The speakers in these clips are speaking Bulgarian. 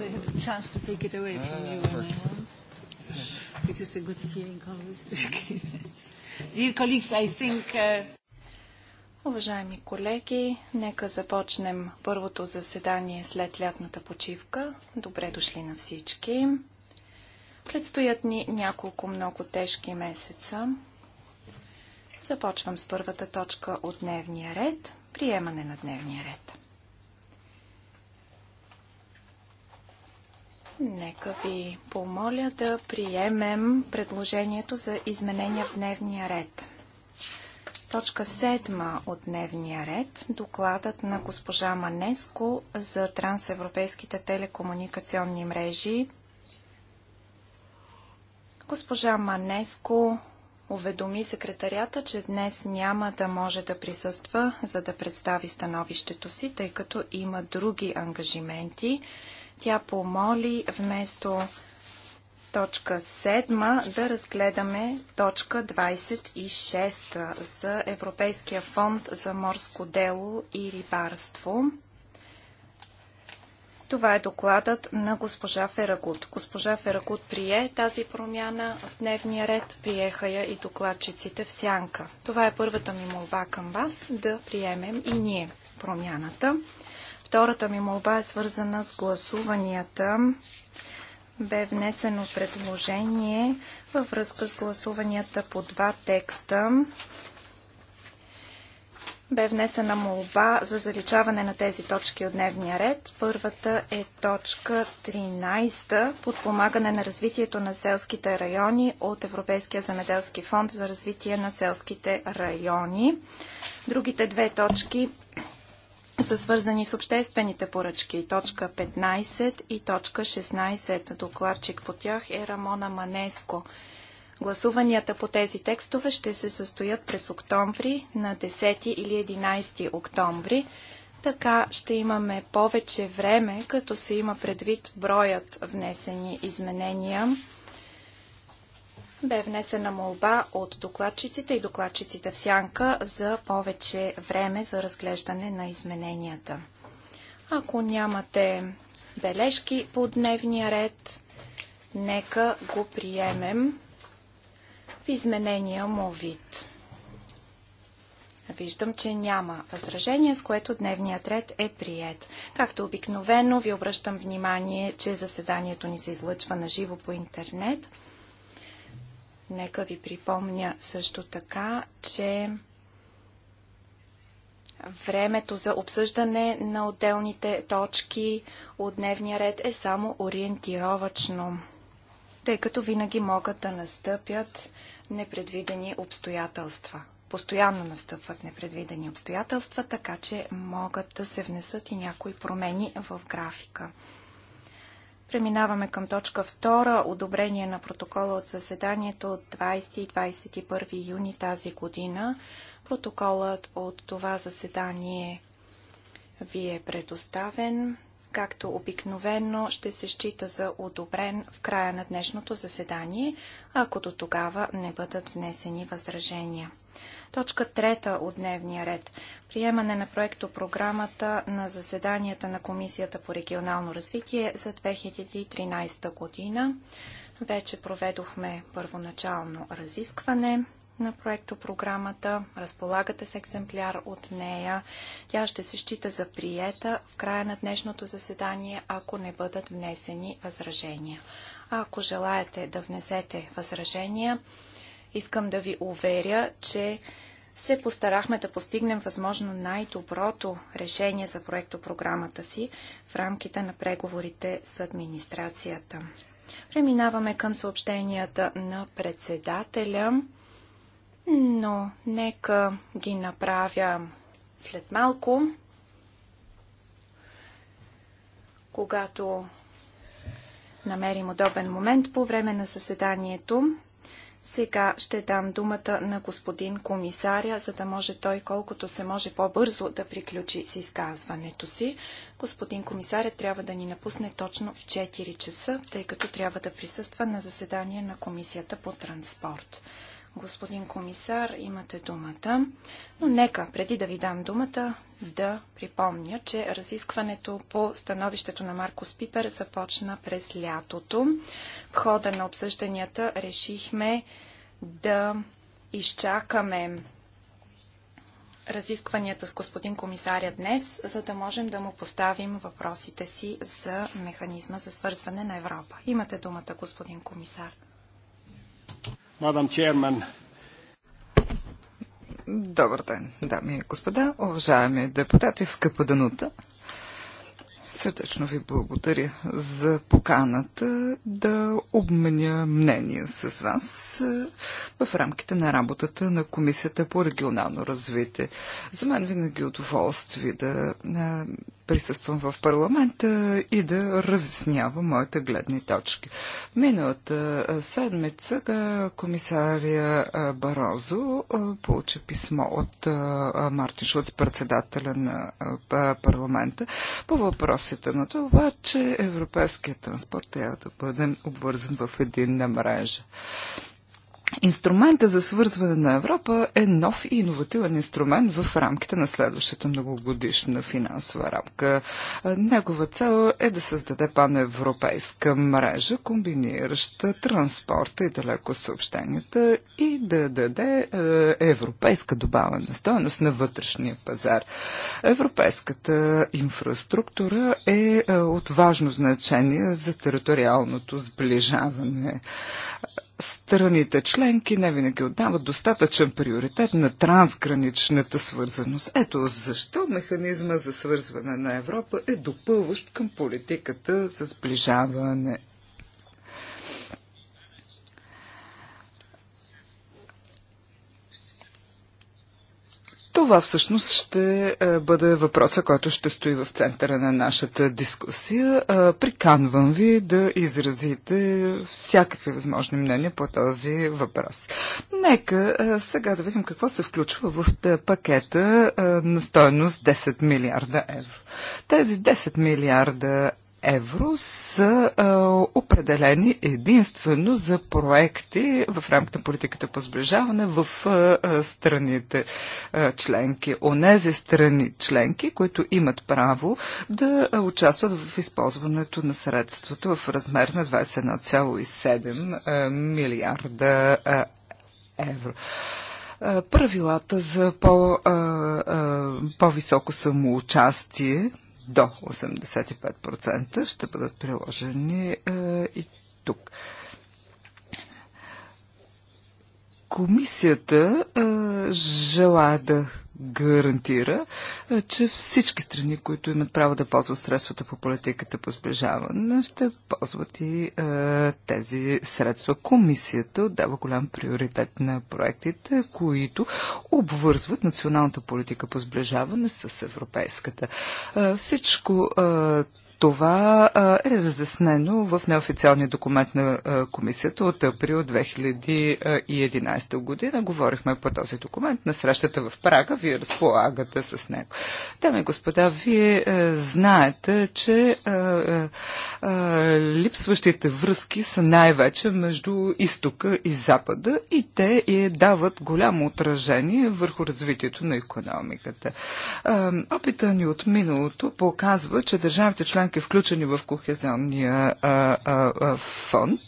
so I have a chance to take it away from you when I ah. want. It is a good feeling always. Dear colleagues, I think... Uh... Уважаеми колеги, нека започнем първото заседание след лятната почивка. Добре дошли на всички. Предстоят ни няколко много тежки месеца. Започвам с първата точка от дневния ред – приемане на дневния ред. Нека ви помоля да приемем предложението за изменения в дневния ред. Точка 7 от дневния ред. Докладът на госпожа Манеско за трансевропейските телекомуникационни мрежи. Госпожа Манеско уведоми секретарята, че днес няма да може да присъства, за да представи становището си, тъй като има други ангажименти. Тя помоли вместо точка 7 да разгледаме точка 26 за Европейския фонд за морско дело и рибарство. Това е докладът на госпожа Ферагут. Госпожа Ферагут прие тази промяна в дневния ред, приеха я и докладчиците в сянка. Това е първата ми молба към вас да приемем и ние промяната. Втората ми молба е свързана с гласуванията. Бе внесено предложение във връзка с гласуванията по два текста. Бе внесена молба за заличаване на тези точки от дневния ред. Първата е точка 13 подпомагане на развитието на селските райони от Европейския земеделски фонд за развитие на селските райони. Другите две точки са свързани с обществените поръчки. Точка 15 и точка 16. Докладчик по тях е Рамона Манеско. Гласуванията по тези текстове ще се състоят през октомври на 10 или 11 октомври. Така ще имаме повече време, като се има предвид броят внесени изменения бе внесена молба от докладчиците и докладчиците в сянка за повече време за разглеждане на измененията. Ако нямате бележки по дневния ред, нека го приемем в изменения му вид. Виждам, че няма възражение, с което дневният ред е прият. Както обикновено, ви обръщам внимание, че заседанието ни се излъчва на живо по интернет – Нека ви припомня също така, че времето за обсъждане на отделните точки от дневния ред е само ориентировачно, тъй като винаги могат да настъпят непредвидени обстоятелства. Постоянно настъпват непредвидени обстоятелства, така че могат да се внесат и някои промени в графика. Преминаваме към точка 2. Одобрение на протокола от заседанието от 20 и 21 юни тази година. Протоколът от това заседание ви е предоставен. Както обикновено ще се счита за одобрен в края на днешното заседание, ако до тогава не бъдат внесени възражения. Точка трета от дневния ред. Приемане на проекто програмата на заседанията на Комисията по регионално развитие за 2013 година. Вече проведохме първоначално разискване на проекто програмата. Разполагате с екземпляр от нея. Тя ще се счита за приета в края на днешното заседание, ако не бъдат внесени възражения. А ако желаете да внесете възражения, Искам да ви уверя, че се постарахме да постигнем възможно най-доброто решение за проектопрограмата си в рамките на преговорите с администрацията. Преминаваме към съобщенията на председателя, но нека ги направя след малко, когато намерим удобен момент по време на заседанието. Сега ще дам думата на господин комисаря, за да може той колкото се може по-бързо да приключи с изказването си. Господин комисаря трябва да ни напусне точно в 4 часа, тъй като трябва да присъства на заседание на Комисията по транспорт. Господин комисар, имате думата, но нека, преди да ви дам думата, да припомня, че разискването по становището на Марко Спипер започна през лятото. В хода на обсъжданията решихме да изчакаме разискванията с господин комисаря днес, за да можем да му поставим въпросите си за механизма за свързване на Европа. Имате думата, господин комисар. Мадам Чермен, Добър ден, дами и господа, уважаеми депутати, скъпа Данута. Сърдечно ви благодаря за поканата да обменя мнение с вас е, в рамките на работата на Комисията по регионално развитие. За мен винаги е удоволствие да е, присъствам в парламента и да разяснявам моите гледни точки. Миналата седмица комисария Барозо получи писмо от Мартин Шуц, председателя на парламента, по въпросите на това, че европейският транспорт трябва да бъде обвързан в един мрежа. Инструмента за свързване на Европа е нов и иновативен инструмент в рамките на следващата многогодишна финансова рамка. Негова цел е да създаде паневропейска мрежа, комбинираща транспорта и далеко съобщенията и да даде е, европейска добавена стоеност на вътрешния пазар. Европейската инфраструктура е, е от важно значение за териториалното сближаване страните членки не винаги отдават достатъчен приоритет на трансграничната свързаност. Ето защо механизма за свързване на Европа е допълващ към политиката за сближаване Това всъщност ще е, бъде въпроса, който ще стои в центъра на нашата дискусия. Е, приканвам ви да изразите всякакви възможни мнения по този въпрос. Нека е, сега да видим какво се включва в пакета на стоеност 10 милиарда евро. Тези 10 милиарда евро са а, определени единствено за проекти в рамките на политиката по сближаване в а, страните а, членки. Онези страни членки, които имат право да участват в използването на средствата в размер на 21,7 милиарда а, евро правилата за по, а, а, по-високо самоучастие до 85% ще бъдат приложени е, и тук. Комисията е, желая да гарантира, е, че всички страни, които имат право да ползват средствата по политиката по сближаване, ще ползват и е, тези средства. Комисията отдава голям приоритет на проектите, които обвързват националната политика по сближаване с европейската. Е, всичко е, това е разяснено в неофициалния документ на комисията от април 2011 година. Говорихме по този документ на срещата в Прага. Вие разполагате с него. Дами и господа, вие знаете, че липсващите връзки са най-вече между изтока и запада и те дават голямо отражение върху развитието на економиката. Опита ни от миналото показва, че държавите членки банки, включени в Кохезионния фонд,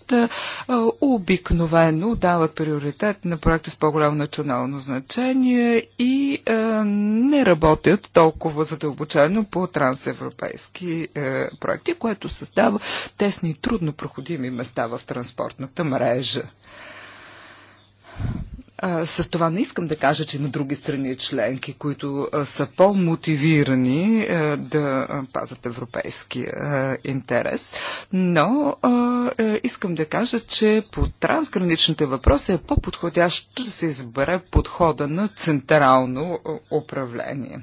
обикновено дават приоритет на проекти с по-голямо национално значение и не работят толкова задълбочено по трансевропейски е, проекти, което създава тесни и трудно проходими места в транспортната мрежа с това не искам да кажа, че има други страни членки, които са по-мотивирани да пазят европейския интерес, но искам да кажа, че по трансграничните въпроси е по-подходящо да се избере подхода на централно управление.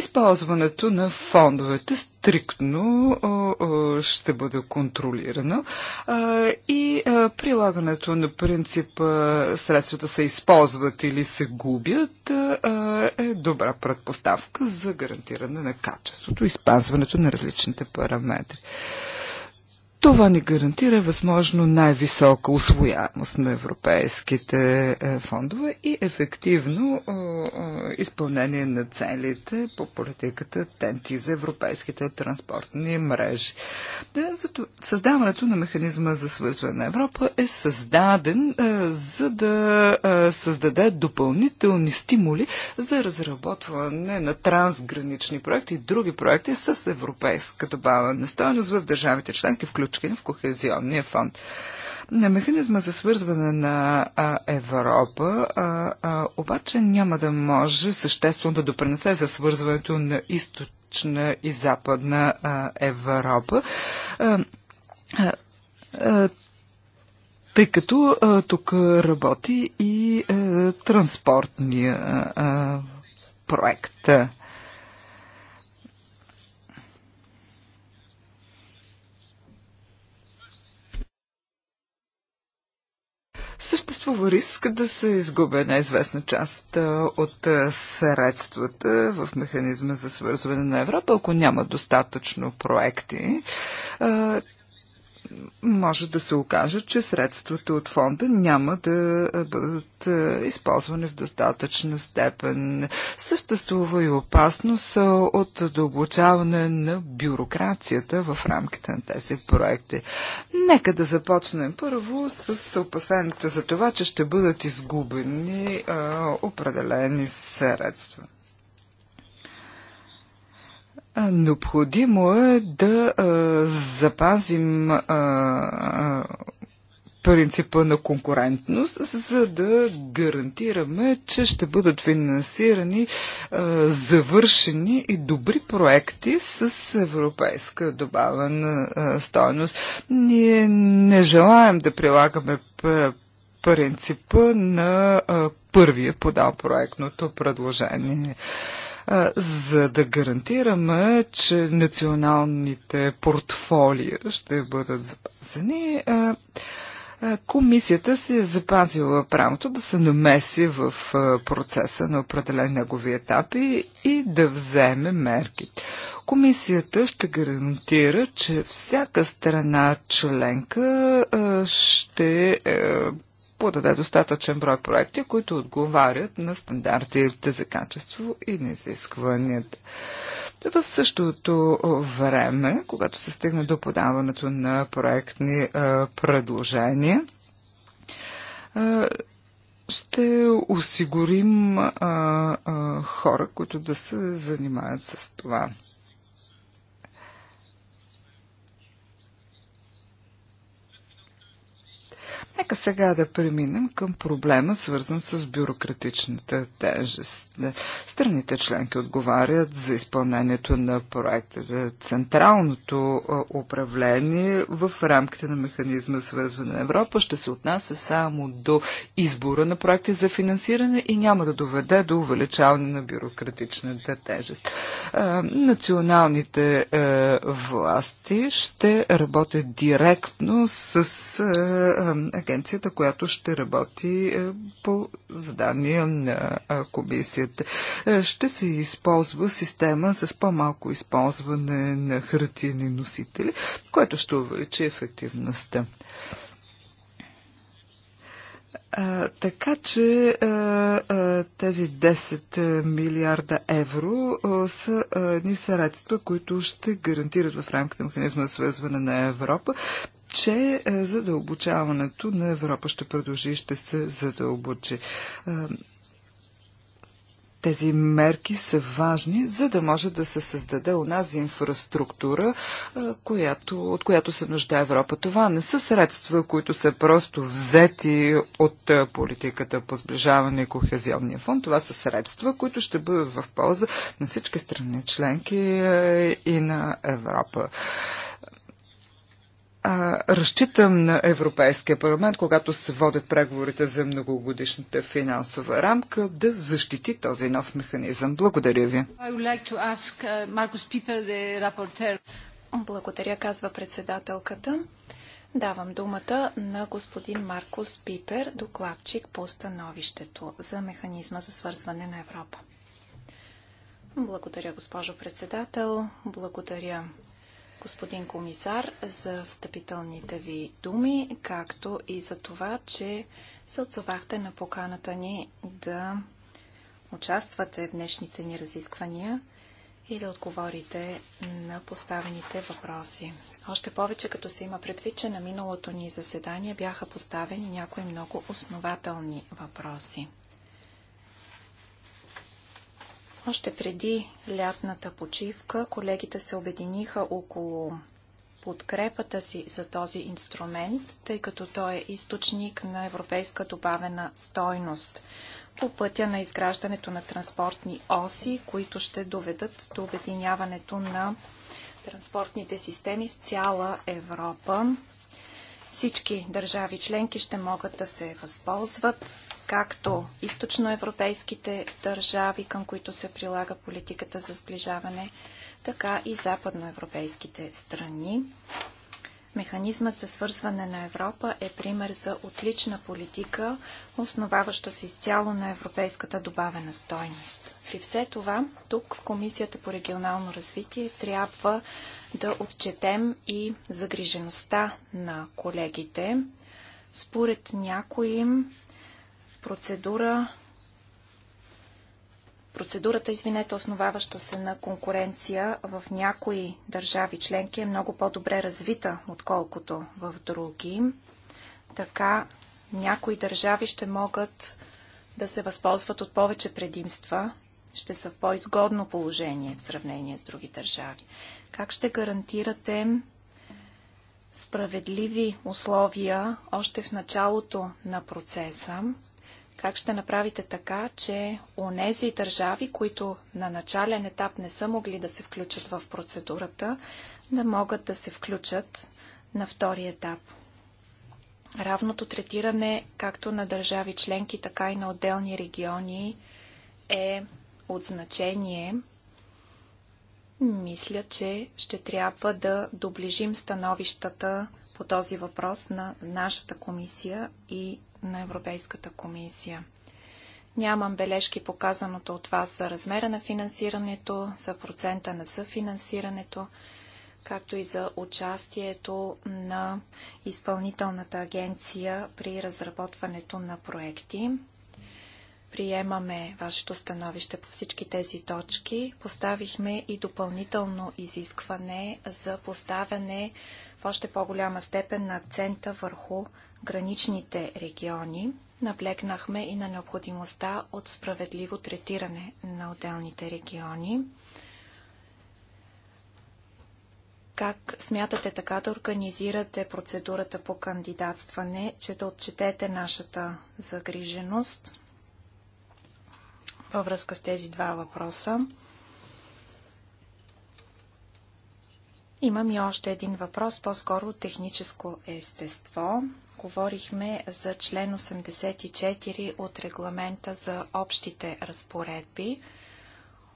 Използването на фондовете стриктно ще бъде контролирано и прилагането на принципа средствата се използват или се губят е добра предпоставка за гарантиране на качеството и спазването на различните параметри. Това ни гарантира възможно най-висока освояемост на европейските е, фондове и ефективно е, е, изпълнение на целите по политиката ТЕНТИ за европейските транспортни мрежи. създаването на механизма за свързване на Европа е създаден за да създаде допълнителни стимули за разработване на трансгранични проекти и други проекти с европейска добавена стоеност в държавите членки, включително включени в Кохезионния фонд. На механизма за свързване на а, Европа а, а, обаче няма да може съществено да допринесе за свързването на източна и западна а, Европа. А, а, тъй като а, тук работи и а, транспортния а, проект. съществува риск да се изгубя една известна част от средствата в механизма за свързване на Европа, ако няма достатъчно проекти може да се окаже, че средствата от фонда няма да бъдат е, използвани в достатъчна степен. Съществува и опасност е, от дълбочаване на бюрокрацията в рамките на тези проекти. Нека да започнем първо с опасенията за това, че ще бъдат изгубени е, определени средства. Необходимо е да а, запазим а, а, принципа на конкурентност, за да гарантираме, че ще бъдат финансирани а, завършени и добри проекти с европейска добавена стойност. Ние не желаем да прилагаме принципа на а, първия подал проектното предложение. А, за да гарантираме, че националните портфолия ще бъдат запазени. Комисията си е запазила правото да се намеси в процеса на определен негови етапи и да вземе мерки. Комисията ще гарантира, че всяка страна членка ще е, подаде достатъчен брой проекти, които отговарят на стандартите за качество и на изискванията. В същото време, когато се стигне до подаването на проектни е, предложения, е, ще осигурим а, е, а, хора, които да се занимават с това. Нека сега да преминем към проблема, свързан с бюрократичната тежест. Страните членки отговарят за изпълнението на проекта за централното управление в рамките на механизма свързване на Европа ще се отнася само до избора на проекти за финансиране и няма да доведе до увеличаване на бюрократичната тежест. Националните власти ще работят директно с агенцията, която ще работи е, по задание на комисията. Е, ще се използва система с по-малко използване на хартиени носители, което ще увеличи ефективността. А, така че а, а, тези 10 милиарда евро а, са едни средства, които ще гарантират в рамките на механизма за свързване на Европа че е, задълбочаването на Европа ще продължи, ще се задълбочи. Е, тези мерки са важни, за да може да се създаде унази инфраструктура, е, която, от която се нужда Европа. Това не са средства, които са просто взети от политиката по сближаване и кохезионния фонд. Това са средства, които ще бъдат в полза на всички страни членки и на Европа а, разчитам на Европейския парламент, когато се водят преговорите за многогодишната финансова рамка, да защити този нов механизъм. Благодаря ви. Uh, Благодаря, казва председателката. Давам думата на господин Маркус Пипер, докладчик по становището за механизма за свързване на Европа. Благодаря, госпожо председател. Благодаря господин комисар, за встъпителните ви думи, както и за това, че се отзовахте на поканата ни да участвате в днешните ни разисквания и да отговорите на поставените въпроси. Още повече, като се има предвид, че на миналото ни заседание бяха поставени някои много основателни въпроси. Още преди лятната почивка колегите се обединиха около подкрепата си за този инструмент, тъй като той е източник на европейска добавена стойност по пътя на изграждането на транспортни оси, които ще доведат до обединяването на транспортните системи в цяла Европа. Всички държави членки ще могат да се възползват както източноевропейските държави, към които се прилага политиката за сближаване, така и западноевропейските страни. Механизмът за свързване на Европа е пример за отлична политика, основаваща се изцяло на европейската добавена стойност. При все това, тук в Комисията по регионално развитие трябва да отчетем и загрижеността на колегите. Според някои Процедура Процедурата, извинете, основаваща се на конкуренция в някои държави членки е много по-добре развита, отколкото в други. Така някои държави ще могат да се възползват от повече предимства, ще са в по-изгодно положение в сравнение с други държави. Как ще гарантирате справедливи условия още в началото на процеса? Как ще направите така, че онези държави, които на начален етап не са могли да се включат в процедурата, да могат да се включат на втори етап? Равното третиране както на държави членки, така и на отделни региони е от значение. Мисля, че ще трябва да доближим становищата по този въпрос на нашата комисия и на Европейската комисия. Нямам бележки по казаното от вас за размера на финансирането, за процента на съфинансирането, както и за участието на изпълнителната агенция при разработването на проекти. Приемаме вашето становище по всички тези точки. Поставихме и допълнително изискване за поставяне в още по-голяма степен на акцента върху граничните региони, наблегнахме и на необходимостта от справедливо третиране на отделните региони. Как смятате така да организирате процедурата по кандидатстване, че да отчетете нашата загриженост във връзка с тези два въпроса? Имам и още един въпрос, по-скоро техническо естество говорихме за член 84 от регламента за общите разпоредби.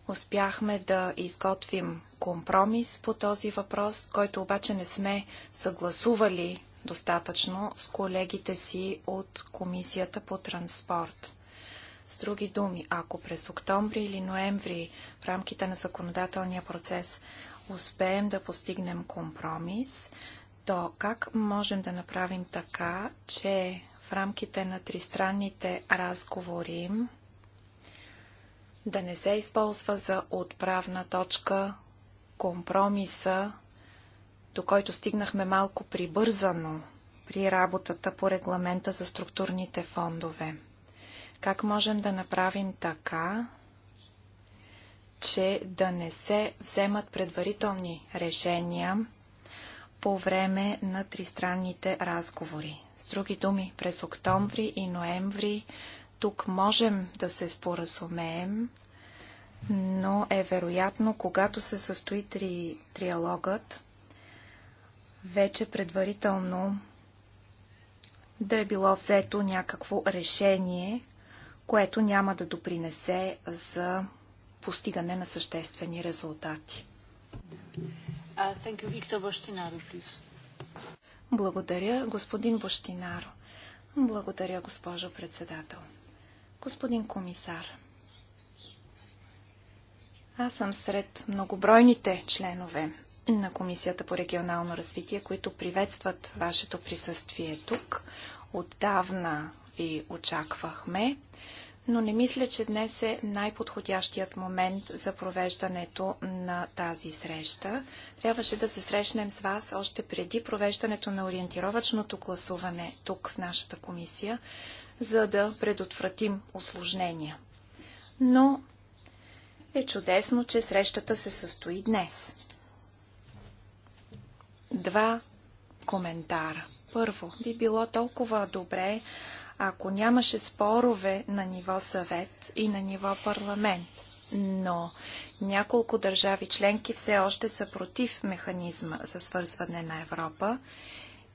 Успяхме да изготвим компромис по този въпрос, който обаче не сме съгласували достатъчно с колегите си от Комисията по транспорт. С други думи, ако през октомври или ноември в рамките на законодателния процес успеем да постигнем компромис, то как можем да направим така, че в рамките на тристранните разговори да не се използва за отправна точка компромиса, до който стигнахме малко прибързано при работата по регламента за структурните фондове. Как можем да направим така, че да не се вземат предварителни решения по време на тристранните разговори. С други думи, през октомври и ноември тук можем да се споразумеем, но е вероятно, когато се състои три, триалогът, вече предварително да е било взето някакво решение, което няма да допринесе за постигане на съществени резултати. Uh, you, Благодаря, господин Бощинаро. Благодаря, госпожо председател. Господин комисар, аз съм сред многобройните членове на Комисията по регионално развитие, които приветстват вашето присъствие тук. Отдавна ви очаквахме но не мисля, че днес е най-подходящият момент за провеждането на тази среща. Трябваше да се срещнем с вас още преди провеждането на ориентировачното гласуване тук в нашата комисия, за да предотвратим осложнения. Но е чудесно, че срещата се състои днес. Два коментара. Първо, би било толкова добре, ако нямаше спорове на ниво съвет и на ниво парламент. Но няколко държави членки все още са против механизма за свързване на Европа.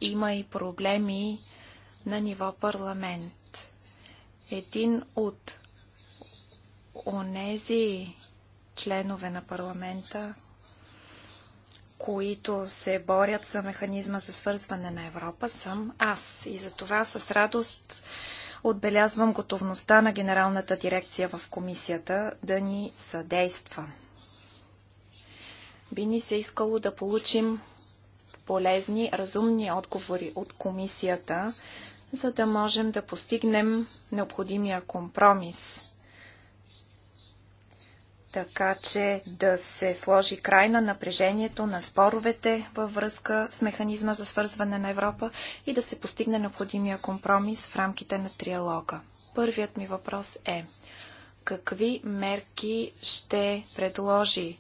Има и проблеми на ниво парламент. Един от онези членове на парламента, които се борят за механизма за свързване на Европа, съм аз. И за това с радост отбелязвам готовността на Генералната дирекция в комисията да ни съдейства. Би ни се искало да получим полезни, разумни отговори от комисията, за да можем да постигнем необходимия компромис така че да се сложи край на напрежението на споровете във връзка с механизма за свързване на Европа и да се постигне необходимия компромис в рамките на триалога. Първият ми въпрос е какви мерки ще предложи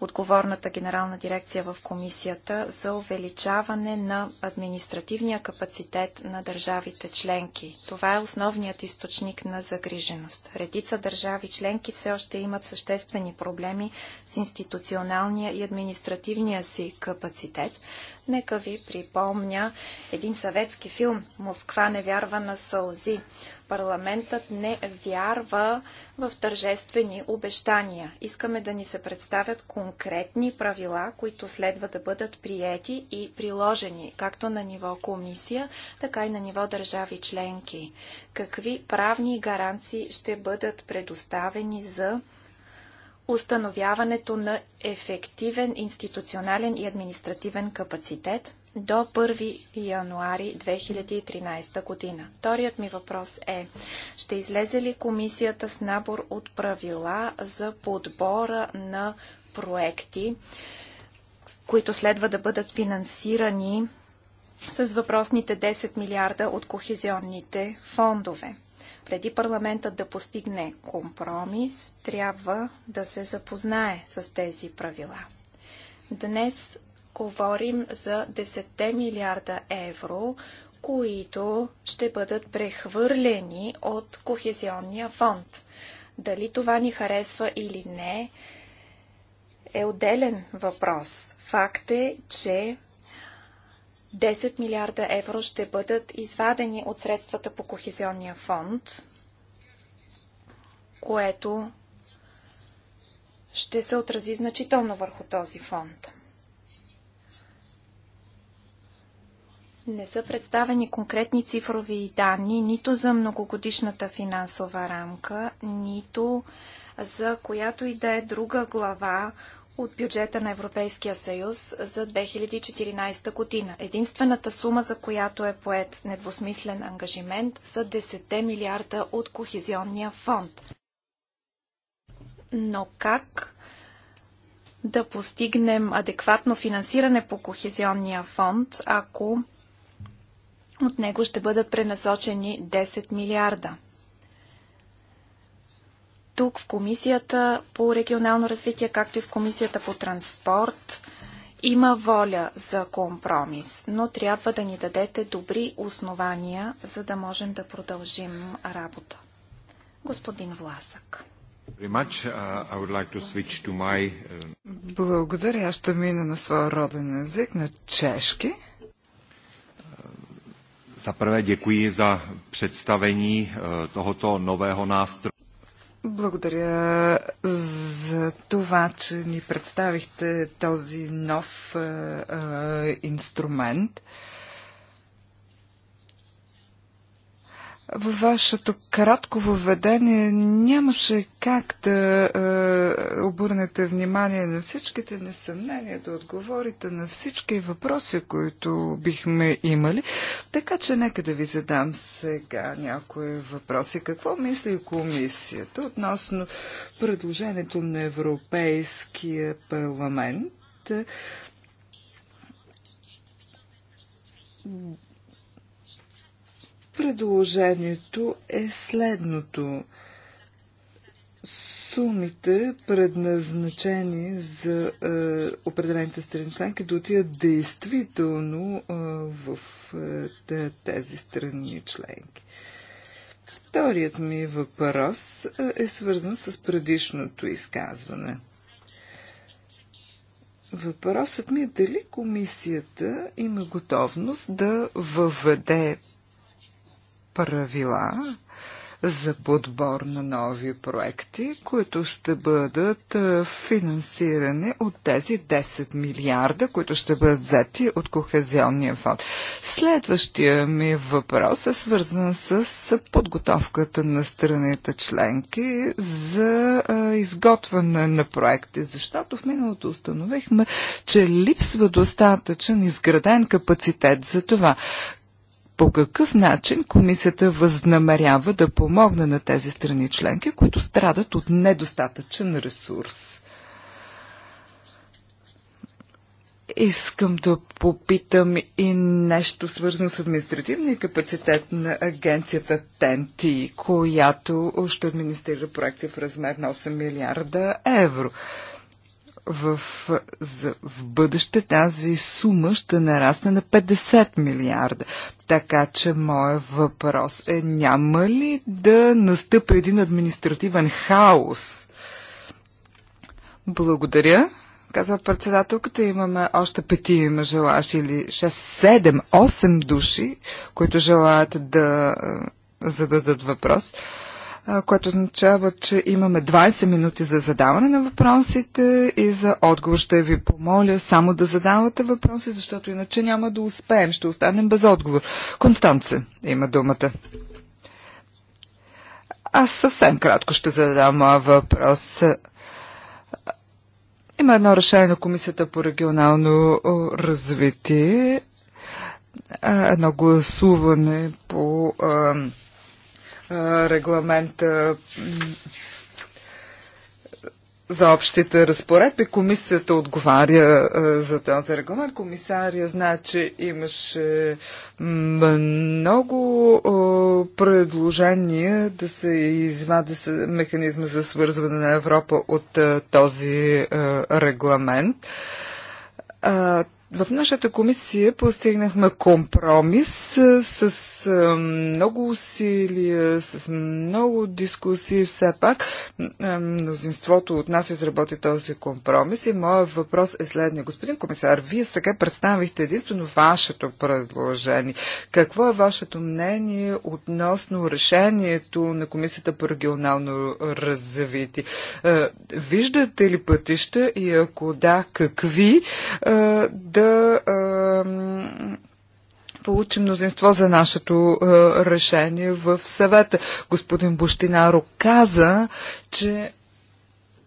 отговорната генерална дирекция в комисията за увеличаване на административния капацитет на държавите членки. Това е основният източник на загриженост. Редица държави членки все още имат съществени проблеми с институционалния и административния си капацитет. Нека ви припомня един съветски филм «Москва не вярва на сълзи», Парламентът не вярва в тържествени обещания. Искаме да ни се представят конкретни правила, които следва да бъдат приети и приложени, както на ниво комисия, така и на ниво държави членки. Какви правни гаранции ще бъдат предоставени за установяването на ефективен институционален и административен капацитет, до 1 януари 2013 година. Вторият ми въпрос е, ще излезе ли комисията с набор от правила за подбора на проекти, които следва да бъдат финансирани с въпросните 10 милиарда от кохезионните фондове? преди парламентът да постигне компромис, трябва да се запознае с тези правила. Днес говорим за 10 милиарда евро, които ще бъдат прехвърлени от Кохезионния фонд. Дали това ни харесва или не, е отделен въпрос. Факт е, че 10 милиарда евро ще бъдат извадени от средствата по Кохезионния фонд, което ще се отрази значително върху този фонд. Не са представени конкретни цифрови данни нито за многогодишната финансова рамка, нито за която и да е друга глава от бюджета на Европейския съюз за 2014 година. Единствената сума, за която е поет недвусмислен ангажимент, са 10 милиарда от Кохизионния фонд. Но как да постигнем адекватно финансиране по Кохизионния фонд, ако от него ще бъдат пренасочени 10 милиарда. Тук в Комисията по регионално развитие, както и в Комисията по транспорт, има воля за компромис, но трябва да ни дадете добри основания, за да можем да продължим работа. Господин Власък. Uh, uh, Благодаря. Аз ще мина на своя роден език, на чешки. Zaprvé děkuji за представení eh, tohoto новého nástroje. Благодаря за това, че ни представихте този нов э, инструмент. Във вашето кратко въведение нямаше как да е, обърнете внимание на всичките несъмнения, да отговорите на всички въпроси, които бихме имали. Така че нека да ви задам сега някои въпроси. Какво мисли комисията относно предложението на Европейския парламент? Предложението е следното. Сумите, предназначени за е, определените страни членки, да отидат действително е, в е, тези страни членки. Вторият ми въпрос е, е свързан с предишното изказване. Въпросът ми е дали комисията има готовност да въведе правила за подбор на нови проекти, които ще бъдат финансирани от тези 10 милиарда, които ще бъдат взети от Кохезионния фонд. Следващия ми въпрос е свързан с подготовката на страните членки за изготвяне на проекти, защото в миналото установихме, че липсва достатъчен изграден капацитет за това. По какъв начин комисията възнамерява да помогне на тези страни членки, които страдат от недостатъчен ресурс? Искам да попитам и нещо свързано с административния капацитет на агенцията TNT, която ще администрира проекти в размер на 8 милиарда евро в, за, в бъдеще тази сума ще нарасне на 50 милиарда. Така че моят въпрос е, няма ли да настъпи един административен хаос? Благодаря, казва председателката. Имаме още петима желащи или 6, 7, 8 души, които желаят да е, зададат въпрос което означава, че имаме 20 минути за задаване на въпросите и за отговор. Ще ви помоля само да задавате въпроси, защото иначе няма да успеем. Ще останем без отговор. Констанце има думата. Аз съвсем кратко ще задам моя въпрос. Има едно решение на Комисията по регионално развитие, едно гласуване по регламента за общите разпоредби. Комисията отговаря за този регламент. Комисария знае, че имаше много предложения да се извади механизма за свързване на Европа от този регламент в нашата комисия постигнахме компромис с много усилия, с много дискусии. Все пак мнозинството от нас изработи този компромис и моят въпрос е следния. Господин комисар, вие сега представихте единствено вашето предложение. Какво е вашето мнение относно решението на Комисията по регионално развитие? Виждате ли пътища и ако да, какви? да получи мнозинство за нашето а, решение в съвета. Господин Бощинаро каза, че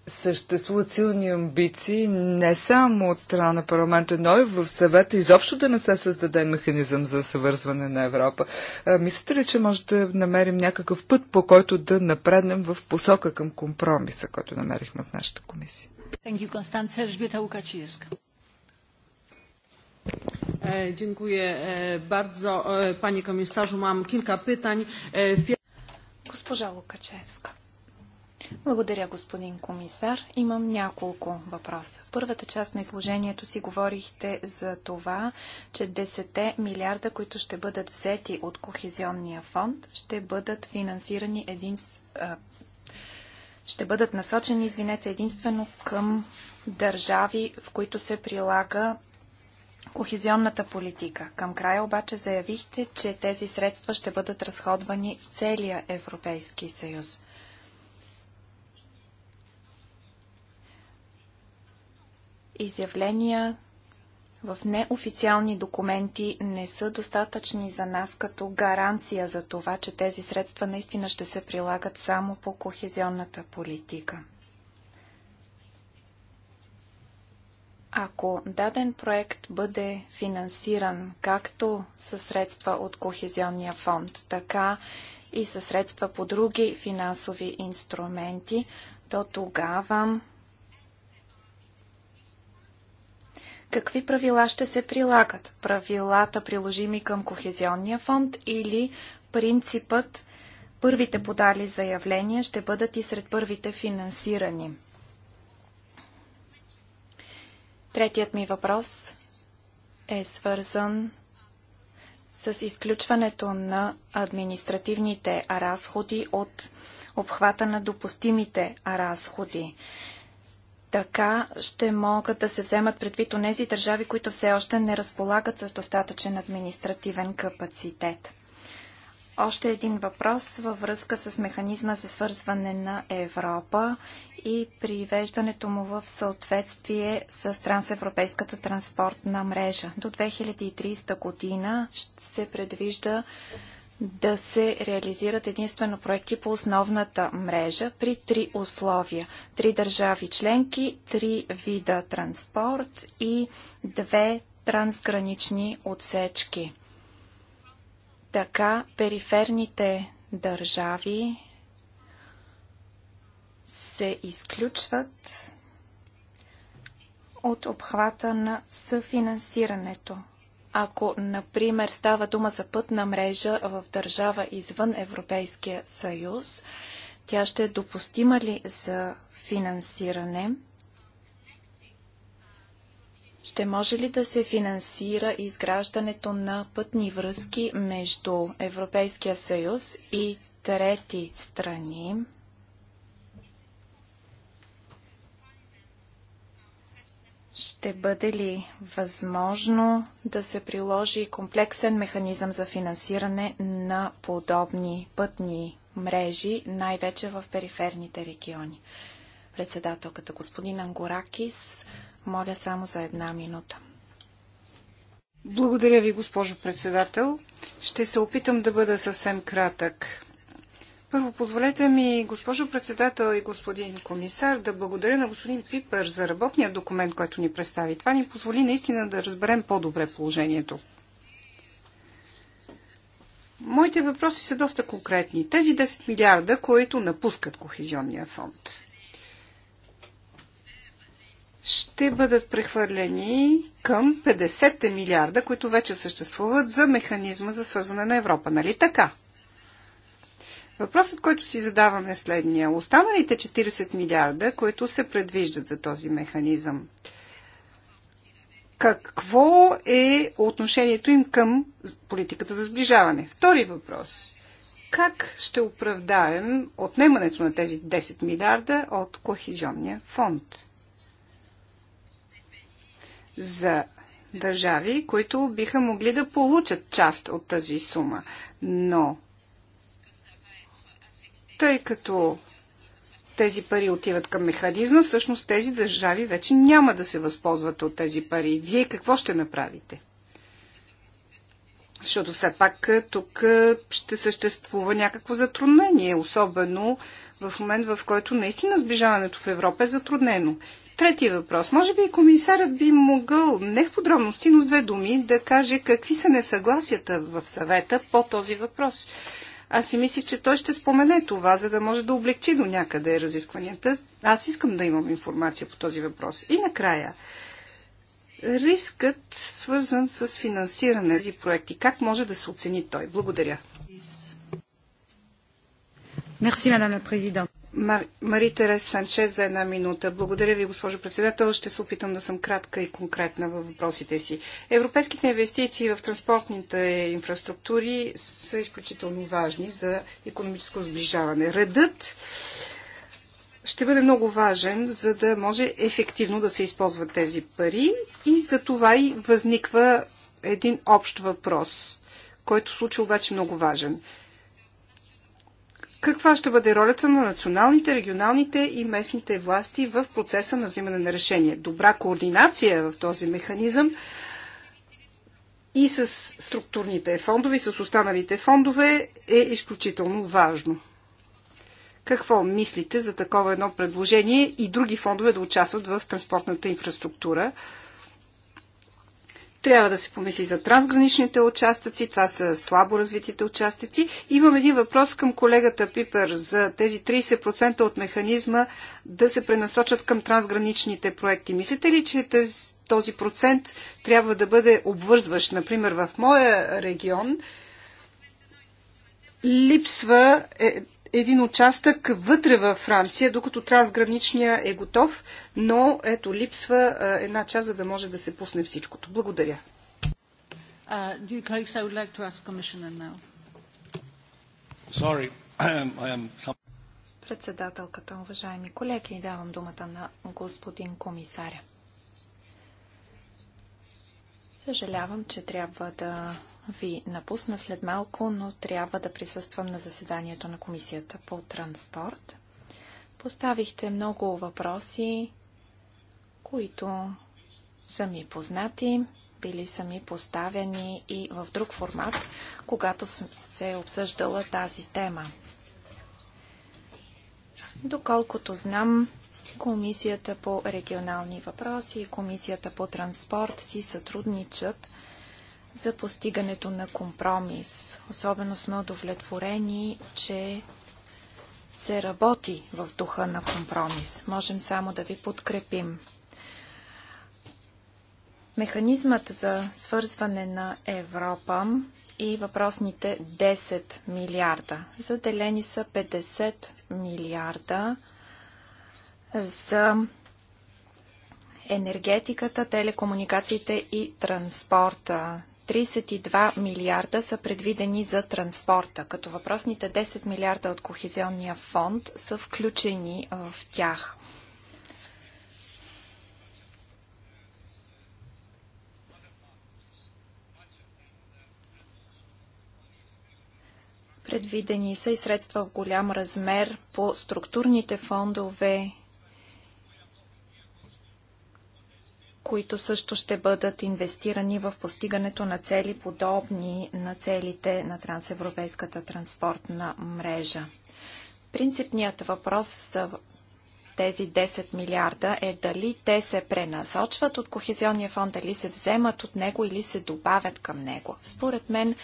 съществуват силни амбиции не само от страна на парламента, но и в съвета изобщо да не се създаде механизъм за съвързване на Европа. А, мислите ли, че може да намерим някакъв път, по който да напреднем в посока към компромиса, който намерихме в нашата комисия? Thank you, Лукачиевска. E, dziękuję e, bardzo. E, panie komisarzu, mam kilka pytań. Госпожа Лукачевска. Благодаря, господин комисар. Имам няколко въпроса. В първата част на изложението си говорихте за това, че 10 милиарда, които ще бъдат взети от Кохезионния фонд, ще бъдат финансирани един... ще бъдат насочени, извинете, единствено към държави, в които се прилага кохезионната политика. Към края обаче заявихте, че тези средства ще бъдат разходвани в целия Европейски съюз. Изявления в неофициални документи не са достатъчни за нас като гаранция за това, че тези средства наистина ще се прилагат само по кохезионната политика. Ако даден проект бъде финансиран както със средства от Кохезионния фонд, така и със средства по други финансови инструменти, то тогава какви правила ще се прилагат? Правилата приложими към Кохезионния фонд или принципът първите подали заявления ще бъдат и сред първите финансирани? Третият ми въпрос е свързан с изключването на административните разходи от обхвата на допустимите разходи. Така ще могат да се вземат предвид у нези държави, които все още не разполагат с достатъчен административен капацитет. Още един въпрос във връзка с механизма за свързване на Европа и привеждането му в съответствие с трансевропейската транспортна мрежа. До 2030 година ще се предвижда да се реализират единствено проекти по основната мрежа при три условия. Три държави членки, три вида транспорт и две трансгранични отсечки. Така периферните държави се изключват от обхвата на съфинансирането. Ако, например, става дума за пътна мрежа в държава извън Европейския съюз, тя ще е допустима ли за финансиране? Ще може ли да се финансира изграждането на пътни връзки между Европейския съюз и трети страни? Ще бъде ли възможно да се приложи комплексен механизъм за финансиране на подобни пътни мрежи, най-вече в периферните региони? Председателката господин Ангоракис моля само за една минута. Благодаря ви, госпожо председател. Ще се опитам да бъда съвсем кратък. Първо, позволете ми, госпожо председател и господин комисар, да благодаря на господин Пипър за работния документ, който ни представи. Това ни позволи наистина да разберем по-добре положението. Моите въпроси са доста конкретни. Тези 10 милиарда, които напускат Кохезионния фонд – ще бъдат прехвърлени към 50 милиарда, които вече съществуват за механизма за свързване на Европа. Нали така? Въпросът, който си задаваме е следния. Останалите 40 милиарда, които се предвиждат за този механизъм, какво е отношението им към политиката за сближаване? Втори въпрос. Как ще оправдаем отнемането на тези 10 милиарда от Кохизионния фонд? за държави, които биха могли да получат част от тази сума. Но, тъй като тези пари отиват към механизма, всъщност тези държави вече няма да се възползват от тези пари. Вие какво ще направите? Защото все пак е, тук е, ще съществува някакво затруднение, особено в момент, в който наистина сближаването в Европа е затруднено. Трети въпрос. Може би комисарът би могъл, не в подробности, но с две думи, да каже какви са несъгласията в съвета по този въпрос. Аз си мислих, че той ще спомене това, за да може да облегчи до някъде разискванията. Аз искам да имам информация по този въпрос. И накрая, рискът свързан с финансиране тези проекти, как може да се оцени той? Благодаря. Мерси, мадам президент. Мар... Мари Терес Санчес за една минута. Благодаря ви, госпожо председател. Ще се опитам да съм кратка и конкретна във въпросите си. Европейските инвестиции в транспортните инфраструктури са изключително важни за економическо сближаване. Редът ще бъде много важен, за да може ефективно да се използват тези пари и за това и възниква един общ въпрос, който случай обаче много важен каква ще бъде ролята на националните, регионалните и местните власти в процеса на взимане на решение. Добра координация в този механизъм и с структурните фондове, и с останалите фондове е изключително важно. Какво мислите за такова едно предложение и други фондове да участват в транспортната инфраструктура? Трябва да се помисли за трансграничните участъци, това са слабо развитите участъци. Имам един въпрос към колегата Пипер за тези 30% от механизма да се пренасочат към трансграничните проекти. Мислите ли, че този процент трябва да бъде обвързващ? Например, в моя регион липсва е, един участък вътре във Франция, докато трансграничния е готов, но ето липсва една част, за да може да се пусне всичкото. Благодаря. Uh, Председателката, уважаеми колеги, давам думата на господин комисаря. Съжалявам, че трябва да ви напусна след малко, но трябва да присъствам на заседанието на Комисията по транспорт. Поставихте много въпроси, които са ми познати, били са ми поставени и в друг формат, когато съм се е обсъждала тази тема. Доколкото знам, Комисията по регионални въпроси и Комисията по транспорт си сътрудничат – за постигането на компромис. Особено сме удовлетворени, че се работи в духа на компромис. Можем само да ви подкрепим. Механизмът за свързване на Европа и въпросните 10 милиарда. Заделени са 50 милиарда за енергетиката, телекомуникациите и транспорта. 32 милиарда са предвидени за транспорта, като въпросните 10 милиарда от Кохезионния фонд са включени в тях. Предвидени са и средства в голям размер по структурните фондове които също ще бъдат инвестирани в постигането на цели подобни на целите на трансевропейската транспортна мрежа. Принципният въпрос за тези 10 милиарда е дали те се пренасочват от Кохезионния фонд, дали се вземат от него или се добавят към него. Според мен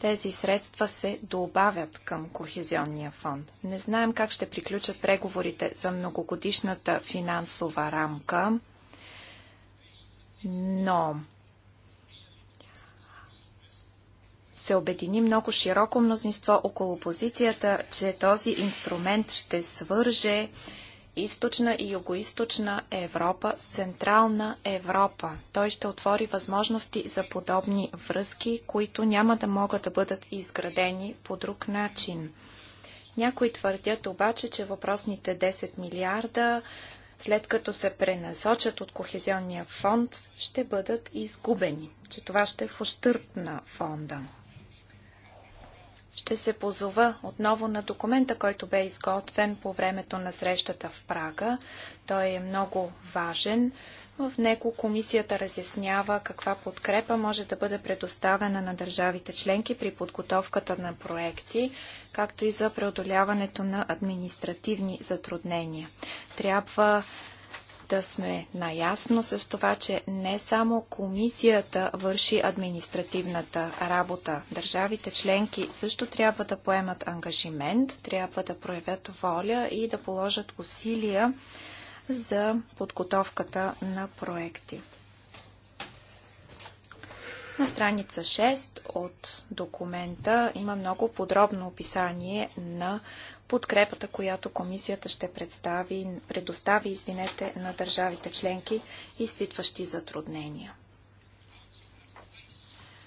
тези средства се добавят към Кохезионния фонд. Не знаем как ще приключат преговорите за многогодишната финансова рамка но се обедини много широко мнозинство около позицията, че този инструмент ще свърже източна и югоисточна Европа с централна Европа. Той ще отвори възможности за подобни връзки, които няма да могат да бъдат изградени по друг начин. Някои твърдят обаче, че въпросните 10 милиарда след като се пренасочат от Кохезионния фонд, ще бъдат изгубени, че това ще е в ощърп на фонда. Ще се позова отново на документа, който бе изготвен по времето на срещата в Прага. Той е много важен. В него комисията разяснява каква подкрепа може да бъде предоставена на държавите членки при подготовката на проекти, както и за преодоляването на административни затруднения. Трябва да сме наясно с това, че не само комисията върши административната работа. Държавите членки също трябва да поемат ангажимент, трябва да проявят воля и да положат усилия за подготовката на проекти. На страница 6 от документа има много подробно описание на подкрепата, която комисията ще представи, предостави извинете, на държавите членки, изпитващи затруднения.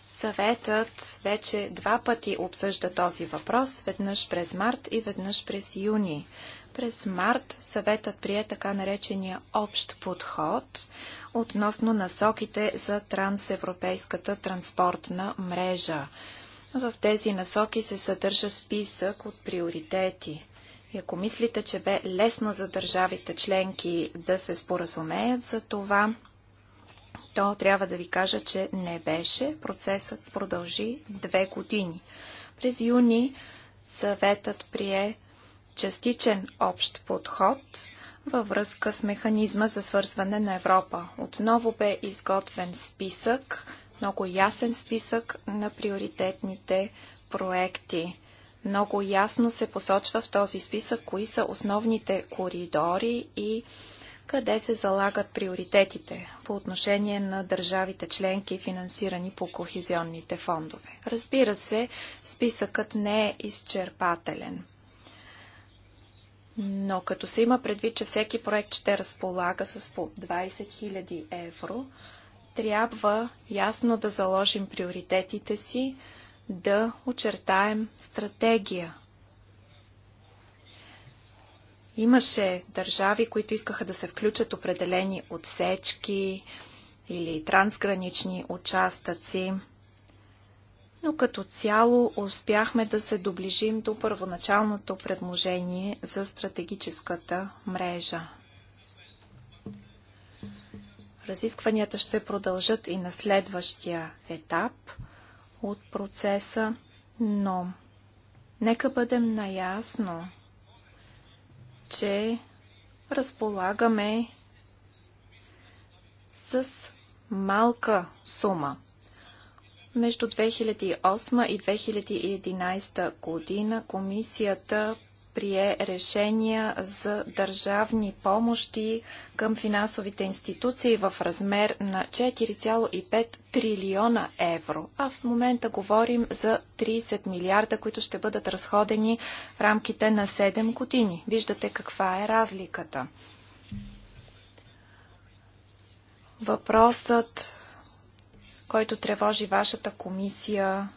Съветът вече два пъти обсъжда този въпрос, веднъж през март и веднъж през юни. През март съветът прие така наречения общ подход относно насоките за трансевропейската транспортна мрежа. В тези насоки се съдържа списък от приоритети. И ако мислите, че бе лесно за държавите членки да се споразумеят за това, то трябва да ви кажа, че не беше. Процесът продължи две години. През юни съветът прие частичен общ подход във връзка с механизма за свързване на Европа. Отново бе изготвен списък, много ясен списък на приоритетните проекти. Много ясно се посочва в този списък кои са основните коридори и къде се залагат приоритетите по отношение на държавите членки, финансирани по кохезионните фондове. Разбира се, списъкът не е изчерпателен. Но като се има предвид, че всеки проект ще разполага с по 20 000 евро, трябва ясно да заложим приоритетите си, да очертаем стратегия. Имаше държави, които искаха да се включат определени отсечки или трансгранични участъци – но като цяло успяхме да се доближим до първоначалното предложение за стратегическата мрежа. Разискванията ще продължат и на следващия етап от процеса, но нека бъдем наясно, че разполагаме с малка сума между 2008 и 2011 година комисията прие решения за държавни помощи към финансовите институции в размер на 4,5 трилиона евро. А в момента говорим за 30 милиарда, които ще бъдат разходени в рамките на 7 години. Виждате каква е разликата. Въпросът който тревожи вашата комисия,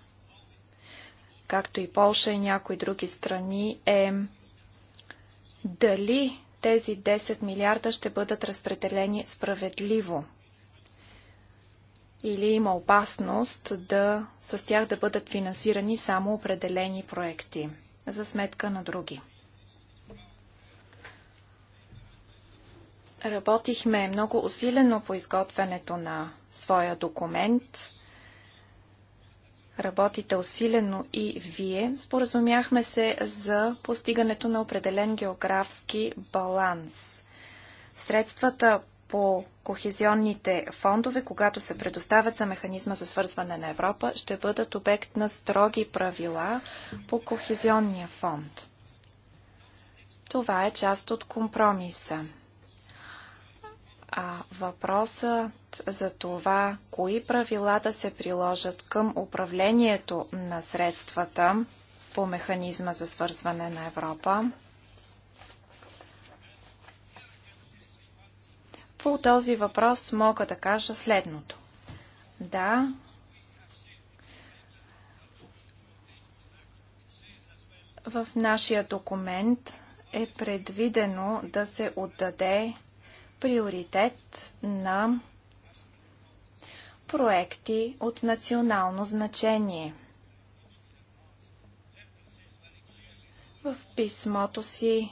както и Полша и някои други страни, е дали тези 10 милиарда ще бъдат разпределени справедливо или има опасност да с тях да бъдат финансирани само определени проекти за сметка на други. Работихме много усилено по изготвянето на своя документ. Работите усилено и вие. Споразумяхме се за постигането на определен географски баланс. Средствата по кохезионните фондове, когато се предоставят за механизма за свързване на Европа, ще бъдат обект на строги правила по кохезионния фонд. Това е част от компромиса. А въпросът за това, кои правила да се приложат към управлението на средствата по механизма за свързване на Европа, по този въпрос мога да кажа следното. Да, в нашия документ е предвидено да се отдаде приоритет на проекти от национално значение. В писмото си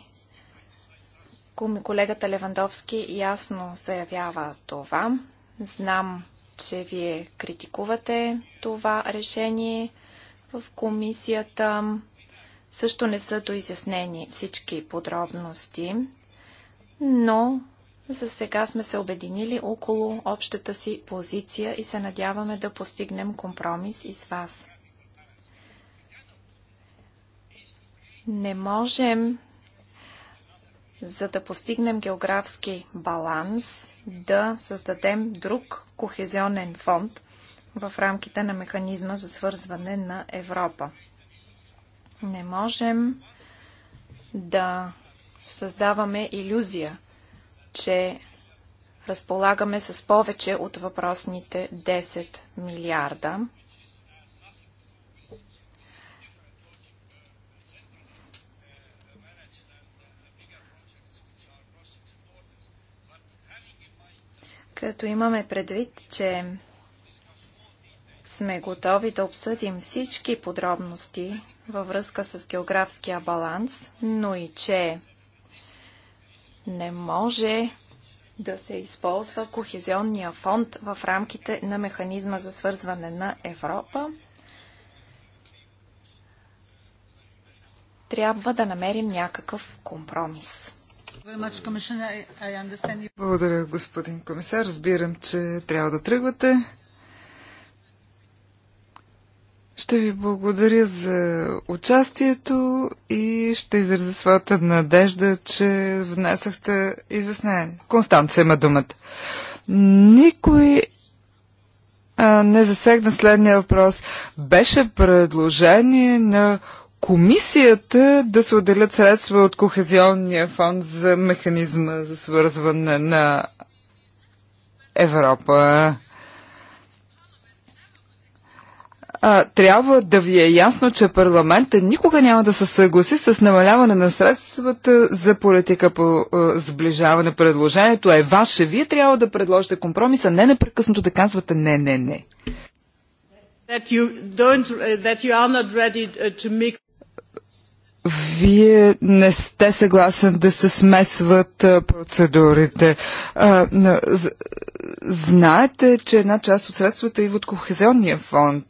колегата Левандовски ясно заявява това. Знам, че вие критикувате това решение в комисията. Също не са доизяснени всички подробности, но за сега сме се обединили около общата си позиция и се надяваме да постигнем компромис и с вас. Не можем, за да постигнем географски баланс, да създадем друг кохезионен фонд в рамките на механизма за свързване на Европа. Не можем да създаваме иллюзия, че разполагаме с повече от въпросните 10 милиарда. Като имаме предвид, че сме готови да обсъдим всички подробности във връзка с географския баланс, но и че не може да се използва Кохезионния фонд в рамките на механизма за свързване на Европа. Трябва да намерим някакъв компромис. Благодаря, господин комисар. Разбирам, че трябва да тръгвате. Ще ви благодаря за участието и ще изразя своята надежда, че внесахте изяснение. Констанция има думата. Никой а, не засегна следния въпрос. Беше предложение на комисията да се отделят средства от Кохезионния фонд за механизма за свързване на Европа. а, трябва да ви е ясно, че парламента никога няма да се съгласи с намаляване на средствата за политика по а, сближаване. Предложението е ваше. Вие трябва да предложите компромиса, не непрекъснато да казвате не, не, не. That you don't, uh, that you are not ready uh, to make вие не сте съгласен да се смесват процедурите. Знаете, че една част от средствата и от Кохезионния фонд.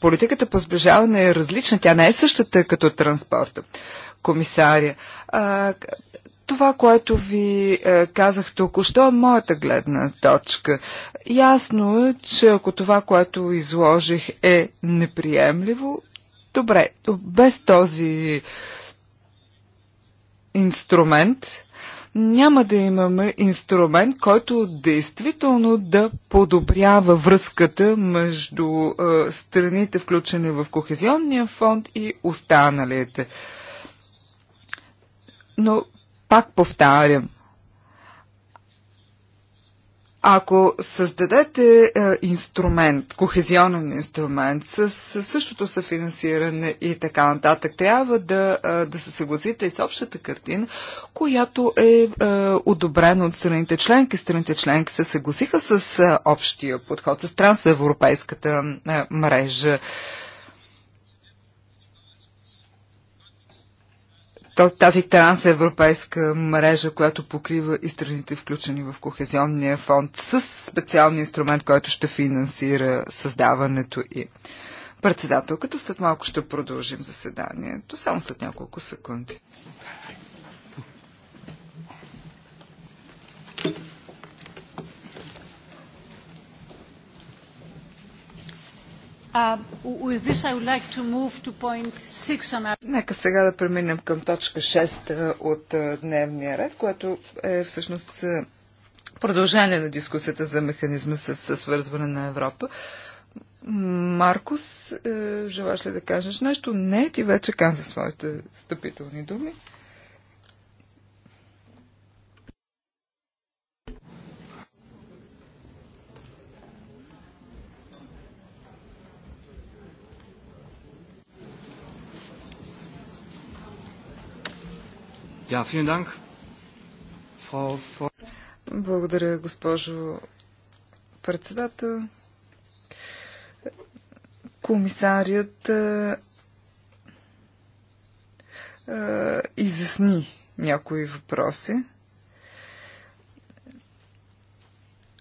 Политиката по сближаване е различна. Тя не е същата като транспорта. Комисаря, това, което ви е, казах току-що, е моята гледна точка. Ясно е, че ако това, което изложих е неприемливо, добре, без този инструмент, няма да имаме инструмент, който действително да подобрява връзката между е, страните, включени в Кохезионния фонд и останалите. Но пак повтарям, ако създадете е, инструмент, кохезионен инструмент, с същото съфинансиране и така нататък, трябва да, е, да се съгласите и с общата картина, която е, е одобрена от страните членки. Страните членки се съгласиха с общия подход, с трансевропейската мрежа. тази трансевропейска мрежа, която покрива и страните включени в Кохезионния фонд с специалния инструмент, който ще финансира създаването и председателката. След малко ще продължим заседанието, само след няколко секунди. Uh, Нека сега да преминем към точка 6 е, от е, дневния ред, което е всъщност е, продължение на дискусията за механизма с свързване на Европа. Маркус, желаш ли да кажеш нещо? Не, ти вече каза своите встъпителни думи. Ja, vielen Dank. Frau, Frau... Благодаря, госпожо председател. Комисарият а, е, а, е, изясни някои въпроси.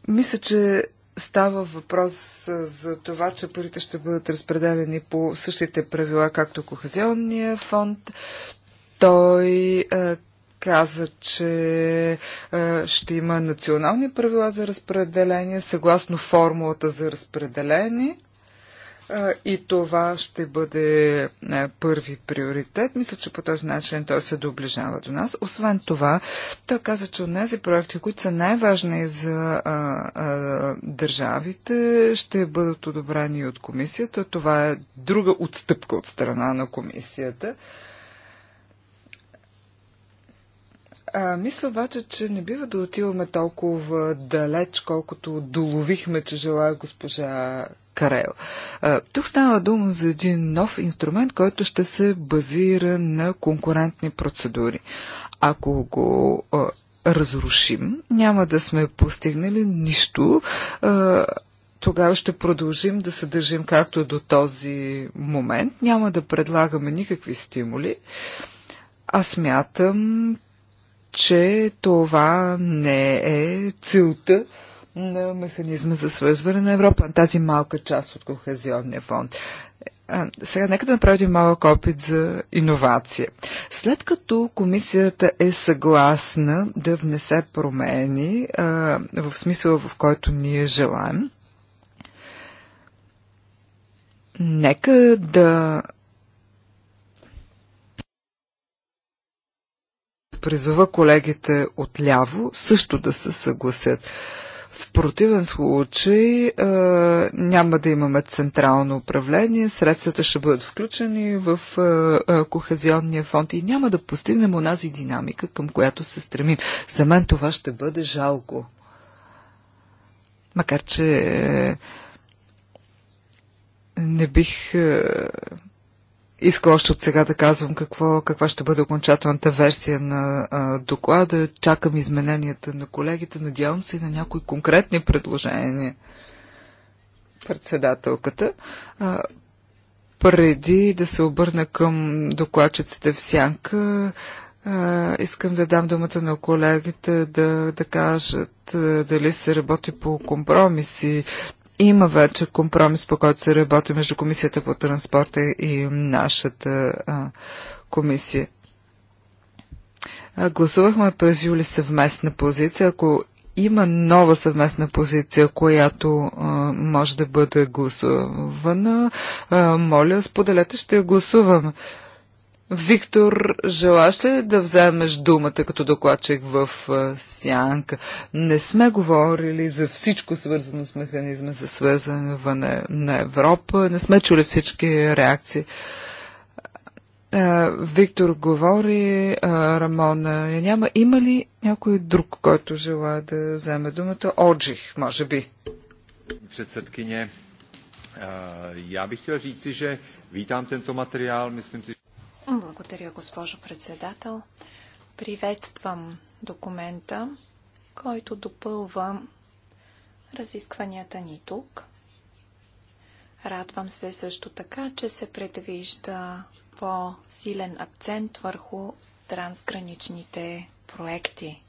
Мисля, че става въпрос е, за това, че парите ще бъдат разпределени по същите правила, както Кохазионния фонд. Той е, каза, че е, ще има национални правила за разпределение, съгласно формулата за разпределение. Е, и това ще бъде първи приоритет. Мисля, че по този начин той се доближава до нас. Освен това, той каза, че от тези проекти, които са най-важни за а, а, държавите, ще бъдат одобрени от комисията. Това е друга отстъпка от страна на комисията. А, мисля обаче, че не бива да отиваме толкова далеч, колкото доловихме, че желая госпожа Карел. А, тук става дума за един нов инструмент, който ще се базира на конкурентни процедури. Ако го а, разрушим, няма да сме постигнали нищо. А, тогава ще продължим да се държим както до този момент. Няма да предлагаме никакви стимули. Аз мятам, че това не е целта на механизма за свързване на Европа, на тази малка част от Кохезионния фонд. А, сега нека да направим малък опит за иновация. След като комисията е съгласна да внесе промени а, в смисъла, в който ние желаем, нека да призова колегите от ляво също да се съгласят. В противен случай а, е, няма да имаме централно управление, средствата ще бъдат включени в а, е, а, е, кохезионния фонд и няма да постигнем онази динамика, към която се стремим. За мен това ще бъде жалко. Макар, че не бих иска още от сега да казвам какво, каква ще бъде окончателната версия на а, доклада. Чакам измененията на колегите. Надявам се и на някои конкретни предложения. Председателката. А, преди да се обърна към докладчиците в сянка, а, искам да дам думата на колегите да, да кажат дали се работи по компромиси. Има вече компромис, по който се работи между Комисията по транспорта и нашата а, комисия. А, гласувахме през юли съвместна позиция. Ако има нова съвместна позиция, която а, може да бъде гласувана, а, моля, споделете, ще я гласуваме. Виктор, желаш ли да вземеш думата като докладчик в сянка? Не сме говорили за всичко свързано с механизма за свързване на Европа. Не сме чули всички реакции. Виктор говори, Рамона я няма. Има ли някой друг, който желая да вземе думата? Оджих, може би. Председкиня, я бих bych да кажа, че витам този материал. myslím че... Благодаря, госпожо председател. Приветствам документа, който допълва разискванията ни тук. Радвам се също така, че се предвижда по-силен акцент върху трансграничните проекти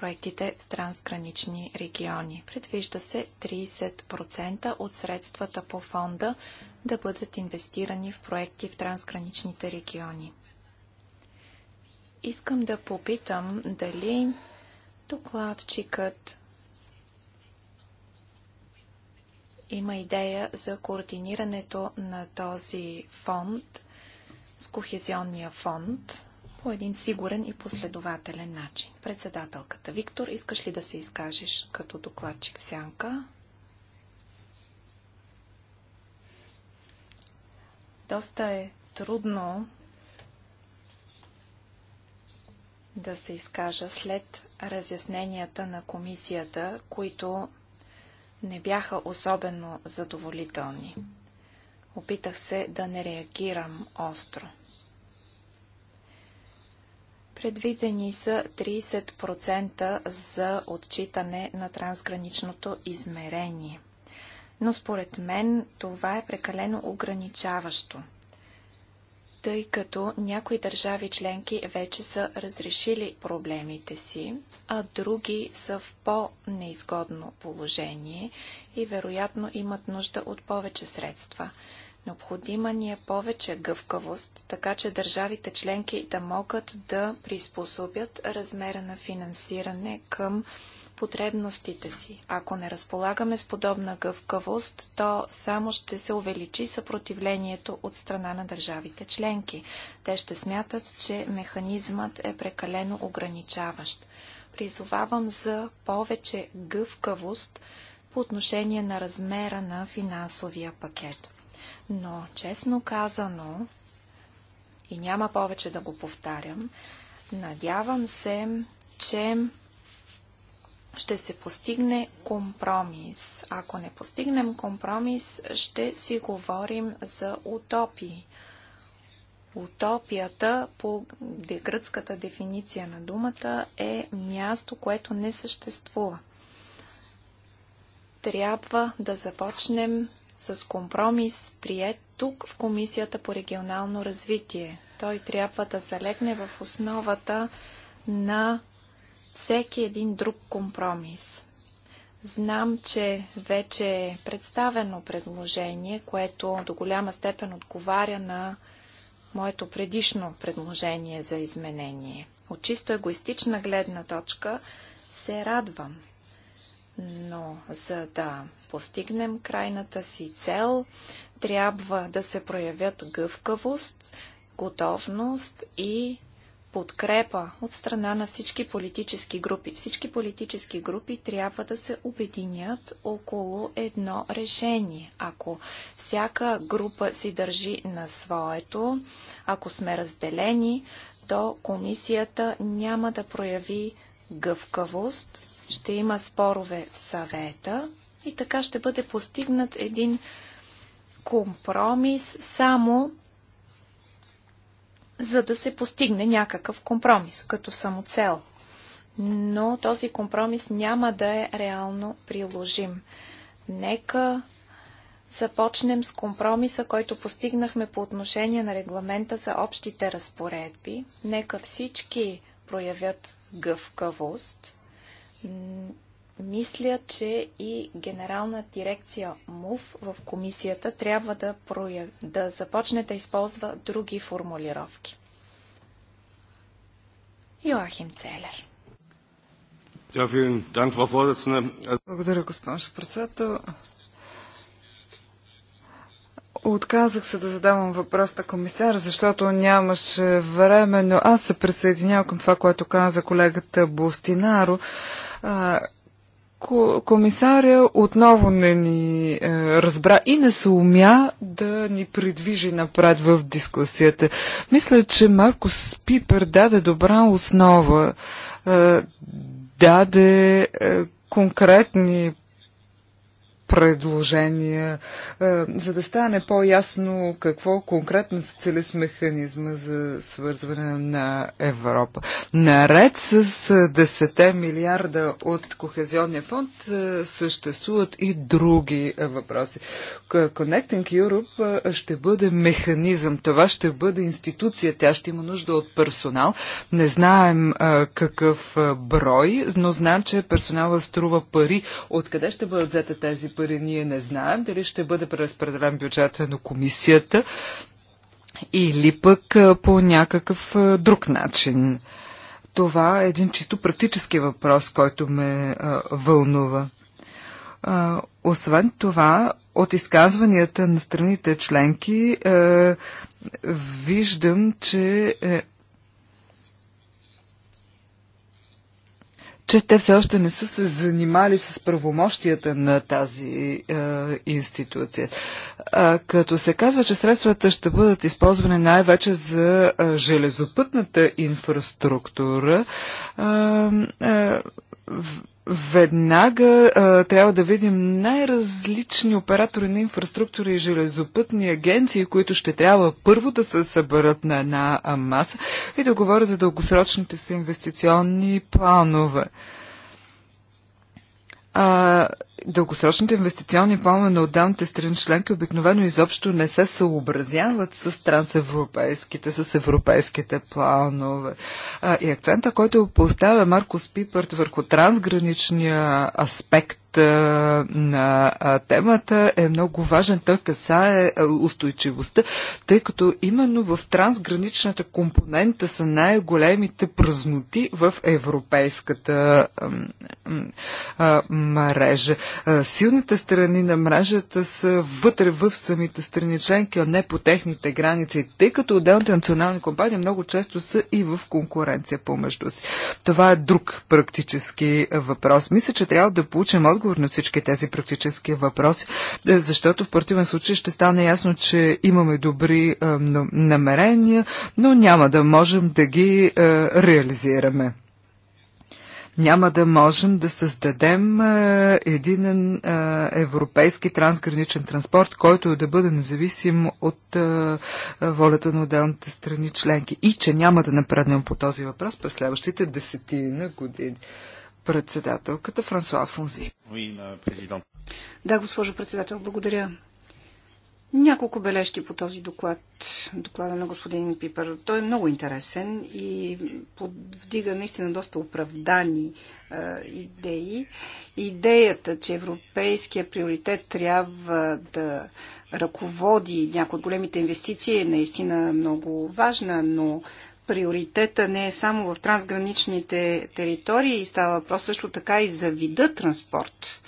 проектите в трансгранични региони. Предвижда се 30% от средствата по фонда да бъдат инвестирани в проекти в трансграничните региони. Искам да попитам дали докладчикът има идея за координирането на този фонд с Кохезионния фонд по един сигурен и последователен начин. Председателката Виктор, искаш ли да се изкажеш като докладчик в сянка? Доста е трудно да се изкажа след разясненията на комисията, които не бяха особено задоволителни. Опитах се да не реагирам остро. Предвидени са 30% за отчитане на трансграничното измерение. Но според мен това е прекалено ограничаващо, тъй като някои държави членки вече са разрешили проблемите си, а други са в по-неизгодно положение и вероятно имат нужда от повече средства. Необходима ни е повече гъвкавост, така че държавите членки да могат да приспособят размера на финансиране към потребностите си. Ако не разполагаме с подобна гъвкавост, то само ще се увеличи съпротивлението от страна на държавите членки. Те ще смятат, че механизмът е прекалено ограничаващ. Призовавам за повече гъвкавост по отношение на размера на финансовия пакет. Но, честно казано, и няма повече да го повтарям, надявам се, че ще се постигне компромис. Ако не постигнем компромис, ще си говорим за утопии. Утопията по гръцката дефиниция на думата е място, което не съществува. Трябва да започнем с компромис, прият тук в Комисията по регионално развитие. Той трябва да залегне в основата на всеки един друг компромис. Знам, че вече е представено предложение, което до голяма степен отговаря на моето предишно предложение за изменение. От чисто егоистична гледна точка се радвам, но за да постигнем крайната си цел, трябва да се проявят гъвкавост, готовност и подкрепа от страна на всички политически групи. Всички политически групи трябва да се обединят около едно решение. Ако всяка група си държи на своето, ако сме разделени, то комисията няма да прояви гъвкавост ще има спорове в съвета и така ще бъде постигнат един компромис само за да се постигне някакъв компромис като самоцел. Но този компромис няма да е реално приложим. Нека започнем с компромиса, който постигнахме по отношение на регламента за общите разпоредби. Нека всички проявят гъвкавост. Мисля, че и генерална дирекция МУВ в комисията трябва да, прояв... да започне да използва други формулировки. Йоахим Целер. Благодаря, госпожо председател. Отказах се да задавам въпрос на комисар, защото нямаше време, но аз се присъединявам към това, което каза колегата Бустинаро. Комисаря отново не ни е, разбра и не се умя да ни придвижи напред в дискусията. Мисля, че Маркус Пипер даде добра основа, е, даде е, конкретни предложения, за да стане по-ясно какво конкретно се цели с механизма за свързване на Европа. Наред с 10 милиарда от Кохезионния фонд съществуват и други въпроси. Connecting Europe ще бъде механизъм, това ще бъде институция, тя ще има нужда от персонал. Не знаем какъв брой, но знам, че персонала струва пари. Откъде ще бъдат взете тези пари. Ние не знаем дали ще бъде преразпределен бюджета на комисията или пък по някакъв друг начин. Това е един чисто практически въпрос, който ме а, вълнува. А, освен това, от изказванията на страните членки виждам, че е, че те все още не са се занимали с правомощията на тази е, институция. А, като се казва, че средствата ще бъдат използвани най-вече за е, железопътната инфраструктура, е, е, веднага а, трябва да видим най-различни оператори на инфраструктура и железопътни агенции, които ще трябва първо да се съберат на една маса и да говорят за дългосрочните си инвестиционни планове. А, дългосрочните инвестиционни планове на отделните страни членки обикновено изобщо не се съобразяват с трансевропейските, с европейските планове. А, и акцента, който поставя Марко Спипърт върху трансграничния аспект на темата е много важен. Той касае устойчивостта, тъй като именно в трансграничната компонента са най-големите празноти в европейската мрежа. Силните страни на мрежата са вътре в самите страни членки, а не по техните граници, тъй като отделните национални компании много често са и в конкуренция помежду си. Това е друг практически е, въпрос. Мисля, че трябва да получим отговор на всички тези практически въпроси, е, защото в противен случай ще стане ясно, че имаме добри е, намерения, но няма да можем да ги реализираме няма да можем да създадем един европейски трансграничен транспорт, който да бъде независим от волята на отделните страни членки и че няма да напреднем по този въпрос през следващите десетина години. Председателката Франсуа Фунзи. Да, госпожо председател, благодаря. Няколко бележки по този доклад, доклада на господин Пипер, Той е много интересен и подвдига наистина доста оправдани е, идеи. Идеята, че европейския приоритет трябва да ръководи някои от големите инвестиции е наистина много важна, но приоритета не е само в трансграничните територии, става въпрос също така и за вида транспорт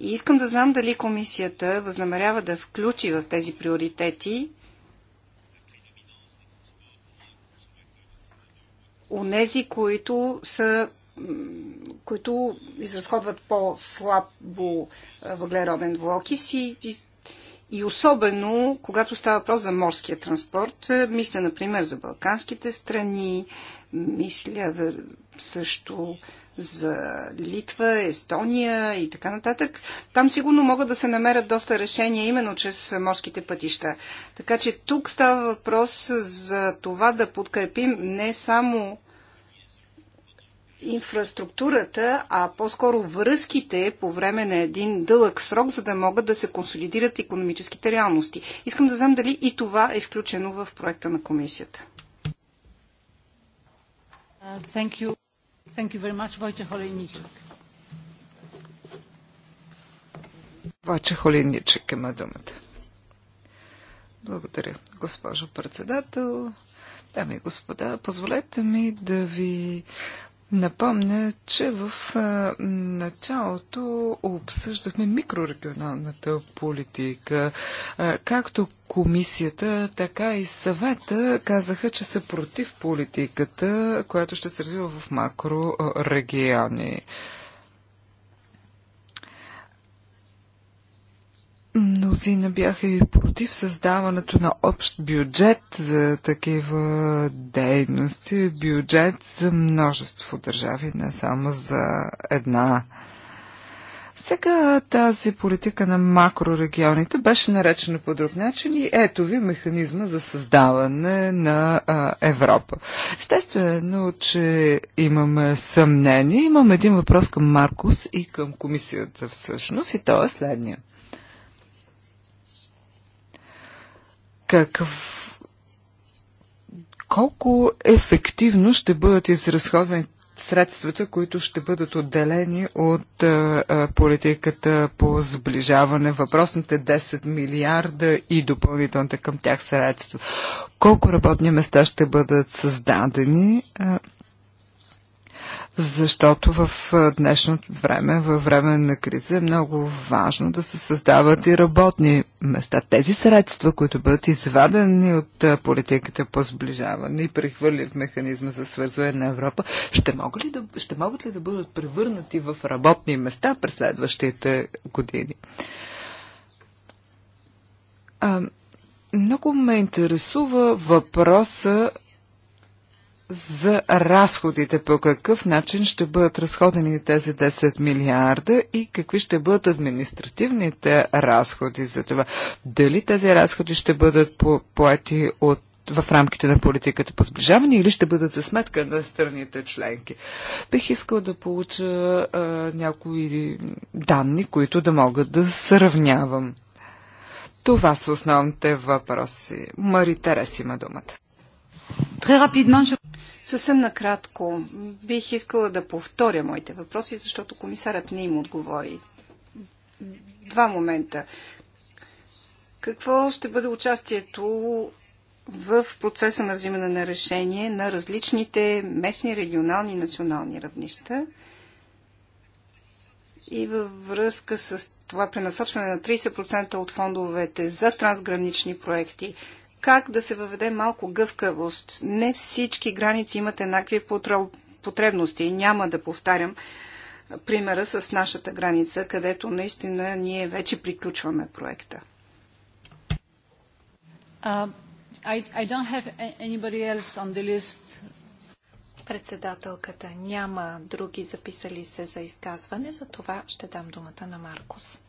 и искам да знам дали комисията възнамерява да включи в тези приоритети онези, които са които изразходват по-слабо въглероден двуокис и, и, и особено когато става въпрос за морския транспорт. Е, мисля, например, за балканските страни, мисля също за Литва, Естония и така нататък. Там сигурно могат да се намерят доста решения именно чрез морските пътища. Така че тук става въпрос за това да подкрепим не само инфраструктурата, а по-скоро връзките по време на един дълъг срок, за да могат да се консолидират економическите реалности. Искам да знам дали и това е включено в проекта на комисията. Uh, Thank you very much, Wojciech Olejniczek. Войчех Олиничек има думата. Благодаря, госпожо председател. Дами и господа, позволете ми да ви Напомня, че в началото обсъждахме микрорегионалната политика. Както комисията, така и съвета казаха, че са против политиката, която ще се развива в макрорегиони. Мнозина бяха и против създаването на общ бюджет за такива дейности, бюджет за множество държави, не само за една. Сега тази политика на макрорегионите беше наречена по друг начин и ето ви механизма за създаване на а, Европа. Естествено, че имаме съмнение. Имам един въпрос към Маркус и към комисията всъщност и то е следния. Какъв колко ефективно ще бъдат изразходвани средствата, които ще бъдат отделени от а, политиката по сближаване, въпросните 10 милиарда и допълнителните към тях средства. Колко работни места ще бъдат създадени а, защото в днешното време, във време на криза е много важно да се създават и работни места. Тези средства, които бъдат извадени от политиката по сближаване и прехвърли в механизма за свързване на Европа, ще могат ли да, ще могат ли да бъдат превърнати в работни места през следващите години? А, много ме интересува въпроса за разходите, по какъв начин ще бъдат разходени тези 10 милиарда и какви ще бъдат административните разходи за това. Дали тези разходи ще бъдат по поети от в рамките на политиката по сближаване или ще бъдат за сметка на страните членки. Бих искал да получа а, някои данни, които да могат да сравнявам. Това са основните въпроси. Мари Терес има думата. Съвсем накратко бих искала да повторя моите въпроси, защото комисарът не им отговори. Два момента. Какво ще бъде участието в процеса на взимане на решение на различните местни, регионални и национални равнища? И във връзка с това пренасочване на 30% от фондовете за трансгранични проекти, как да се въведе малко гъвкавост. Не всички граници имат еднакви потребности. И няма да повтарям примера с нашата граница, където наистина ние вече приключваме проекта. Uh, Председателката няма други записали се за изказване, за това ще дам думата на Маркус.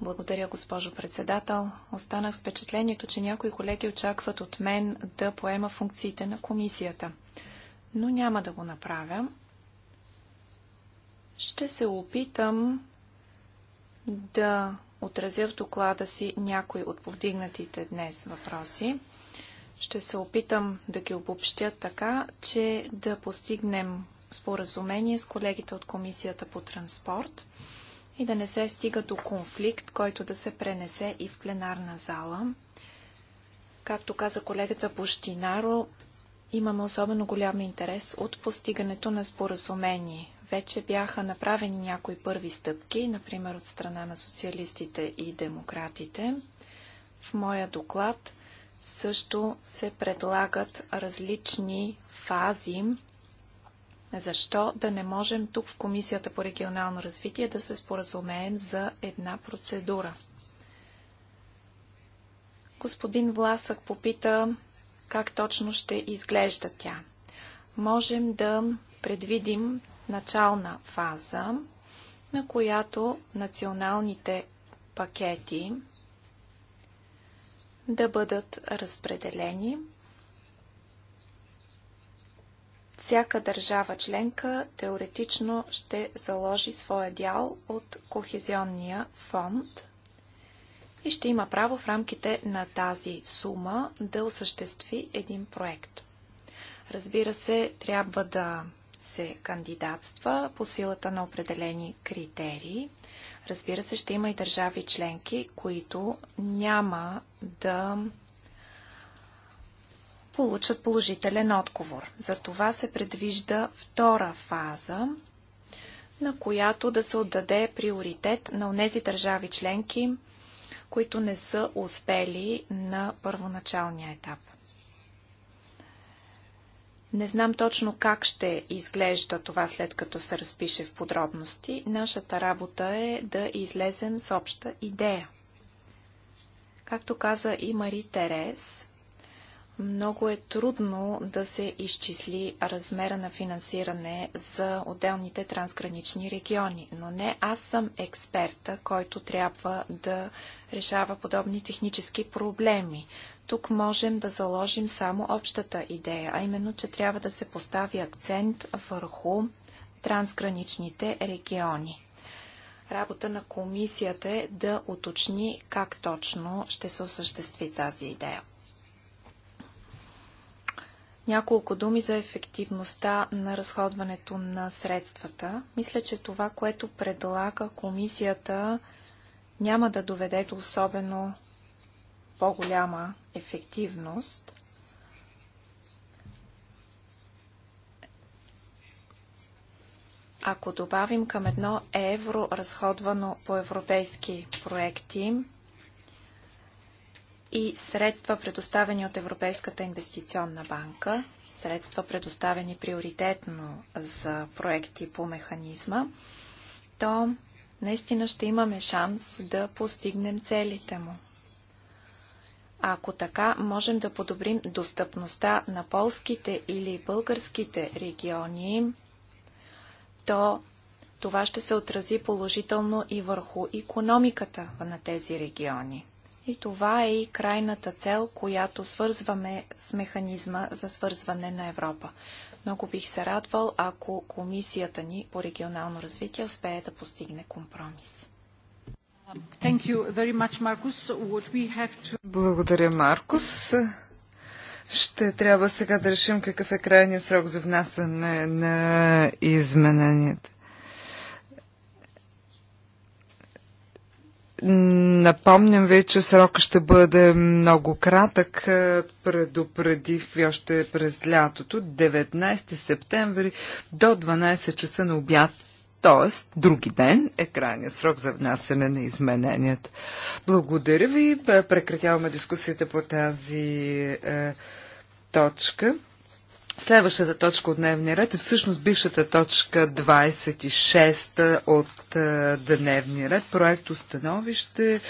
Благодаря, госпожо председател. Останах с впечатлението, че някои колеги очакват от мен да поема функциите на комисията. Но няма да го направя. Ще се опитам да отразя в доклада си някои от повдигнатите днес въпроси. Ще се опитам да ги обобщя така, че да постигнем споразумение с колегите от Комисията по транспорт и да не се стига до конфликт, който да се пренесе и в пленарна зала. Както каза колегата Пощинаро, имаме особено голям интерес от постигането на споразумение. Вече бяха направени някои първи стъпки, например от страна на социалистите и демократите. В моя доклад също се предлагат различни фази защо да не можем тук в Комисията по регионално развитие да се споразумеем за една процедура? Господин Власък попита как точно ще изглежда тя. Можем да предвидим начална фаза, на която националните пакети да бъдат разпределени всяка държава членка теоретично ще заложи своя дял от Кохезионния фонд и ще има право в рамките на тази сума да осъществи един проект. Разбира се, трябва да се кандидатства по силата на определени критерии. Разбира се, ще има и държави членки, които няма да получат положителен отговор. За това се предвижда втора фаза, на която да се отдаде приоритет на онези държави членки, които не са успели на първоначалния етап. Не знам точно как ще изглежда това след като се разпише в подробности. Нашата работа е да излезем с обща идея. Както каза и Мари Терес, много е трудно да се изчисли размера на финансиране за отделните трансгранични региони, но не аз съм експерта, който трябва да решава подобни технически проблеми. Тук можем да заложим само общата идея, а именно, че трябва да се постави акцент върху трансграничните региони. Работа на комисията е да уточни как точно ще се осъществи тази идея. Няколко думи за ефективността на разходването на средствата. Мисля, че това, което предлага комисията, няма да доведе до особено по-голяма ефективност. Ако добавим към едно евро, разходвано по европейски проекти, и средства, предоставени от Европейската инвестиционна банка, средства, предоставени приоритетно за проекти по механизма, то наистина ще имаме шанс да постигнем целите му. А ако така, можем да подобрим достъпността на полските или българските региони, то това ще се отрази положително и върху економиката на тези региони. И това е и крайната цел, която свързваме с механизма за свързване на Европа. Много бих се радвал, ако комисията ни по регионално развитие успее да постигне компромис. Благодаря, Маркус. Ще трябва сега да решим какъв е крайният срок за внасяне на измененията. Напомням ви, че срока ще бъде много кратък. Е, предупредих ви още през лятото, 19 септември до 12 часа на обяд. Тоест, други ден е крайния срок за внасяне на измененията. Благодаря ви. Прекратяваме дискусията по тази е, точка. Следващата точка от дневния ред е всъщност бившата точка 26 от е, дневния ред. Проект установище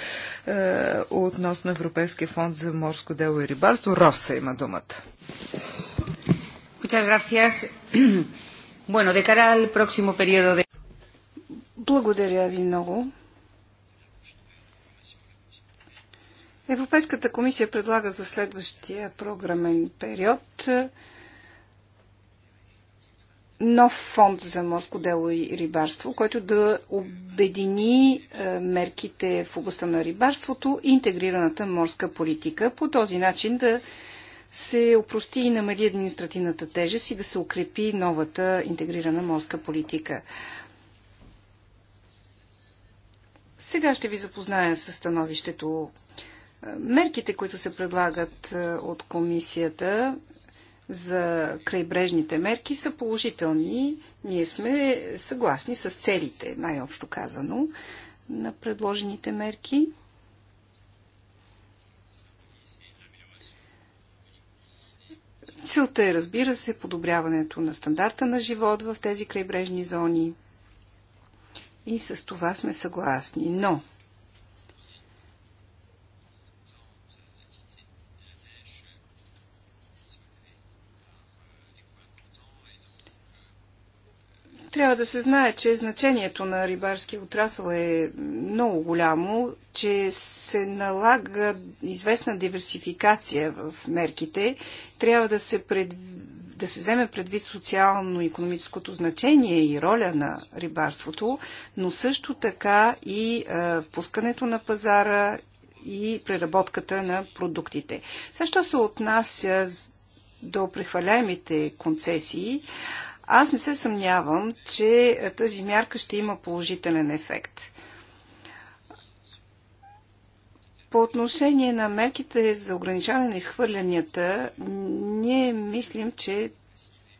е, относно Европейския фонд за морско дело и рибарство. Роса има думата. Благодаря ви много. Европейската комисия предлага за следващия програмен период нов фонд за морско дело и рибарство, който да обедини е, мерките в областта на рибарството и интегрираната морска политика. По този начин да се опрости и намали административната тежест и да се укрепи новата интегрирана морска политика. Сега ще ви запозная с становището. Е, мерките, които се предлагат е, от комисията, за крайбрежните мерки са положителни. Ние сме съгласни с целите, най-общо казано, на предложените мерки. Целта е, разбира се, подобряването на стандарта на живот в тези крайбрежни зони. И с това сме съгласни. Но трябва да се знае, че значението на рибарския отрасъл е много голямо, че се налага известна диверсификация в мерките. Трябва да се, пред... да се вземе предвид социално-економическото значение и роля на рибарството, но също така и а, пускането на пазара и преработката на продуктите. Също се отнася до прехваляемите концесии. Аз не се съмнявам, че тази мярка ще има положителен ефект. По отношение на мерките за ограничаване на изхвърлянията, ние мислим, че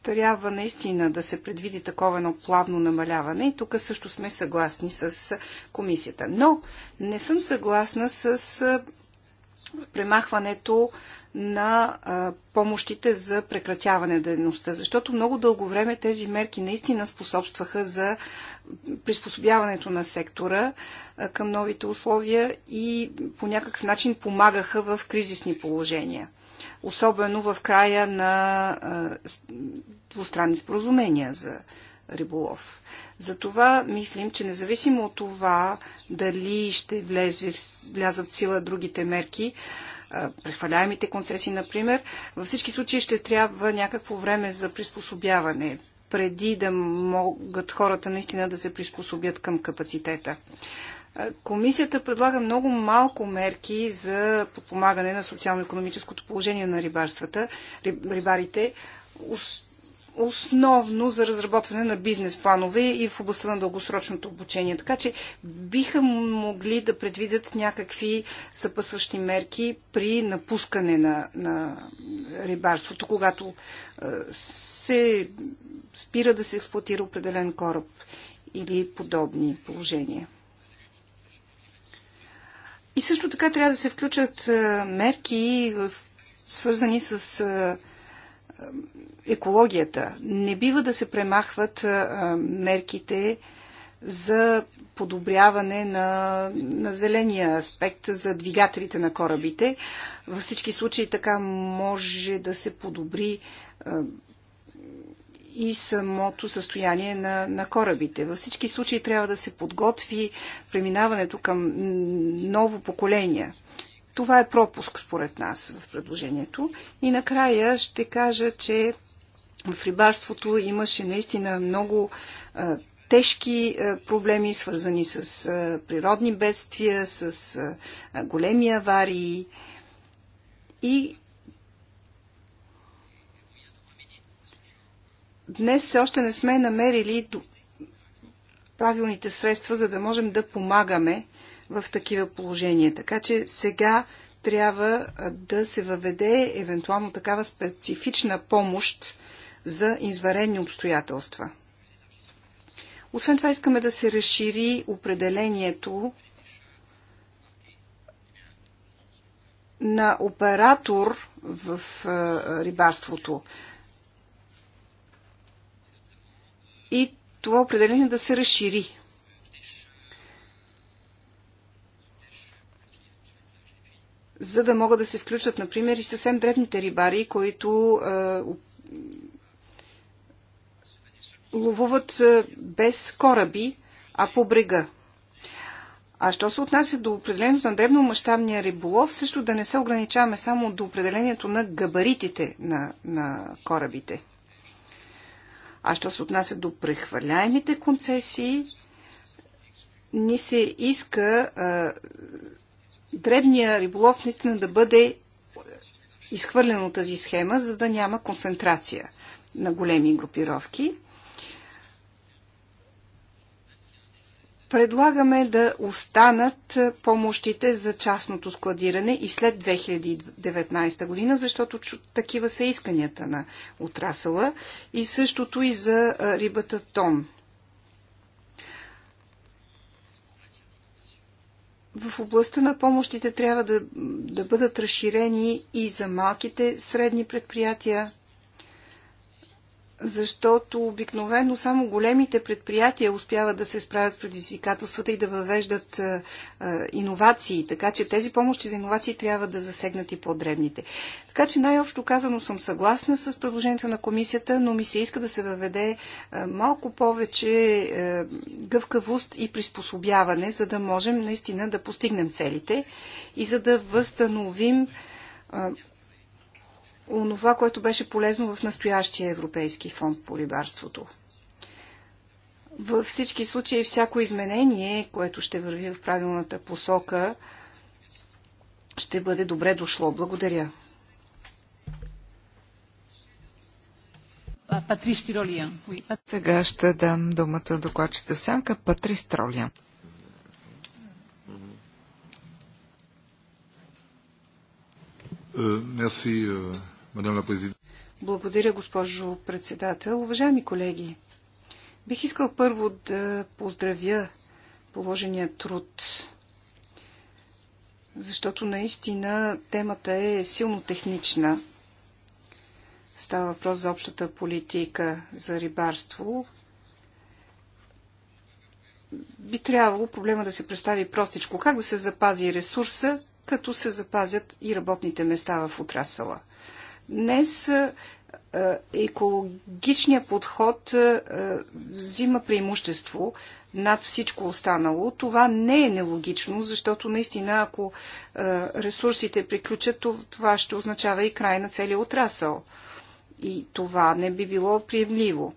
трябва наистина да се предвиди такова едно плавно намаляване и тук също сме съгласни с комисията. Но не съм съгласна с премахването на помощите за прекратяване на дейността, защото много дълго време тези мерки наистина способстваха за приспособяването на сектора към новите условия и по някакъв начин помагаха в кризисни положения. Особено в края на двустранни споразумения за риболов. Затова мислим, че независимо от това дали ще влезе, влязат в сила другите мерки, прехваляемите концесии, например. Във всички случаи ще трябва някакво време за приспособяване, преди да могат хората наистина да се приспособят към капацитета. Комисията предлага много малко мерки за подпомагане на социално-економическото положение на рибарствата, рибарите, основно за разработване на бизнес планове и в областта на дългосрочното обучение. Така че биха могли да предвидят някакви съпъсващи мерки при напускане на, на рибарството, когато е, се спира да се експлуатира определен кораб или подобни положения. И също така трябва да се включат е, мерки, свързани с е, екологията. Не бива да се премахват мерките за подобряване на, на зеления аспект за двигателите на корабите. Във всички случаи така може да се подобри и самото състояние на, на корабите. Във всички случаи трябва да се подготви преминаването към ново поколение. Това е пропуск според нас в предложението. И накрая ще кажа, че в рибарството имаше наистина много а, тежки а, проблеми, свързани с а, природни бедствия, с а, големи аварии. И днес все още не сме намерили правилните средства, за да можем да помагаме в такива положения. Така че сега трябва да се въведе евентуално такава специфична помощ за изварени обстоятелства. Освен това искаме да се разшири определението на оператор в рибарството. И това определение да се разшири. за да могат да се включат, например, и съвсем дребните рибари, които ловуват без кораби, а по брега. А що се отнася до определението на дребномащабния риболов, също да не се ограничаваме само до определението на габаритите на, на корабите. А що се отнася до прехвърляемите концесии, ни се иска а, дребния риболов наистина да бъде изхвърлен от тази схема, за да няма концентрация на големи групировки. Предлагаме да останат помощите за частното складиране и след 2019 година, защото такива са исканията на отрасъла и същото и за рибата тон – в областта на помощите трябва да, да бъдат разширени и за малките средни предприятия, защото обикновено само големите предприятия успяват да се справят с предизвикателствата и да въвеждат а, е, а, е, иновации, така че тези помощи за иновации трябва да засегнат и по-дребните. Така че най-общо казано съм съгласна с предложението на комисията, но ми се иска да се въведе а, е, малко повече а, гъвкавост и приспособяване, за да можем наистина да постигнем целите и за да възстановим а, онова, което беше полезно в настоящия Европейски фонд по рибарството. Във всички случаи всяко изменение, което ще върви в правилната посока, ще бъде добре дошло. Благодаря. Сега ще дам думата докладчета Сянка Патрис Тролия. Е, merci, е, благодаря, госпожо председател. Уважаеми колеги, бих искал първо да поздравя положения труд, защото наистина темата е силно технична. Става въпрос за общата политика за рибарство. Би трябвало проблема да се представи простичко. Как да се запази ресурса, като се запазят и работните места в отрасъла – Днес екологичният подход взима преимущество над всичко останало. Това не е нелогично, защото наистина ако ресурсите приключат, това ще означава и край на целия отрасъл. И това не би било приемливо.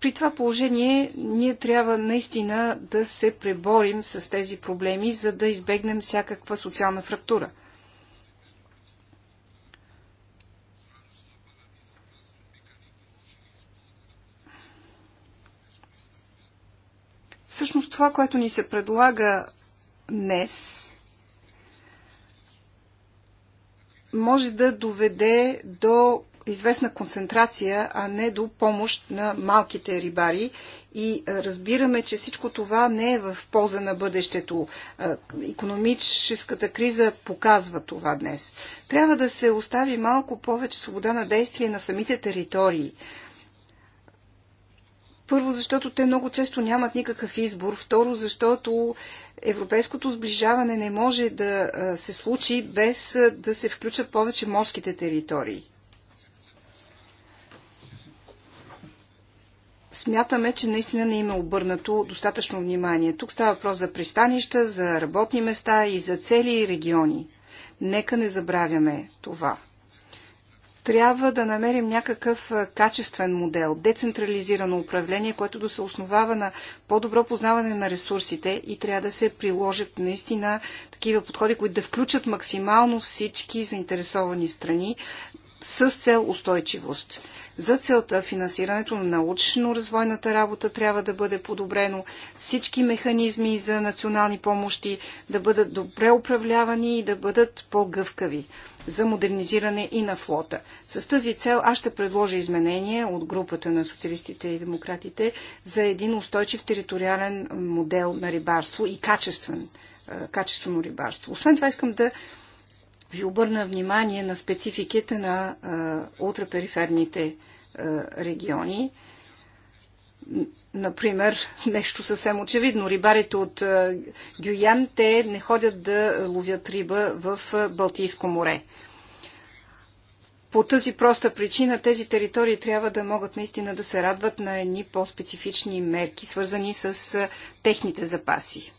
При това положение ние трябва наистина да се преборим с тези проблеми, за да избегнем всякаква социална фрактура – Всъщност това, което ни се предлага днес, може да доведе до известна концентрация, а не до помощ на малките рибари. И разбираме, че всичко това не е в полза на бъдещето. Економическата криза показва това днес. Трябва да се остави малко повече свобода на действие на самите територии. Първо, защото те много често нямат никакъв избор. Второ, защото европейското сближаване не може да се случи без да се включат повече морските територии. Смятаме, че наистина не има е обърнато достатъчно внимание. Тук става въпрос за пристанища, за работни места и за цели региони. Нека не забравяме това трябва да намерим някакъв качествен модел, децентрализирано управление, което да се основава на по-добро познаване на ресурсите и трябва да се приложат наистина такива подходи, които да включат максимално всички заинтересовани страни, с цел устойчивост. За целта финансирането на научно-развойната работа трябва да бъде подобрено, всички механизми за национални помощи да бъдат добре управлявани и да бъдат по-гъвкави за модернизиране и на флота. С тази цел аз ще предложа изменения от групата на социалистите и демократите за един устойчив териториален модел на рибарство и качествен, качествено рибарство. Освен това искам да ви обърна внимание на спецификите на ултрапериферните региони. Например, нещо съвсем очевидно. Рибарите от Гюян, те не ходят да ловят риба в Балтийско море. По тази проста причина тези територии трябва да могат наистина да се радват на едни по-специфични мерки, свързани с техните запаси.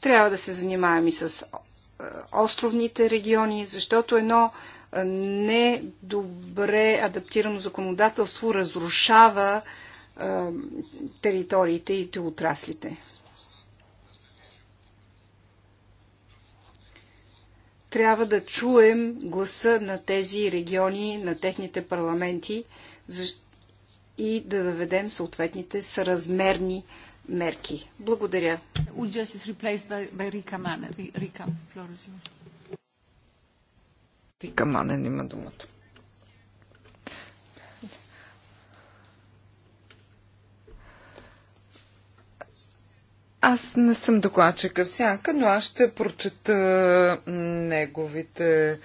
Трябва да се занимаем и с е, островните региони, защото едно е, недобре адаптирано законодателство разрушава е, териториите и отраслите. Трябва да чуем гласа на тези региони, на техните парламенти и да въведем съответните съразмерни мерки. Благодаря. Рика Манен има думата. Аз не съм докладчика всяка, но аз ще прочета неговите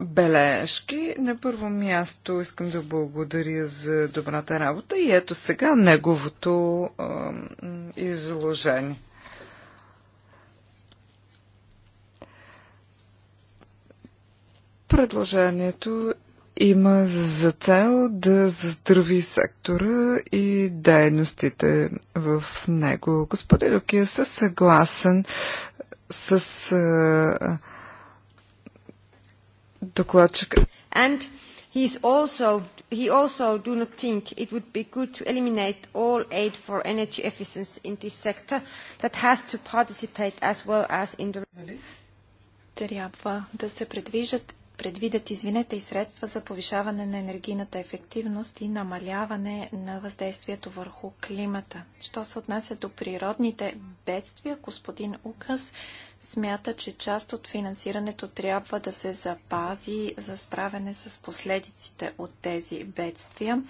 бележки. На първо място искам да благодаря за добрата работа и ето сега неговото изложение. Предложението има за цел да заздрави сектора и дейностите в него. Господин Лукия е съгласен с а, докладчика. And he's also, he also do not think it would be good to eliminate all aid for energy efficiency in this sector that has to participate as well as in the... Трябва да се предвижат предвидят, извинете, и средства за повишаване на енергийната ефективност и намаляване на въздействието върху климата. Що се отнася до природните бедствия, господин Указ смята, че част от финансирането трябва да се запази за справяне с последиците от тези бедствия.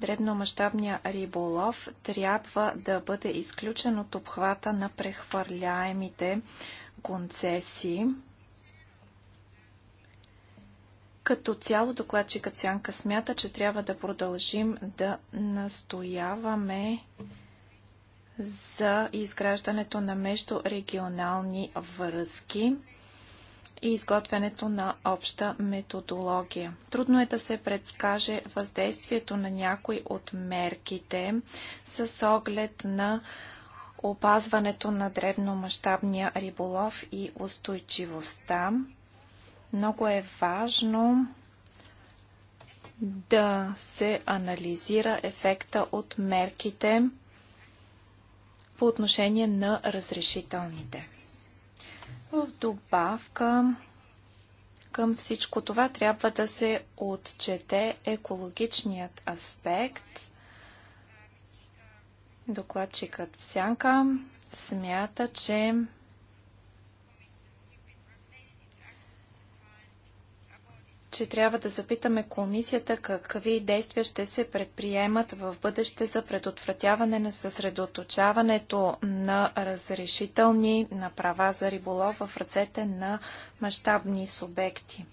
Дребномащабния риболов трябва да бъде изключен от обхвата на прехвърляемите концесии. Като цяло докладчика Сянка смята, че трябва да продължим да настояваме за изграждането на междурегионални връзки и изготвянето на обща методология. Трудно е да се предскаже въздействието на някои от мерките с оглед на опазването на дребномащабния риболов и устойчивостта. Много е важно да се анализира ефекта от мерките по отношение на разрешителните. В добавка към всичко това трябва да се отчете екологичният аспект. Докладчикът в сянка смята, че че трябва да запитаме комисията какви действия ще се предприемат в бъдеще за предотвратяване на съсредоточаването на разрешителни на права за риболов в ръцете на мащабни субекти.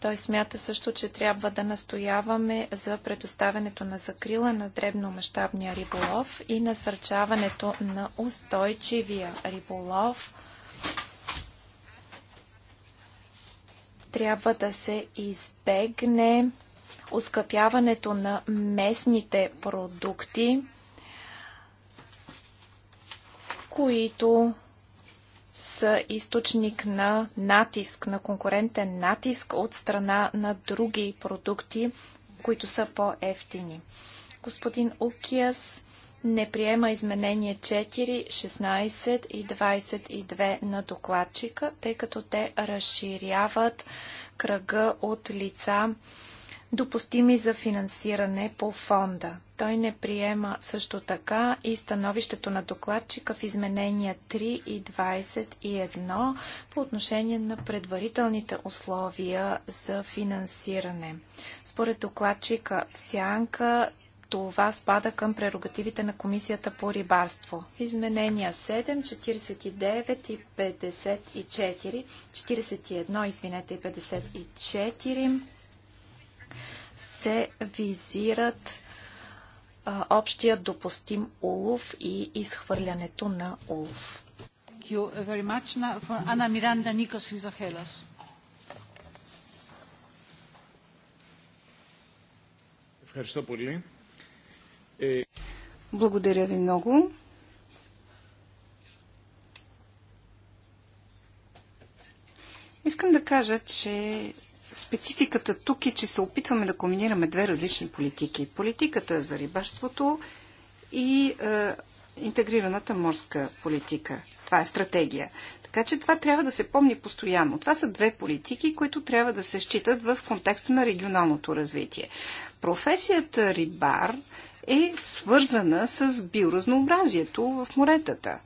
Той смята също, че трябва да настояваме за предоставянето на закрила на дребномащабния риболов и насърчаването на устойчивия риболов трябва да се избегне оскъпяването на местните продукти, които са източник на натиск, на конкурентен натиск от страна на други продукти, които са по-ефтини. Господин Укиас не приема изменение 4, 16 и 22 на докладчика, тъй като те разширяват кръга от лица, допустими за финансиране по фонда. Той не приема също така и становището на докладчика в изменения 3 и 21 по отношение на предварителните условия за финансиране. Според докладчика в сянка това спада към прерогативите на Комисията по рибарство. Изменения 7, 49 и 54, 41, извинете, и 54 се визират а, общия допустим улов и изхвърлянето на улов. Ана Миранда Никос Хризохелос. Ευχαριστώ πολύ. Благодаря ви много. Искам да кажа, че спецификата тук е, че се опитваме да комбинираме две различни политики. Политиката за рибарството и е, интегрираната морска политика. Това е стратегия. Така че това трябва да се помни постоянно. Това са две политики, които трябва да се считат в контекста на регионалното развитие. Професията рибар е свързана с биоразнообразието в моретата.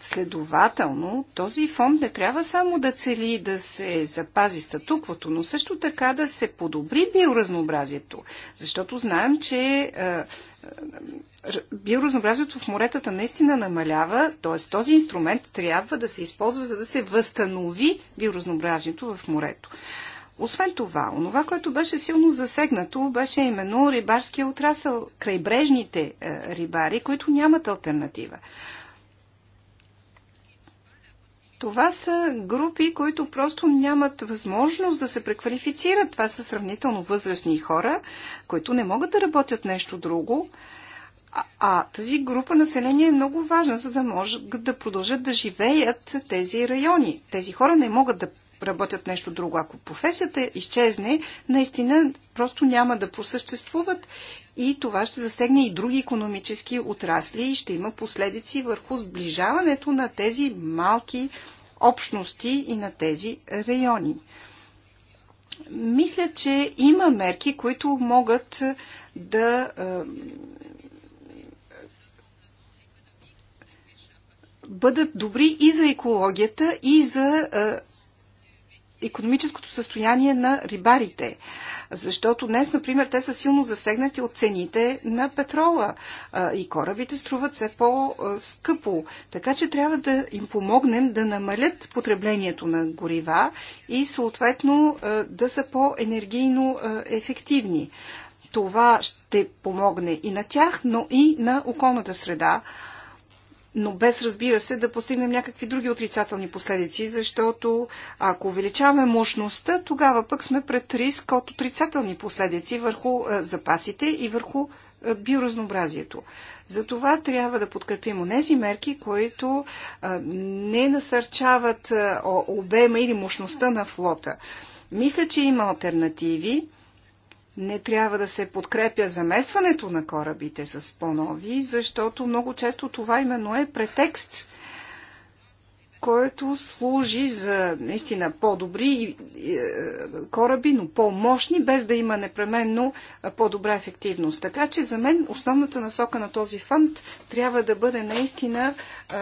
Следователно, този фонд не трябва само да цели да се запази статуквото, но също така да се подобри биоразнообразието, защото знаем, че е, е, биоразнообразието в моретата наистина намалява, т.е. този инструмент трябва да се използва, за да се възстанови биоразнообразието в морето. Освен това, онова, което беше силно засегнато, беше именно рибарския отрасъл, крайбрежните е, рибари, които нямат альтернатива. Това са групи, които просто нямат възможност да се преквалифицират. Това са сравнително възрастни хора, които не могат да работят нещо друго. А, а тази група население е много важна, за да могат да продължат да живеят тези райони. Тези хора не могат да работят нещо друго. Ако професията изчезне, наистина просто няма да просъществуват и това ще засегне и други економически отрасли и ще има последици върху сближаването на тези малки общности и на тези райони. Мисля, че има мерки, които могат да бъдат добри и за екологията, и за економическото състояние на рибарите. Защото днес, например, те са силно засегнати от цените на петрола и корабите струват все по-скъпо. Така че трябва да им помогнем да намалят потреблението на горива и съответно да са по-енергийно ефективни. Това ще помогне и на тях, но и на околната среда, но без разбира се да постигнем някакви други отрицателни последици, защото ако увеличаваме мощността, тогава пък сме пред риск от отрицателни последици върху е, запасите и върху е, биоразнообразието. Затова трябва да подкрепим онези мерки, които е, не насърчават обема или мощността на флота. Мисля, че има альтернативи не трябва да се подкрепя заместването на корабите с по-нови, защото много често това именно е претекст – който служи за наистина по-добри е, кораби, но по-мощни, без да има непременно е, по-добра ефективност. Така че за мен основната насока на този фонд трябва да бъде наистина е,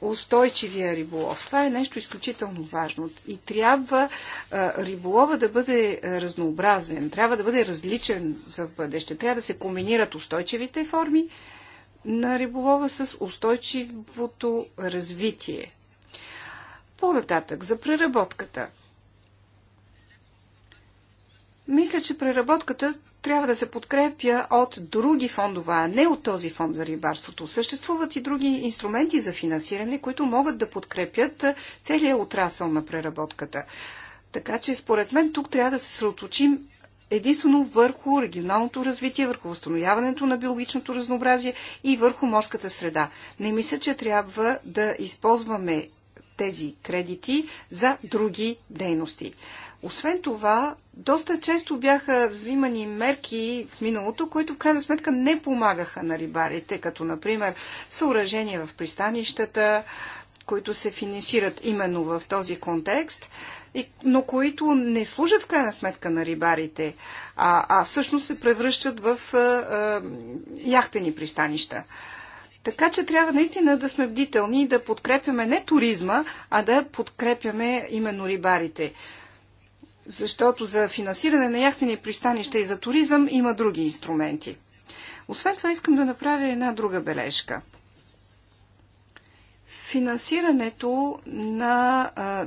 устойчивия риболов. Това е нещо изключително важно. И трябва риболова да бъде разнообразен, трябва да бъде различен за в бъдеще. Трябва да се комбинират устойчивите форми на риболова с устойчивото развитие. По-нататък, за преработката. Мисля, че преработката трябва да се подкрепя от други фондове, а не от този фонд за рибарството. Съществуват и други инструменти за финансиране, които могат да подкрепят целия отрасъл на преработката. Така че, според мен, тук трябва да се съсредоточим единствено върху регионалното развитие, върху възстановяването на биологичното разнообразие и върху морската среда. Не мисля, че трябва да използваме тези кредити за други дейности. Освен това, доста често бяха взимани мерки в миналото, които в крайна сметка не помагаха на рибарите, като например съоръжения в пристанищата, които се финансират именно в този контекст, но които не служат в крайна сметка на рибарите, а, а всъщност се превръщат в а, а, яхтени пристанища. Така че трябва наистина да сме бдителни и да подкрепяме не туризма, а да подкрепяме именно рибарите. Защото за финансиране на яхтени пристанища и за туризъм има други инструменти. Освен това искам да направя една друга бележка. Финансирането на а,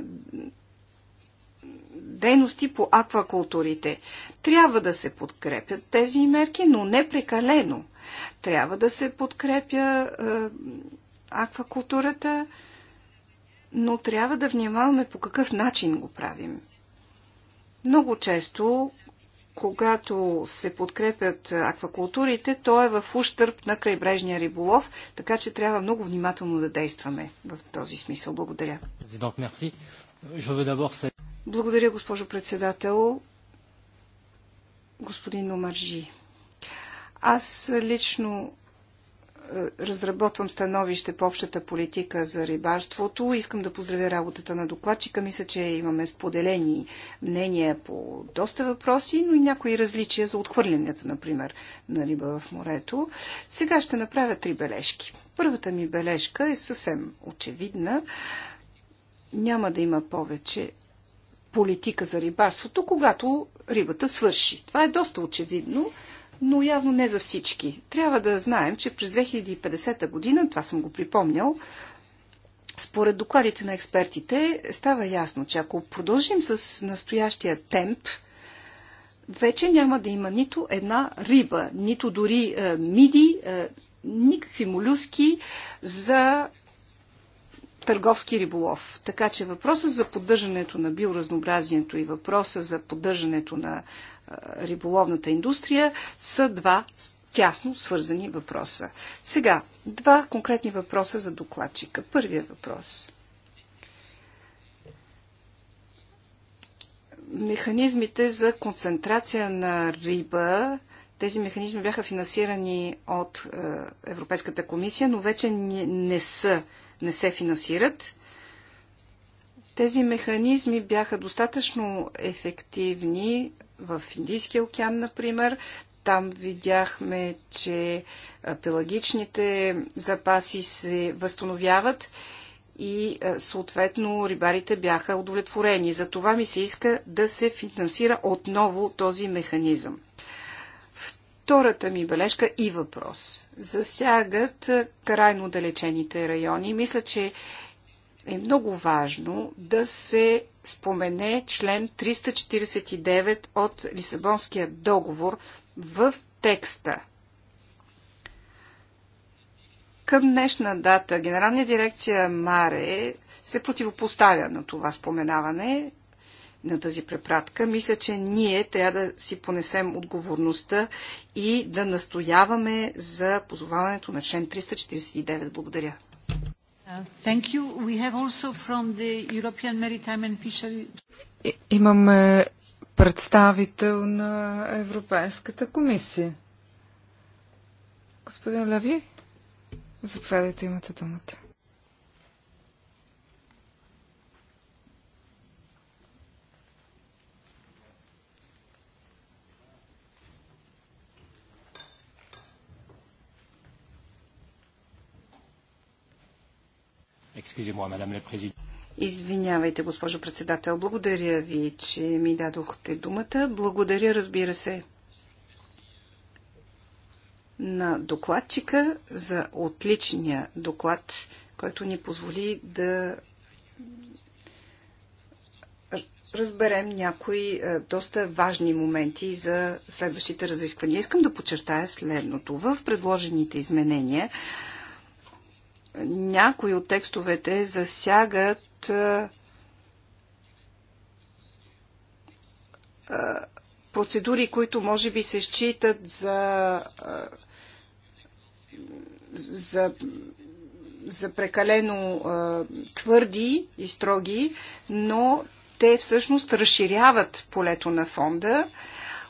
дейности по аквакултурите. Трябва да се подкрепят тези мерки, но не прекалено. Трябва да се подкрепя е, аквакултурата, но трябва да внимаваме по какъв начин го правим. Много често, когато се подкрепят аквакултурите, то е в ущърп на крайбрежния риболов, така че трябва много внимателно да действаме в този смисъл. Благодаря. Благодаря, госпожо председател. Господин Омаржи. Аз лично е, разработвам становище по общата политика за рибарството. Искам да поздравя работата на докладчика. Мисля, че имаме споделени мнения по доста въпроси, но и някои различия за отхвърлянето, например, на риба в морето. Сега ще направя три бележки. Първата ми бележка е съвсем очевидна. Няма да има повече политика за рибарството, когато рибата свърши. Това е доста очевидно но явно не за всички. Трябва да знаем, че през 2050 година, това съм го припомнял, според докладите на експертите става ясно, че ако продължим с настоящия темп, вече няма да има нито една риба, нито дори е, миди, е, никакви молюски за търговски риболов. Така че въпросът за поддържането на биоразнообразието и въпроса за поддържането на риболовната индустрия са два тясно свързани въпроса. Сега, два конкретни въпроса за докладчика. Първият въпрос. Механизмите за концентрация на риба, тези механизми бяха финансирани от е, Европейската комисия, но вече не, са, не се финансират. Тези механизми бяха достатъчно ефективни в Индийския океан, например. Там видяхме, че пелагичните запаси се възстановяват и съответно рибарите бяха удовлетворени. За това ми се иска да се финансира отново този механизъм. Втората ми бележка и въпрос засягат крайно далечените райони. Мисля, че е много важно да се спомене член 349 от Лисабонския договор в текста. Към днешна дата Генерална дирекция Маре се противопоставя на това споменаване, на тази препратка. Мисля, че ние трябва да си понесем отговорността и да настояваме за позоваването на член 349. Благодаря. Uh, Fishery... Имаме представител на Европейската комисия. Господин Лави, заповядайте, имате думата. Извинявайте, госпожо председател. Благодаря ви, че ми дадохте думата. Благодаря, разбира се, на докладчика за отличния доклад, който ни позволи да разберем някои е, доста важни моменти за следващите разисквания. Искам да подчертая следното. В предложените изменения някои от текстовете засягат процедури, които може би се считат за, за, за прекалено твърди и строги, но те всъщност разширяват полето на фонда.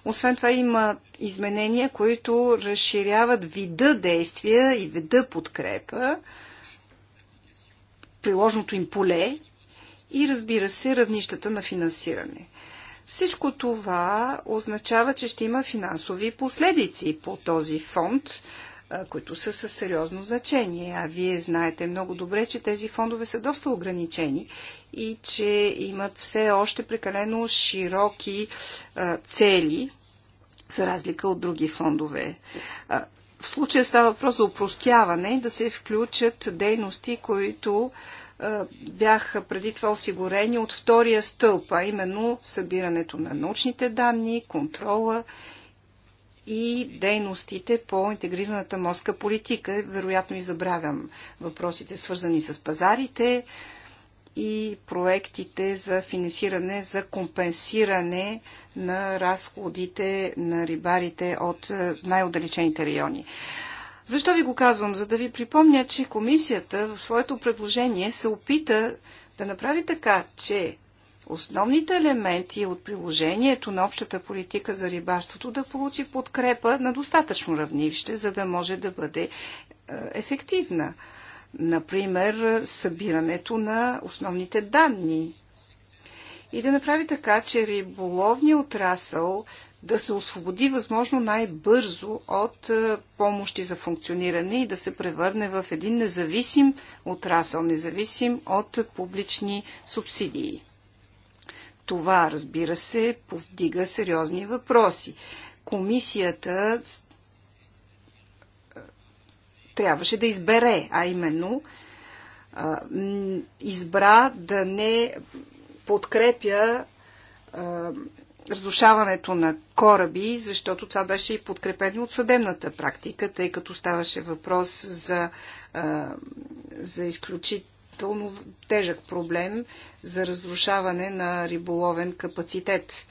Освен това има изменения, които разширяват вида действия и вида подкрепа приложното им поле и разбира се равнищата на финансиране. Всичко това означава, че ще има финансови последици по този фонд, които са със сериозно значение. А вие знаете много добре, че тези фондове са доста ограничени и че имат все още прекалено широки цели, за разлика от други фондове. В случая става въпрос за упростяване да се включат дейности, които бяха преди това осигурени от втория стълб, а именно събирането на научните данни, контрола и дейностите по интегрираната морска политика. Вероятно и забравям въпросите, свързани с пазарите, и проектите за финансиране, за компенсиране на разходите на рибарите от е, най-отдалечените райони. Защо ви го казвам? За да ви припомня, че комисията в своето предложение се опита да направи така, че основните елементи от приложението на общата политика за рибарството да получи подкрепа на достатъчно равнище, за да може да бъде е, ефективна. Например, събирането на основните данни. И да направи така, че риболовният отрасъл да се освободи възможно най-бързо от е, помощи за функциониране и да се превърне в един независим отрасъл, независим от публични субсидии. Това, разбира се, повдига сериозни въпроси. Комисията трябваше да избере, а именно избра да не подкрепя разрушаването на кораби, защото това беше и подкрепено от съдебната практика, тъй като ставаше въпрос за, за изключително тежък проблем за разрушаване на риболовен капацитет.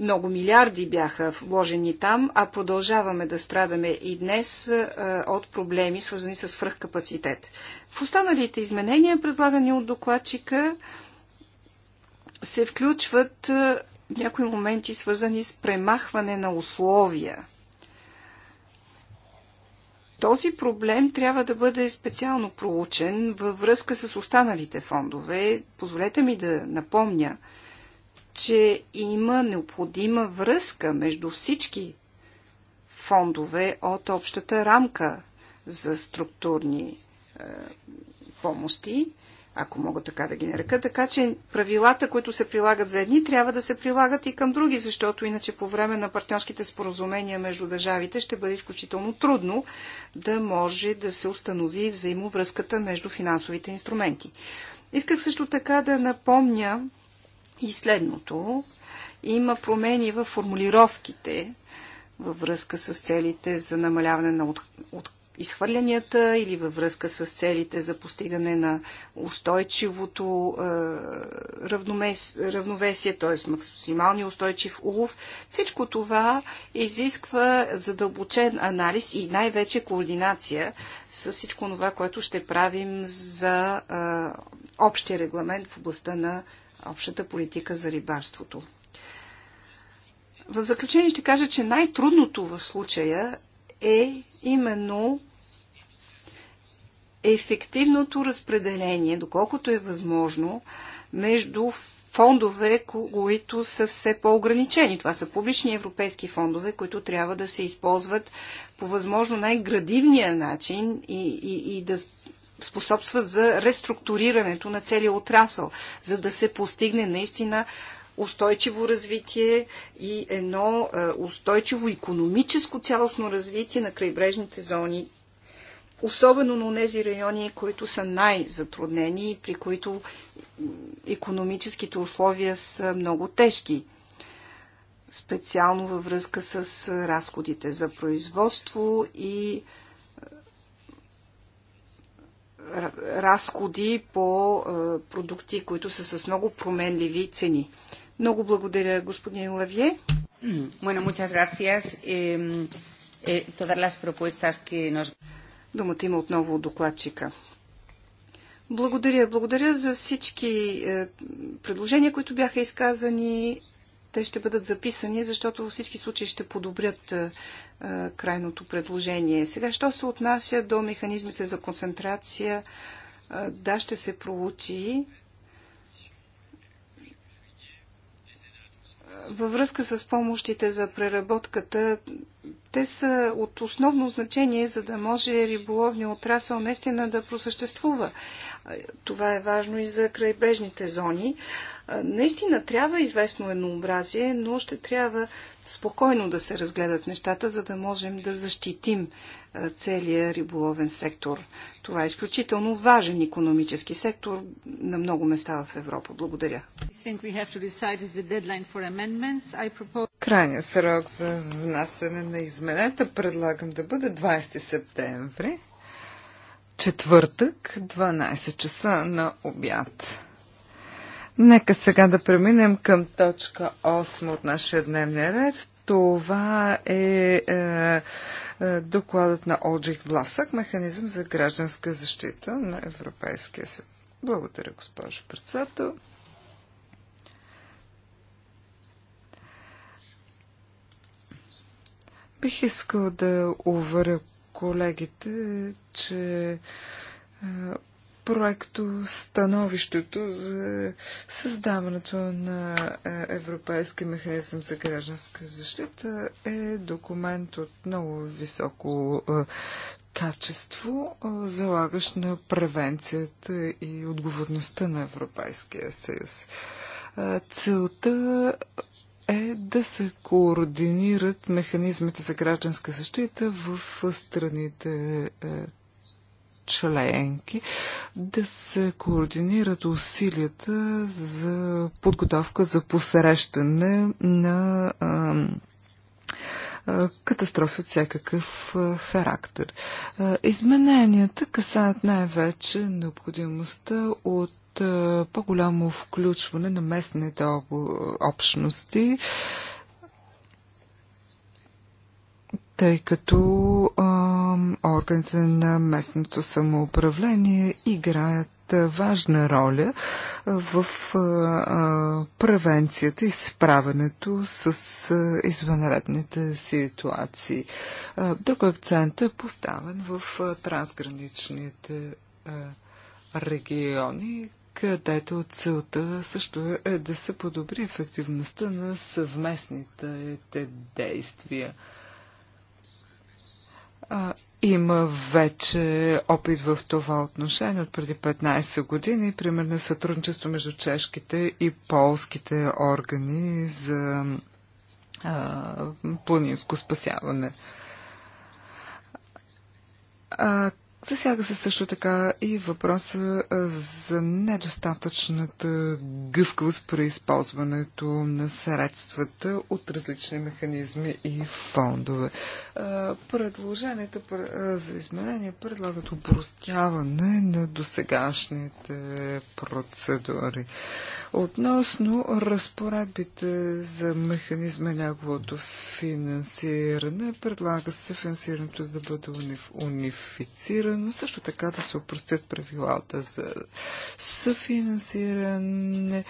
Много милиарди бяха вложени там, а продължаваме да страдаме и днес е, от проблеми, свързани с свръхкапацитет. В останалите изменения, предлагани от докладчика, се включват е, някои моменти, свързани с премахване на условия. Този проблем трябва да бъде специално проучен във връзка с останалите фондове. Позволете ми да напомня, че има необходима връзка между всички фондове от общата рамка за структурни е, помощи, ако мога така да ги нарека. Така че правилата, които се прилагат за едни, трябва да се прилагат и към други, защото иначе по време на партньорските споразумения между държавите ще бъде изключително трудно да може да се установи взаимовръзката между финансовите инструменти. Исках също така да напомня и следното, има промени в формулировките във връзка с целите за намаляване на от, от изхвърлянията или във връзка с целите за постигане на устойчивото е, равномес, равновесие, т.е. максималния устойчив улов. Всичко това изисква задълбочен анализ и най-вече координация с всичко това, което ще правим за е, общия регламент в областта на общата политика за рибарството. В заключение ще кажа, че най-трудното в случая е именно ефективното разпределение, доколкото е възможно, между фондове, които са все по-ограничени. Това са публични европейски фондове, които трябва да се използват по възможно най-градивния начин и, и, и да способстват за реструктурирането на целия отрасъл, за да се постигне наистина устойчиво развитие и едно е, устойчиво економическо цялостно развитие на крайбрежните зони, особено на тези райони, които са най-затруднени и при които економическите условия са много тежки специално във връзка с разходите за производство и разходи по е, продукти, които са с много променливи цени. Много благодаря, господин Лавие. Bueno, muchas gracias. Eh, eh, todas las propuestas que nos... Думата има отново докладчика. Благодаря. Благодаря за всички е, предложения, които бяха изказани. Те ще бъдат записани, защото във всички случаи ще подобрят е, крайното предложение. Сега, що се отнася до механизмите за концентрация, да, ще се проучи. Във връзка с помощите за преработката, те са от основно значение, за да може риболовния отрасъл наистина да просъществува. Това е важно и за крайбежните зони. Наистина трябва известно еднообразие, но ще трябва спокойно да се разгледат нещата, за да можем да защитим е, целия риболовен сектор. Това е изключително важен економически сектор на много места в Европа. Благодаря. Крайният срок за внасене на измененията предлагам да бъде 20 септември, четвъртък, 12 часа на обяд. Нека сега да преминем към точка 8 от нашия дневния ред. Това е, е, е докладът на Олджих Власък, механизъм за гражданска защита на Европейския съюз. Благодаря, госпожо председател. Бих искал да уверя колегите, че е, проекто становището за създаването на е, Европейски механизъм за гражданска защита е документ от много високо е, качество, е, залагащ на превенцията и отговорността на Европейския съюз. Целта е да се координират механизмите за гражданска защита в страните членки да се координират усилията за подготовка за посрещане на катастрофи от всякакъв характер. Измененията касаят най-вече необходимостта от по-голямо включване на местните общности тъй като а, органите на местното самоуправление играят важна роля в а, а, превенцията и справянето с а, извънредните ситуации. А, друг акцент е поставен в а, трансграничните а, региони, където целта също е, е да се подобри ефективността на съвместните действия. А, има вече опит в това отношение от преди 15 години, примерно сътрудничество между чешките и полските органи за а, планинско спасяване. А, Засяга се също така и въпроса за недостатъчната гъвкавост при използването на средствата от различни механизми и фондове. Предложенията за изменения предлагат упростяване на досегашните процедури. Относно разпоредбите за механизма неговото финансиране, предлага се финансирането да бъде унифицирано, също така да се упростят правилата за съфинансиране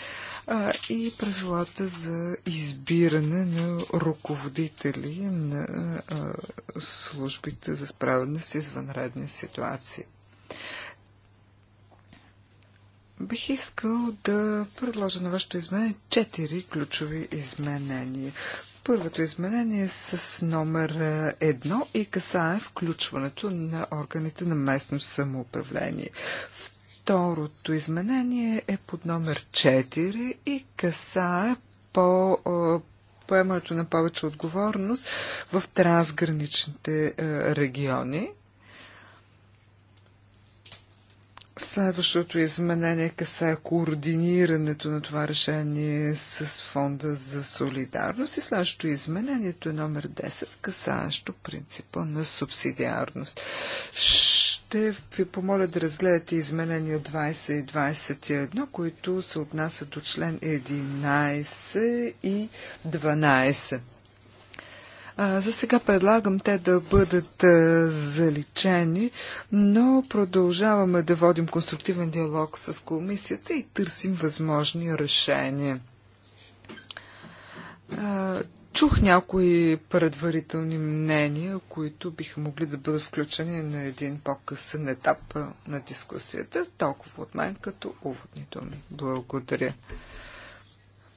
а, и правилата за избиране на руководители на а, службите за справяне с извънредни ситуации. Бих искал да предложа на вашето изменение четири ключови изменения. Първото изменение е с номер е, едно и касае включването на органите на местно самоуправление. Второто изменение е под номер 4 и касае по е, поемането на повече отговорност в трансграничните е, региони. Следващото изменение касае координирането на това решение с Фонда за солидарност и следващото изменението е номер 10, касаещо принципа на субсидиарност. Ще ви помоля да разгледате изменения 20 и 21, които се отнасят до член 11 и 12. За сега предлагам те да бъдат заличени, но продължаваме да водим конструктивен диалог с комисията и търсим възможни решения. Чух някои предварителни мнения, които биха могли да бъдат включени на един по-късен етап на дискусията. Толкова от мен като уводни думи. Благодаря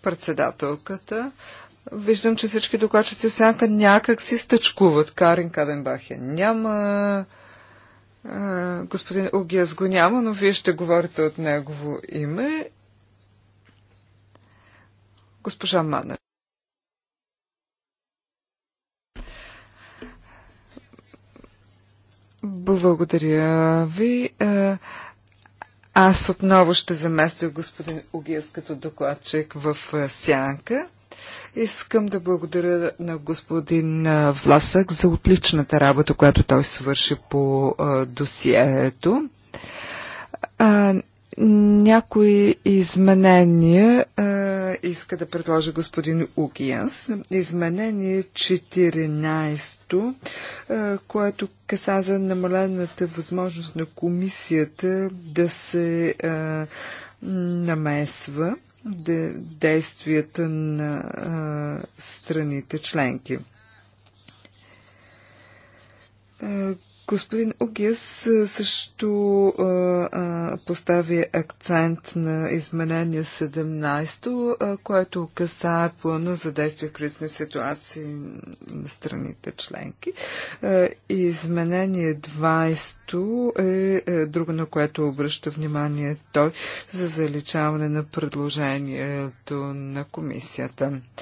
председателката. Виждам, че всички докладчици в сянка някак си стъчкуват. Карин Каденбах е. няма. Господин Огиас го няма, но вие ще говорите от негово име. Госпожа Манер. Благодаря ви. Аз отново ще заместя господин Огиас като докладчик в сянка. Искам да благодаря на господин Власък за отличната работа, която той свърши по досието. Някои изменения а, иска да предложи господин Угиенс. Изменение 14, а, което каса за намалената възможност на комисията да се а, намесва действията на а, страните членки. Господин Огис също а, а, постави акцент на изменение 17, което касае плана за действие в кризисни ситуации на страните членки. А, изменение 20 е, е друго, на което обръща внимание той за заличаване на предложението на комисията. А,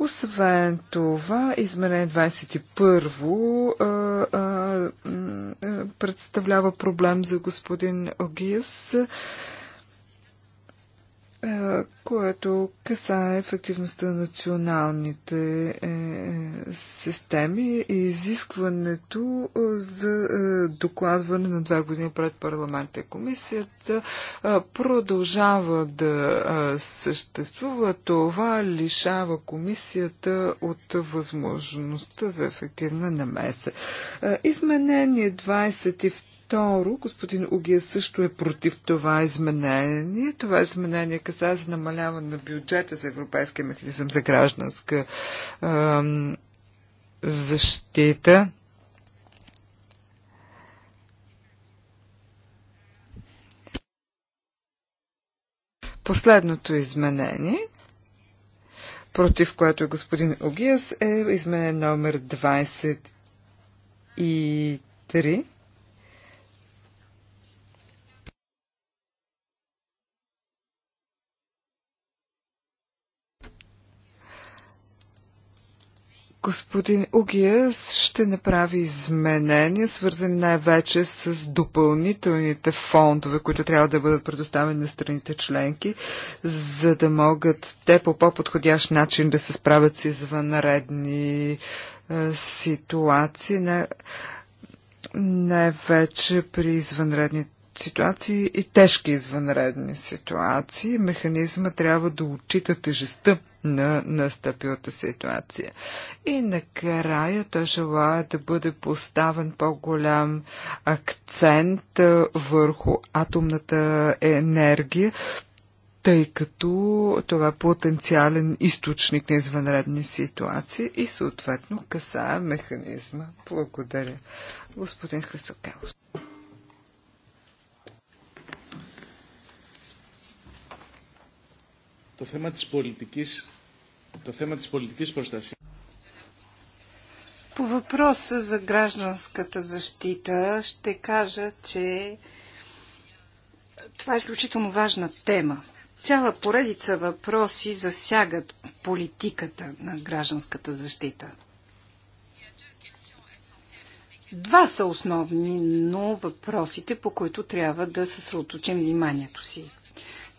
освен това, изменение 21 представлява проблем за господин Огиас. Е, което касае ефективността на националните е, системи и изискването е, за докладване на две години пред парламента. Комисията продължава да съществува. Това лишава комисията от възможността за ефективна намеса. Изменение 22 Второ, господин Угия също е против това изменение. Това изменение каза за намаляване на бюджета за Европейския механизъм за гражданска ам, защита. Последното изменение, против което е господин Огиас, е изменение номер 23. Господин Угия ще направи изменения, свързани най-вече с допълнителните фондове, които трябва да бъдат предоставени на страните членки, за да могат те по по-подходящ начин да се справят с извънредни е, ситуации, най-вече при извънредните ситуации и тежки извънредни ситуации. Механизма трябва да отчита тежестта на настъпилата ситуация. И накрая той желая да бъде поставен по-голям акцент върху атомната енергия, тъй като това е потенциален източник на извънредни ситуации и съответно касае механизма. Благодаря. Господин Хасокелов. το θέμα της πολιτικής, το θέμα της πολιτικής προστασίας. По въпроса за гражданската защита ще кажа, че това е изключително важна тема. Цяла поредица въпроси засягат политиката на гражданската защита. Два са основни, но въпросите, по които трябва да съсредоточим вниманието си.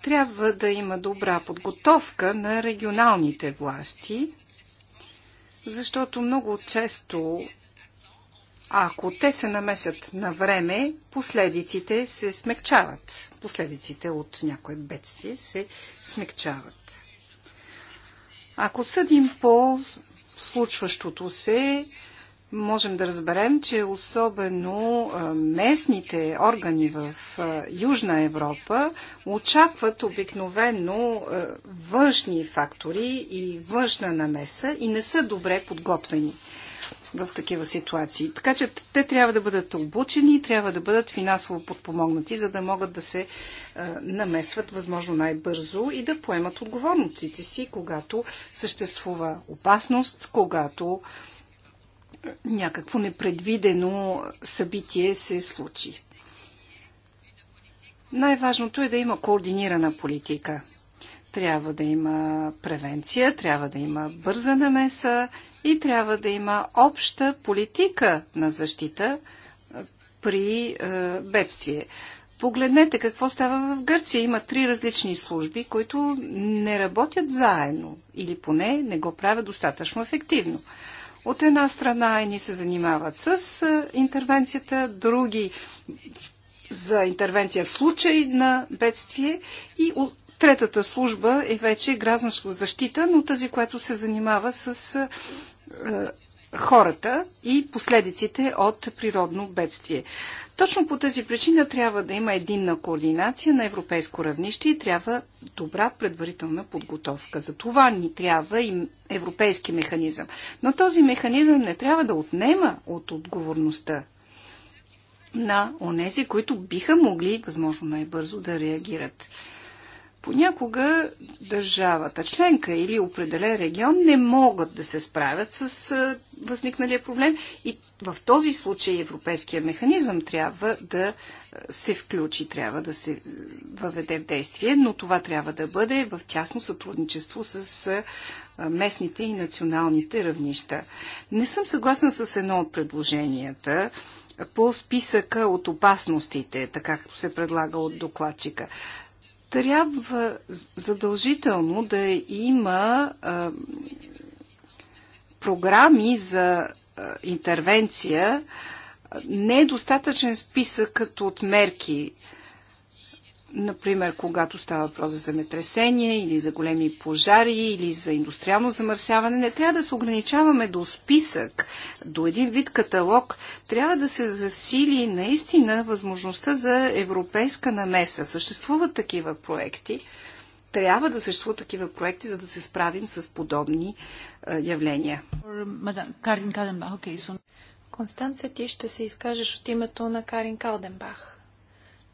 Трябва да има добра подготовка на регионалните власти, защото много често, ако те се намесят на време, последиците се смекчават. Последиците от някое бедствие се смекчават. Ако съдим по случващото се, можем да разберем, че особено местните органи в Южна Европа очакват обикновено външни фактори и външна намеса и не са добре подготвени в такива ситуации. Така че те трябва да бъдат обучени и трябва да бъдат финансово подпомогнати, за да могат да се намесват възможно най-бързо и да поемат отговорностите си, когато съществува опасност, когато някакво непредвидено събитие се случи. Най-важното е да има координирана политика. Трябва да има превенция, трябва да има бърза намеса и трябва да има обща политика на защита при е, бедствие. Погледнете какво става в Гърция. Има три различни служби, които не работят заедно или поне не го правят достатъчно ефективно. От една страна едни се занимават с интервенцията, други за интервенция в случай на бедствие и третата служба е вече гражданска защита, но тази, която се занимава с хората и последиците от природно бедствие. Точно по тази причина трябва да има единна координация на европейско равнище и трябва добра предварителна подготовка. За това ни трябва и европейски механизъм. Но този механизъм не трябва да отнема от отговорността на онези, които биха могли, възможно най-бързо, да реагират. Понякога държавата членка или определен регион не могат да се справят с възникналия проблем и в този случай европейския механизъм трябва да се включи, трябва да се въведе в действие, но това трябва да бъде в тясно сътрудничество с местните и националните равнища. Не съм съгласна с едно от предложенията по списъка от опасностите, така както се предлага от докладчика трябва задължително да има а, програми за интервенция, не е достатъчен като от мерки, например, когато става въпрос за земетресение или за големи пожари или за индустриално замърсяване, не трябва да се ограничаваме до списък, до един вид каталог. Трябва да се засили наистина възможността за европейска намеса. Съществуват такива проекти трябва да съществуват такива проекти, за да се справим с подобни е, явления. Констанция, ти ще се изкажеш от името на Карин Калденбах.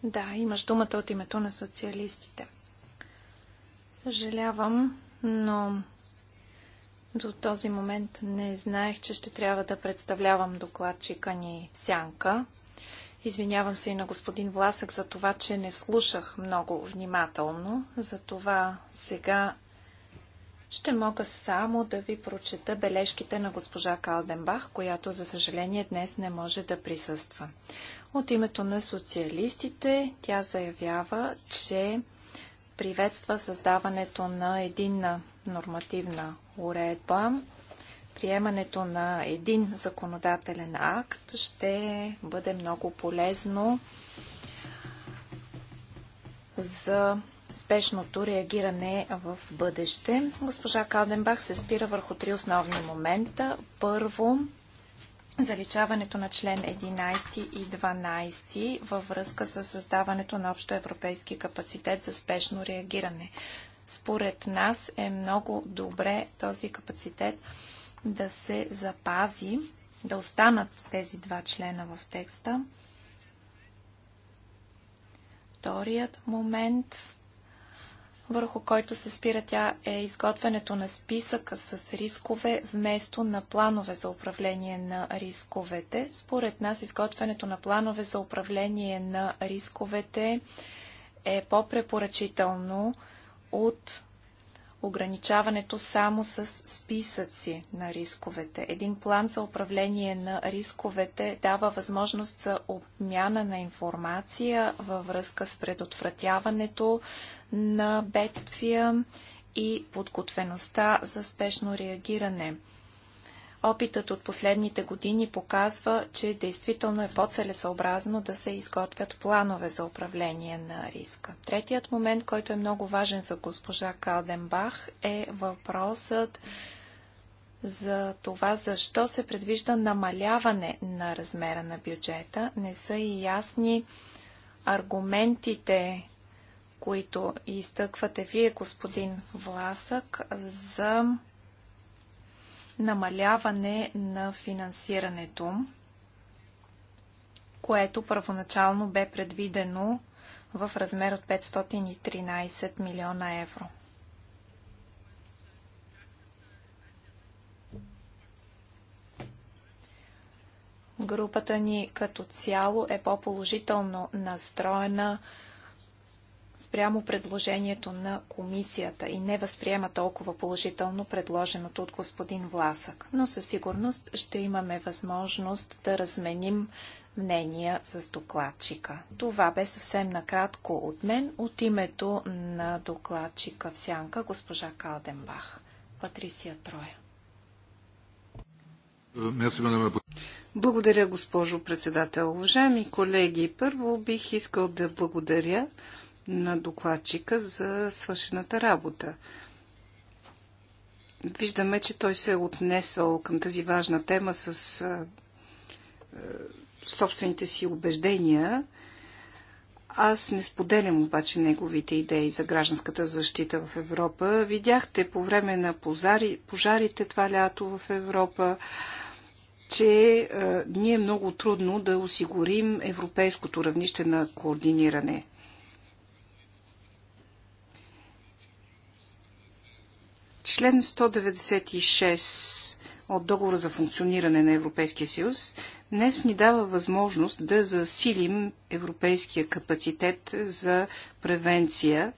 Да, имаш думата от името на социалистите. Съжалявам, но до този момент не знаех, че ще трябва да представлявам докладчика ни в сянка. Извинявам се и на господин Власък за това, че не слушах много внимателно. Затова сега ще мога само да ви прочета бележките на госпожа Калденбах, която, за съжаление, днес не може да присъства. От името на социалистите тя заявява, че приветства създаването на единна нормативна уредба Приемането на един законодателен акт ще бъде много полезно за спешното реагиране в бъдеще. Госпожа Калденбах се спира върху три основни момента. Първо, заличаването на член 11 и 12 във връзка с създаването на общо европейски капацитет за спешно реагиране. Според нас е много добре този капацитет да се запази, да останат тези два члена в текста. Вторият момент, върху който се спира тя, е изготвянето на списъка с рискове вместо на планове за управление на рисковете. Според нас изготвянето на планове за управление на рисковете е по-препоръчително от ограничаването само с списъци на рисковете. Един план за управление на рисковете дава възможност за обмяна на информация във връзка с предотвратяването на бедствия и подготвеността за спешно реагиране. Опитът от последните години показва, че действително е по-целесообразно да се изготвят планове за управление на риска. Третият момент, който е много важен за госпожа Калденбах, е въпросът за това, защо се предвижда намаляване на размера на бюджета. Не са и ясни аргументите, които изтъквате вие, господин Власък, за намаляване на финансирането, което първоначално бе предвидено в размер от 513 милиона евро. Групата ни като цяло е по-положително настроена спрямо предложението на комисията и не възприема толкова положително предложеното от господин Власък. Но със сигурност ще имаме възможност да разменим мнения с докладчика. Това бе съвсем накратко от мен от името на докладчика в Сянка, госпожа Калденбах. Патрисия Троя. Благодаря, госпожо председател. Уважаеми колеги, първо бих искал да благодаря на докладчика за свършената работа. Виждаме, че той се е отнесъл към тази важна тема с собствените си убеждения. Аз не споделям обаче неговите идеи за гражданската защита в Европа. Видяхте по време на пожари, пожарите това лято в Европа, че е, ние е много трудно да осигурим европейското равнище на координиране. Член 196 от Договора за функциониране на Европейския съюз днес ни дава възможност да засилим европейския капацитет за превенция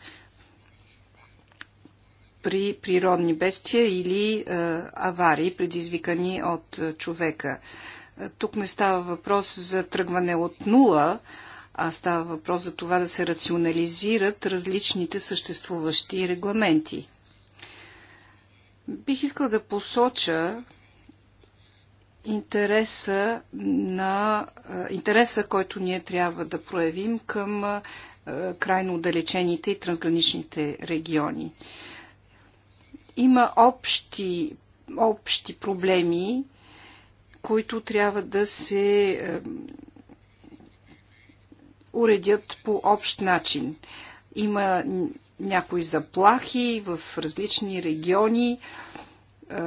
при природни бедствия или е, аварии, предизвикани от е, човека. Тук не става въпрос за тръгване от нула, а става въпрос за това да се рационализират различните съществуващи регламенти. Бих искал да посоча интереса, на, интереса, който ние трябва да проявим към крайно отдалечените и трансграничните региони. Има общи, общи проблеми, които трябва да се уредят по общ начин. Има някои заплахи в различни региони, е,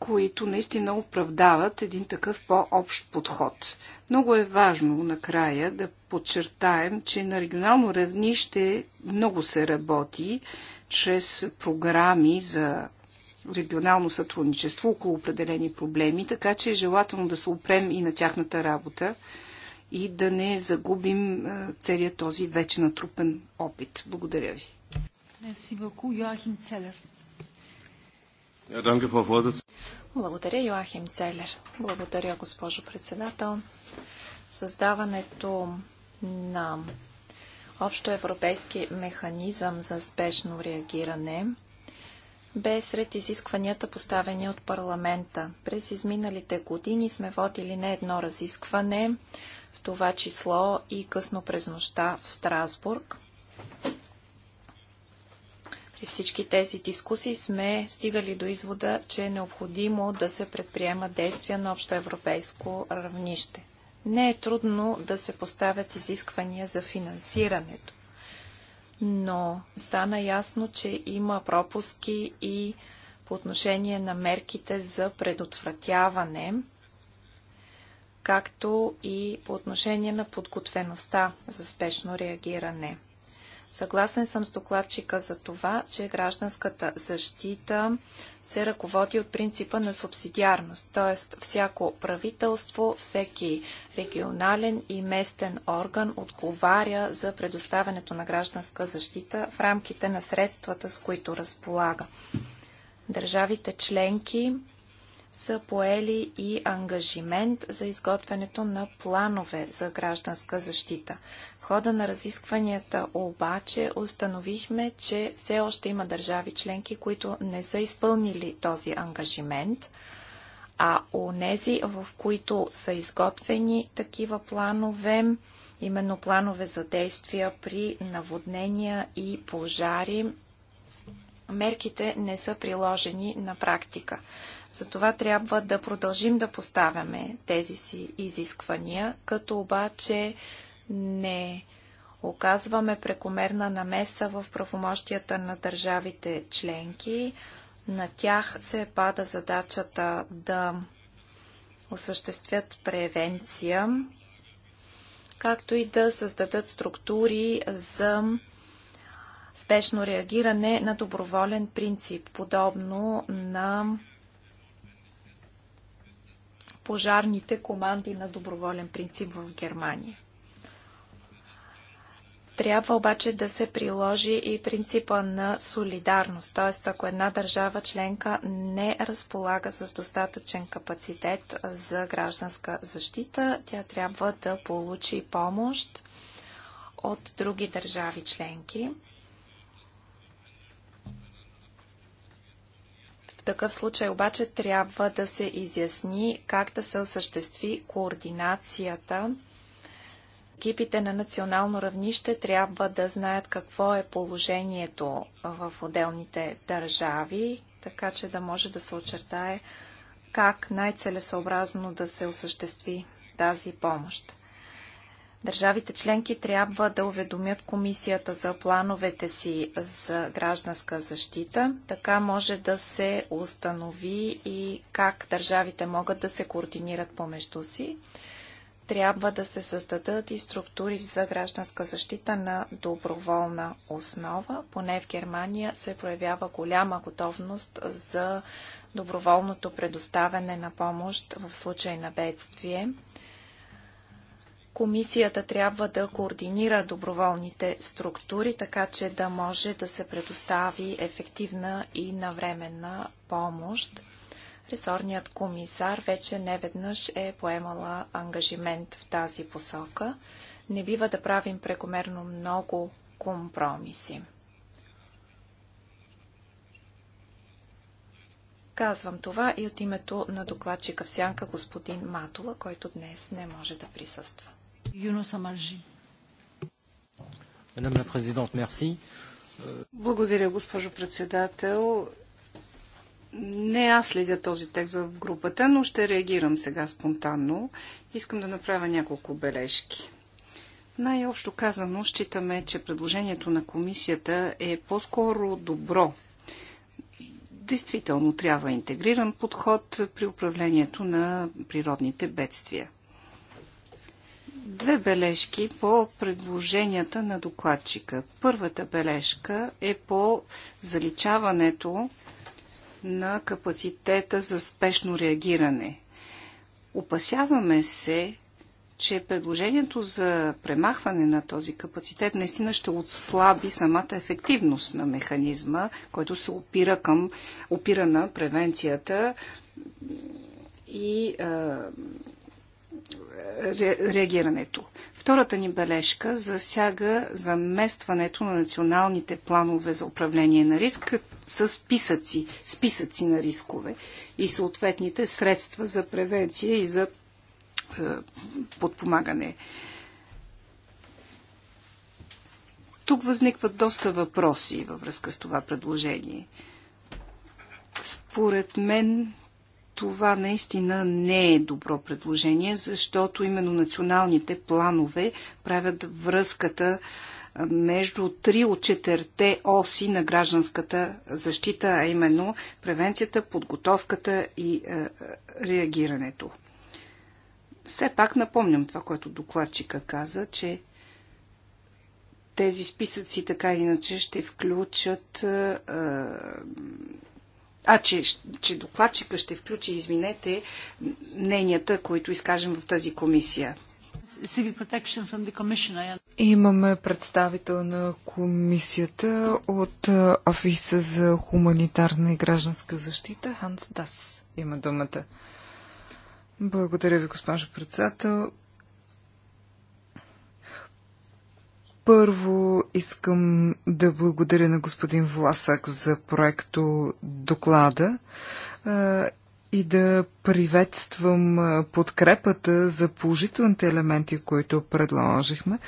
които наистина оправдават един такъв по-общ подход. Много е важно накрая да подчертаем, че на регионално равнище много се работи чрез програми за регионално сътрудничество около определени проблеми, така че е желателно да се опрем и на тяхната работа и да не загубим целият този вече натрупен опит. Благодаря ви. Благодаря, Йоахим Целер. Благодаря, госпожо председател. Създаването на общо европейски механизъм за спешно реагиране бе сред изискванията поставени от парламента. През изминалите години сме водили не едно разискване в това число и късно през нощта в Страсбург. При всички тези дискусии сме стигали до извода, че е необходимо да се предприема действия на общо европейско равнище. Не е трудно да се поставят изисквания за финансирането, но стана ясно, че има пропуски и по отношение на мерките за предотвратяване както и по отношение на подготвеността за спешно реагиране. Съгласен съм с докладчика за това, че гражданската защита се ръководи от принципа на субсидиарност, т.е. всяко правителство, всеки регионален и местен орган отговаря за предоставянето на гражданска защита в рамките на средствата, с които разполага. Държавите членки са поели и ангажимент за изготвянето на планове за гражданска защита. В хода на разискванията обаче установихме, че все още има държави членки, които не са изпълнили този ангажимент, а у нези, в които са изготвени такива планове, именно планове за действия при наводнения и пожари, мерките не са приложени на практика. Затова трябва да продължим да поставяме тези си изисквания, като обаче не оказваме прекомерна намеса в правомощията на държавите членки. На тях се пада задачата да осъществят превенция, както и да създадат структури за спешно реагиране на доброволен принцип, подобно на пожарните команди на доброволен принцип в Германия. Трябва обаче да се приложи и принципа на солидарност, т.е. ако една държава членка не разполага с достатъчен капацитет за гражданска защита, тя трябва да получи помощ от други държави членки. такъв случай обаче трябва да се изясни как да се осъществи координацията. Екипите на национално равнище трябва да знаят какво е положението в отделните държави, така че да може да се очертае как най-целесообразно да се осъществи тази помощ. Държавите членки трябва да уведомят комисията за плановете си за гражданска защита. Така може да се установи и как държавите могат да се координират помежду си. Трябва да се създадат и структури за гражданска защита на доброволна основа. Поне в Германия се проявява голяма готовност за доброволното предоставяне на помощ в случай на бедствие. Комисията трябва да координира доброволните структури, така че да може да се предостави ефективна и навременна помощ. Ресорният комисар вече неведнъж е поемала ангажимент в тази посока. Не бива да правим прекомерно много компромиси. Казвам това и от името на докладчика в сянка господин Матула, който днес не може да присъства. Благодаря, госпожо председател. Не аз следя този текст в групата, но ще реагирам сега спонтанно. Искам да направя няколко бележки. Най-общо казано, считаме, че предложението на комисията е по-скоро добро. Действително трябва интегриран подход при управлението на природните бедствия. Две бележки по предложенията на докладчика. Първата бележка е по заличаването на капацитета за спешно реагиране. Опасяваме се, че предложението за премахване на този капацитет наистина ще отслаби самата ефективност на механизма, който се опира, към, опира на превенцията и а, реагирането. Втората ни бележка засяга заместването на националните планове за управление на риск с списъци, списъци на рискове и съответните средства за превенция и за е, подпомагане. Тук възникват доста въпроси във връзка с това предложение. Според мен това наистина не е добро предложение, защото именно националните планове правят връзката между три от четирте оси на гражданската защита, а именно превенцията, подготовката и е, реагирането. Все пак напомням това, което докладчика каза, че тези списъци така или иначе ще включат е, а че, че докладчика ще включи, извинете, мненията, които изкажем в тази комисия. Имаме представител на комисията от Офиса за хуманитарна и гражданска защита. Ханс Дас има думата. Благодаря ви, госпожо председател. Първо искам да благодаря на господин Власак за проекто доклада и да приветствам подкрепата за положителните елементи, които предложихме.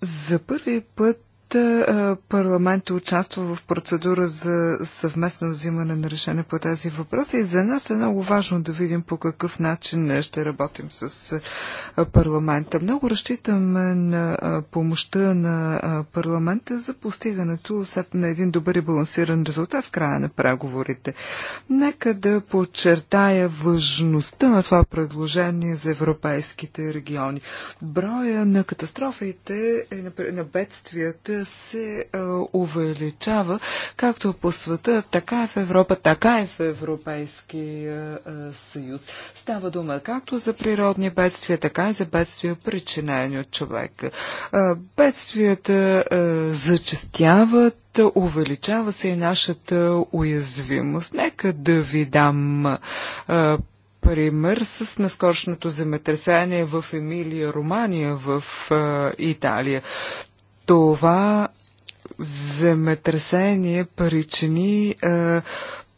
За първи път е, парламентът участва в процедура за съвместно взимане на решение по тези въпроси и за нас е много важно да видим по какъв начин е, ще работим с е, парламента. Много разчитаме на помощта на парламента за постигането на един добър и балансиран резултат в края на преговорите. Нека да подчертая важността на това предложение за европейските региони. Броя на катастрофите и на бедствията се увеличава както по света, така и в Европа, така и в Европейския съюз. Става дума както за природни бедствия, така и за бедствия, причинени от човека. Бедствията зачастяват увеличава се и нашата уязвимост. Нека да ви дам а, пример с наскорошното земетресение в Емилия, Румания в а, Италия това земетресение причини е,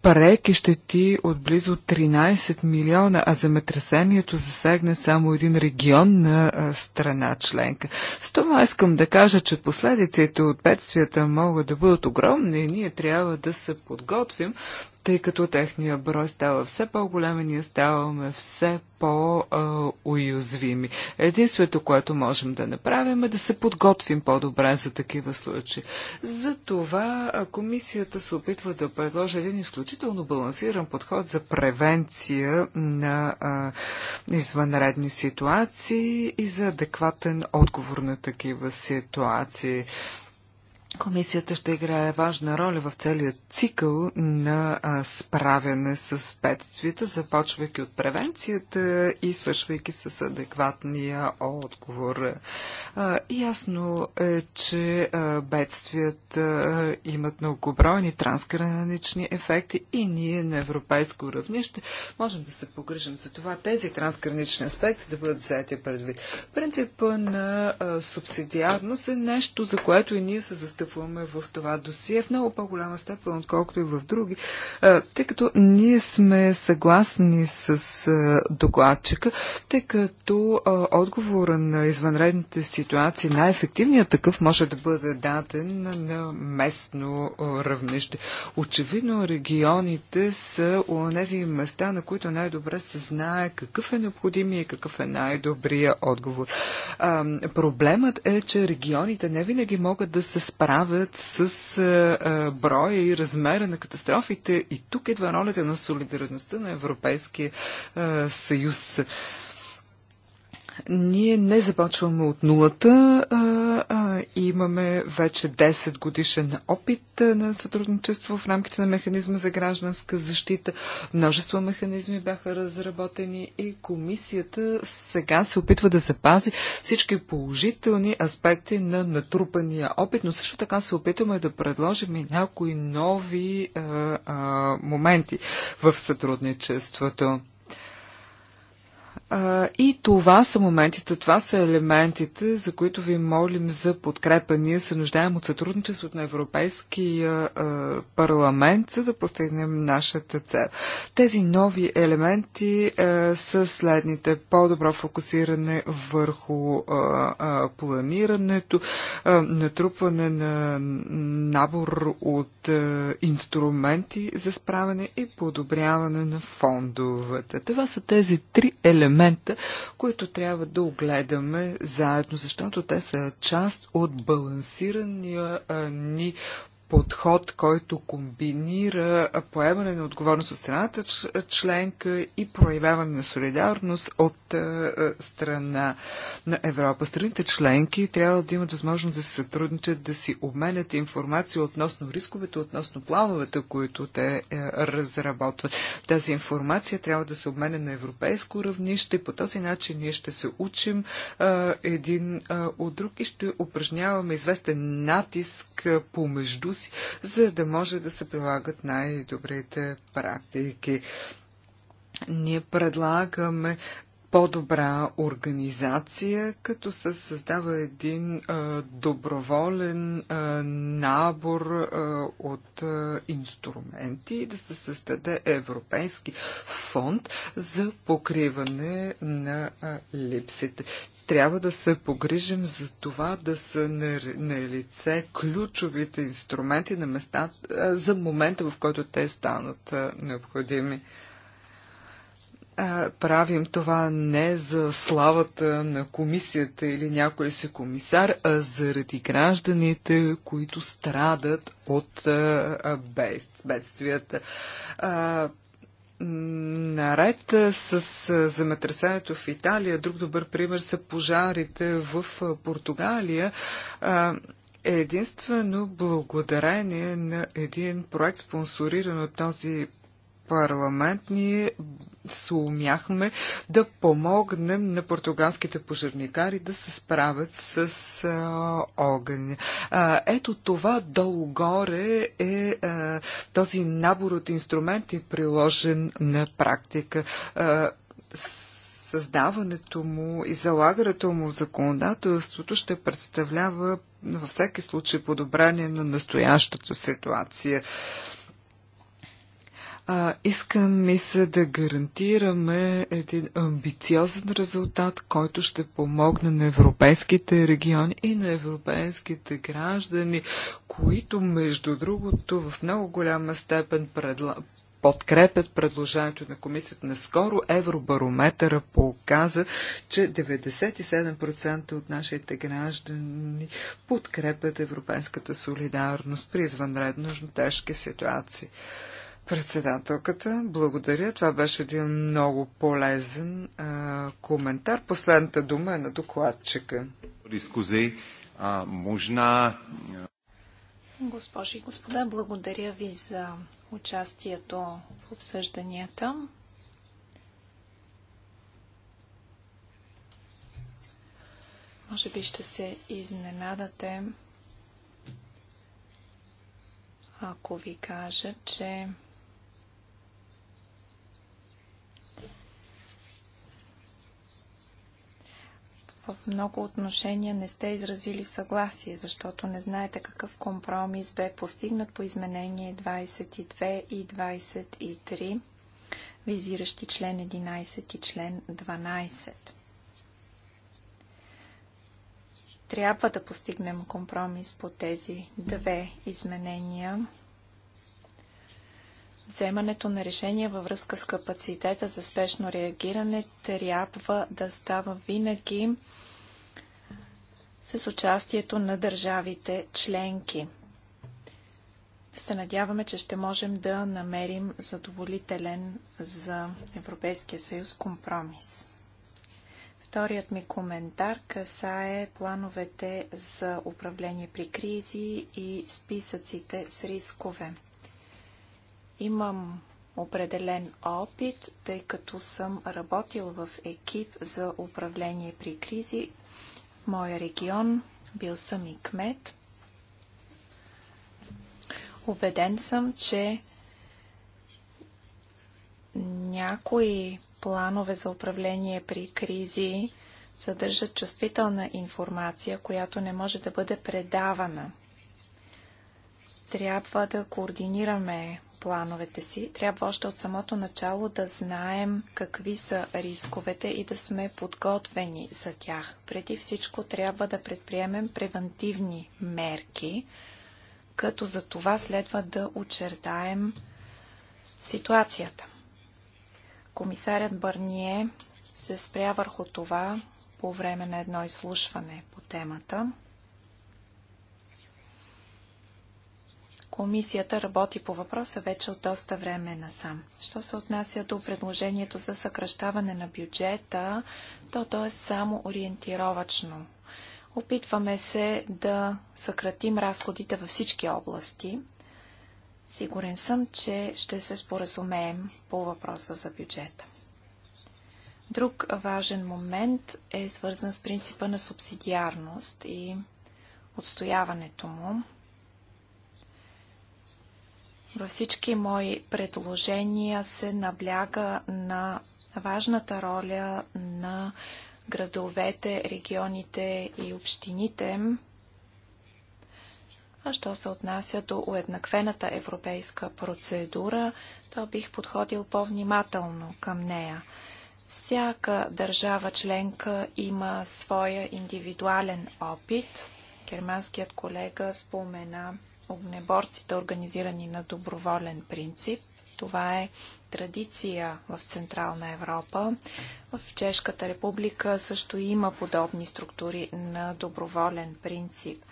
преки щети от близо 13 милиона, а земетресението засегне само един регион на е, страна членка. С това искам да кажа, че последиците от бедствията могат да бъдат огромни и ние трябва да се подготвим тъй като техния брой става все по-голям и ние ставаме все по-уязвими. Единственото, което можем да направим е да се подготвим по-добре за такива случаи. Затова комисията се опитва да предложи един изключително балансиран подход за превенция на а, извънредни ситуации и за адекватен отговор на такива ситуации. Комисията ще играе важна роля в целият цикъл на а, справяне с бедствията, започвайки от превенцията и свършвайки с адекватния отговор. А, ясно е, че а, бедствията имат многобройни трансгранични ефекти и ние на европейско равнище можем да се погрижим за това тези трансгранични аспекти да бъдат взети предвид. Принципа на субсидиарност е нещо, за което и ние се заставаме застъпваме в това досие в много по-голяма степен, отколкото и в други, тъй като ние сме съгласни с докладчика, тъй като отговора на извънредните ситуации, най-ефективният такъв може да бъде даден на местно равнище. Очевидно регионите са у тези места, на които най-добре се знае какъв е необходимия и какъв е най-добрия отговор. Проблемът е, че регионите не винаги могат да се справят справят с а, броя и размера на катастрофите. И тук едва ролята на солидарността на Европейския а, съюз. Ние не започваме от нулата. А, а, имаме вече 10 годишен опит на сътрудничество в рамките на механизма за гражданска защита. Множество механизми бяха разработени и комисията сега се опитва да запази всички положителни аспекти на натрупания опит, но също така се опитваме да предложим и някои нови а, а, моменти в сътрудничеството и това са моментите, това са елементите, за които ви молим за подкрепа. Ние се нуждаем от сътрудничеството на Европейския парламент, за да постигнем нашата цел. Тези нови елементи са следните. По-добро фокусиране върху планирането, натрупване на набор от инструменти за справяне и подобряване на фондовете. Това са тези три елементи елемента, които трябва да огледаме заедно, защото те са част от балансирания ни подход, който комбинира поемане на отговорност от страната членка и проявяване на солидарност от е, е, страна на Европа. Страните членки трябва да имат възможност да се сътрудничат, да си обменят информация относно рисковете, относно плановете, които те е, разработват. Тази информация трябва да се обменя на европейско равнище. По този начин ние ще се учим един от друг и ще упражняваме известен натиск помежду си, за да може да се прилагат най-добрите практики. Ние предлагаме по-добра организация, като се създава един а, доброволен а, набор а, от а, инструменти и да се създаде Европейски фонд за покриване на а, липсите. Трябва да се погрижим за това да са на, на лице ключовите инструменти на места а, за момента, в който те станат а, необходими. Е, правим това не за славата на комисията или някой си комисар, а заради гражданите, които страдат от е, е, бедствията. Наред с земетресението в Италия, друг добър пример са пожарите в Португалия е единствено благодарение на един проект, спонсориран от този парламент ние се умяхме да помогнем на португалските пожарникари да се справят с а, огън. А, ето това долу-горе е а, този набор от инструменти приложен на практика. А, създаването му и залагането му в законодателството ще представлява във всеки случай подобрение на настоящата ситуация. А, искам ми се да гарантираме един амбициозен резултат, който ще помогне на европейските региони и на европейските граждани, които, между другото, в много голяма степен предла... подкрепят предложението на комисията. Наскоро Евробарометъра показа, че 97% от нашите граждани подкрепят европейската солидарност при извънредно тежки ситуации. Председателката, благодаря. Това беше един много полезен а, коментар. Последната дума е на докладчика. Дискузи, а, можна... Госпожи и господа, благодаря ви за участието в обсъжданията. Може би ще се изненадате, ако ви кажа, че в много отношения не сте изразили съгласие, защото не знаете какъв компромис бе постигнат по изменение 22 и 23, визиращи член 11 и член 12. Трябва да постигнем компромис по тези две изменения Вземането на решения във връзка с капацитета за спешно реагиране трябва да става винаги с участието на държавите членки. Се надяваме, че ще можем да намерим задоволителен за Европейския съюз компромис. Вторият ми коментар касае плановете за управление при кризи и списъците с рискове. Имам определен опит, тъй като съм работил в екип за управление при кризи в моя регион. Бил съм и кмет. Обеден съм, че някои планове за управление при кризи съдържат чувствителна информация, която не може да бъде предавана. Трябва да координираме плановете си, трябва още от самото начало да знаем какви са рисковете и да сме подготвени за тях. Преди всичко трябва да предприемем превентивни мерки, като за това следва да очертаем ситуацията. Комисарят Бърние се спря върху това по време на едно изслушване по темата. Комисията работи по въпроса вече от доста време насам. Що се отнася до предложението за съкръщаване на бюджета, то то е само ориентировачно. Опитваме се да съкратим разходите във всички области. Сигурен съм, че ще се споразумеем по въпроса за бюджета. Друг важен момент е свързан с принципа на субсидиарност и отстояването му. Във всички мои предложения се набляга на важната роля на градовете, регионите и общините. А що се отнася до уеднаквената европейска процедура, то бих подходил по-внимателно към нея. Всяка държава членка има своя индивидуален опит. Германският колега спомена огнеборците, организирани на доброволен принцип. Това е традиция в Централна Европа. В Чешката република също има подобни структури на доброволен принцип.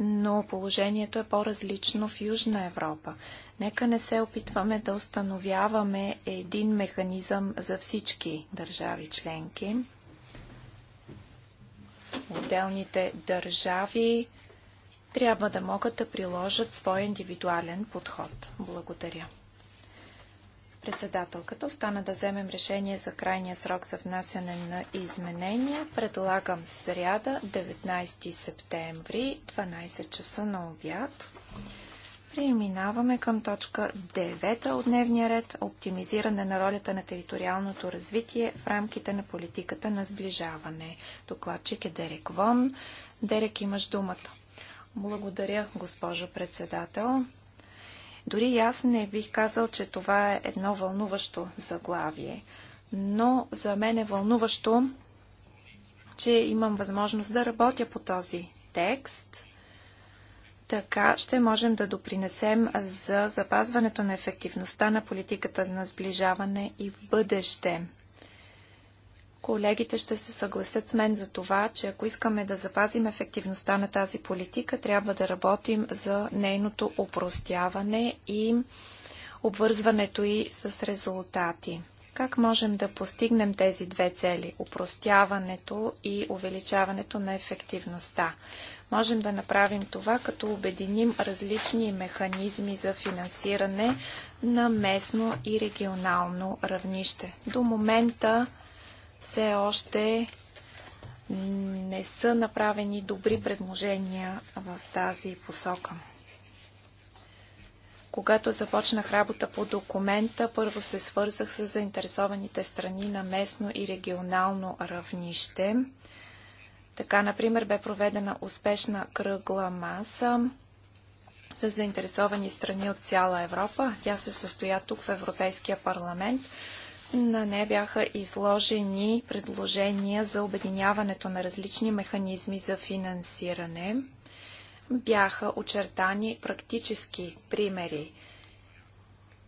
Но положението е по-различно в Южна Европа. Нека не се опитваме да установяваме един механизъм за всички държави членки. Отделните държави трябва да могат да приложат своя индивидуален подход. Благодаря. Председателката остана да вземем решение за крайния срок за внасяне на изменения. Предлагам сряда, 19 септември, 12 часа на обяд. Преминаваме към точка 9 от дневния ред – оптимизиране на ролята на териториалното развитие в рамките на политиката на сближаване. Докладчик е Дерек Вон. Дерек, имаш думата. Благодаря, госпожо председател. Дори и аз не бих казал, че това е едно вълнуващо заглавие. Но за мен е вълнуващо, че имам възможност да работя по този текст. Така ще можем да допринесем за запазването на ефективността на политиката на сближаване и в бъдеще. Колегите ще се съгласят с мен за това, че ако искаме да запазим ефективността на тази политика, трябва да работим за нейното упростяване и обвързването и с резултати. Как можем да постигнем тези две цели – упростяването и увеличаването на ефективността? Можем да направим това, като обединим различни механизми за финансиране на местно и регионално равнище. До момента все още не са направени добри предложения в тази посока. Когато започнах работа по документа, първо се свързах с заинтересованите страни на местно и регионално равнище. Така, например, бе проведена успешна кръгла маса с заинтересовани страни от цяла Европа. Тя се състоя тук в Европейския парламент. На нея бяха изложени предложения за обединяването на различни механизми за финансиране. Бяха очертани практически примери.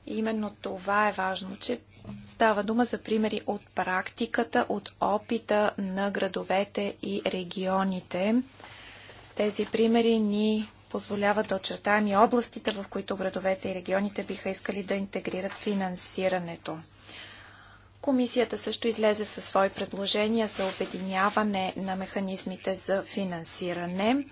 именно това е важно, че става дума за примери от практиката, от опита на градовете и регионите. Тези примери ни позволяват да очертаем и областите, в които градовете и регионите биха искали да интегрират финансирането. Комисията също излезе със свои предложения за обединяване на механизмите за финансиране.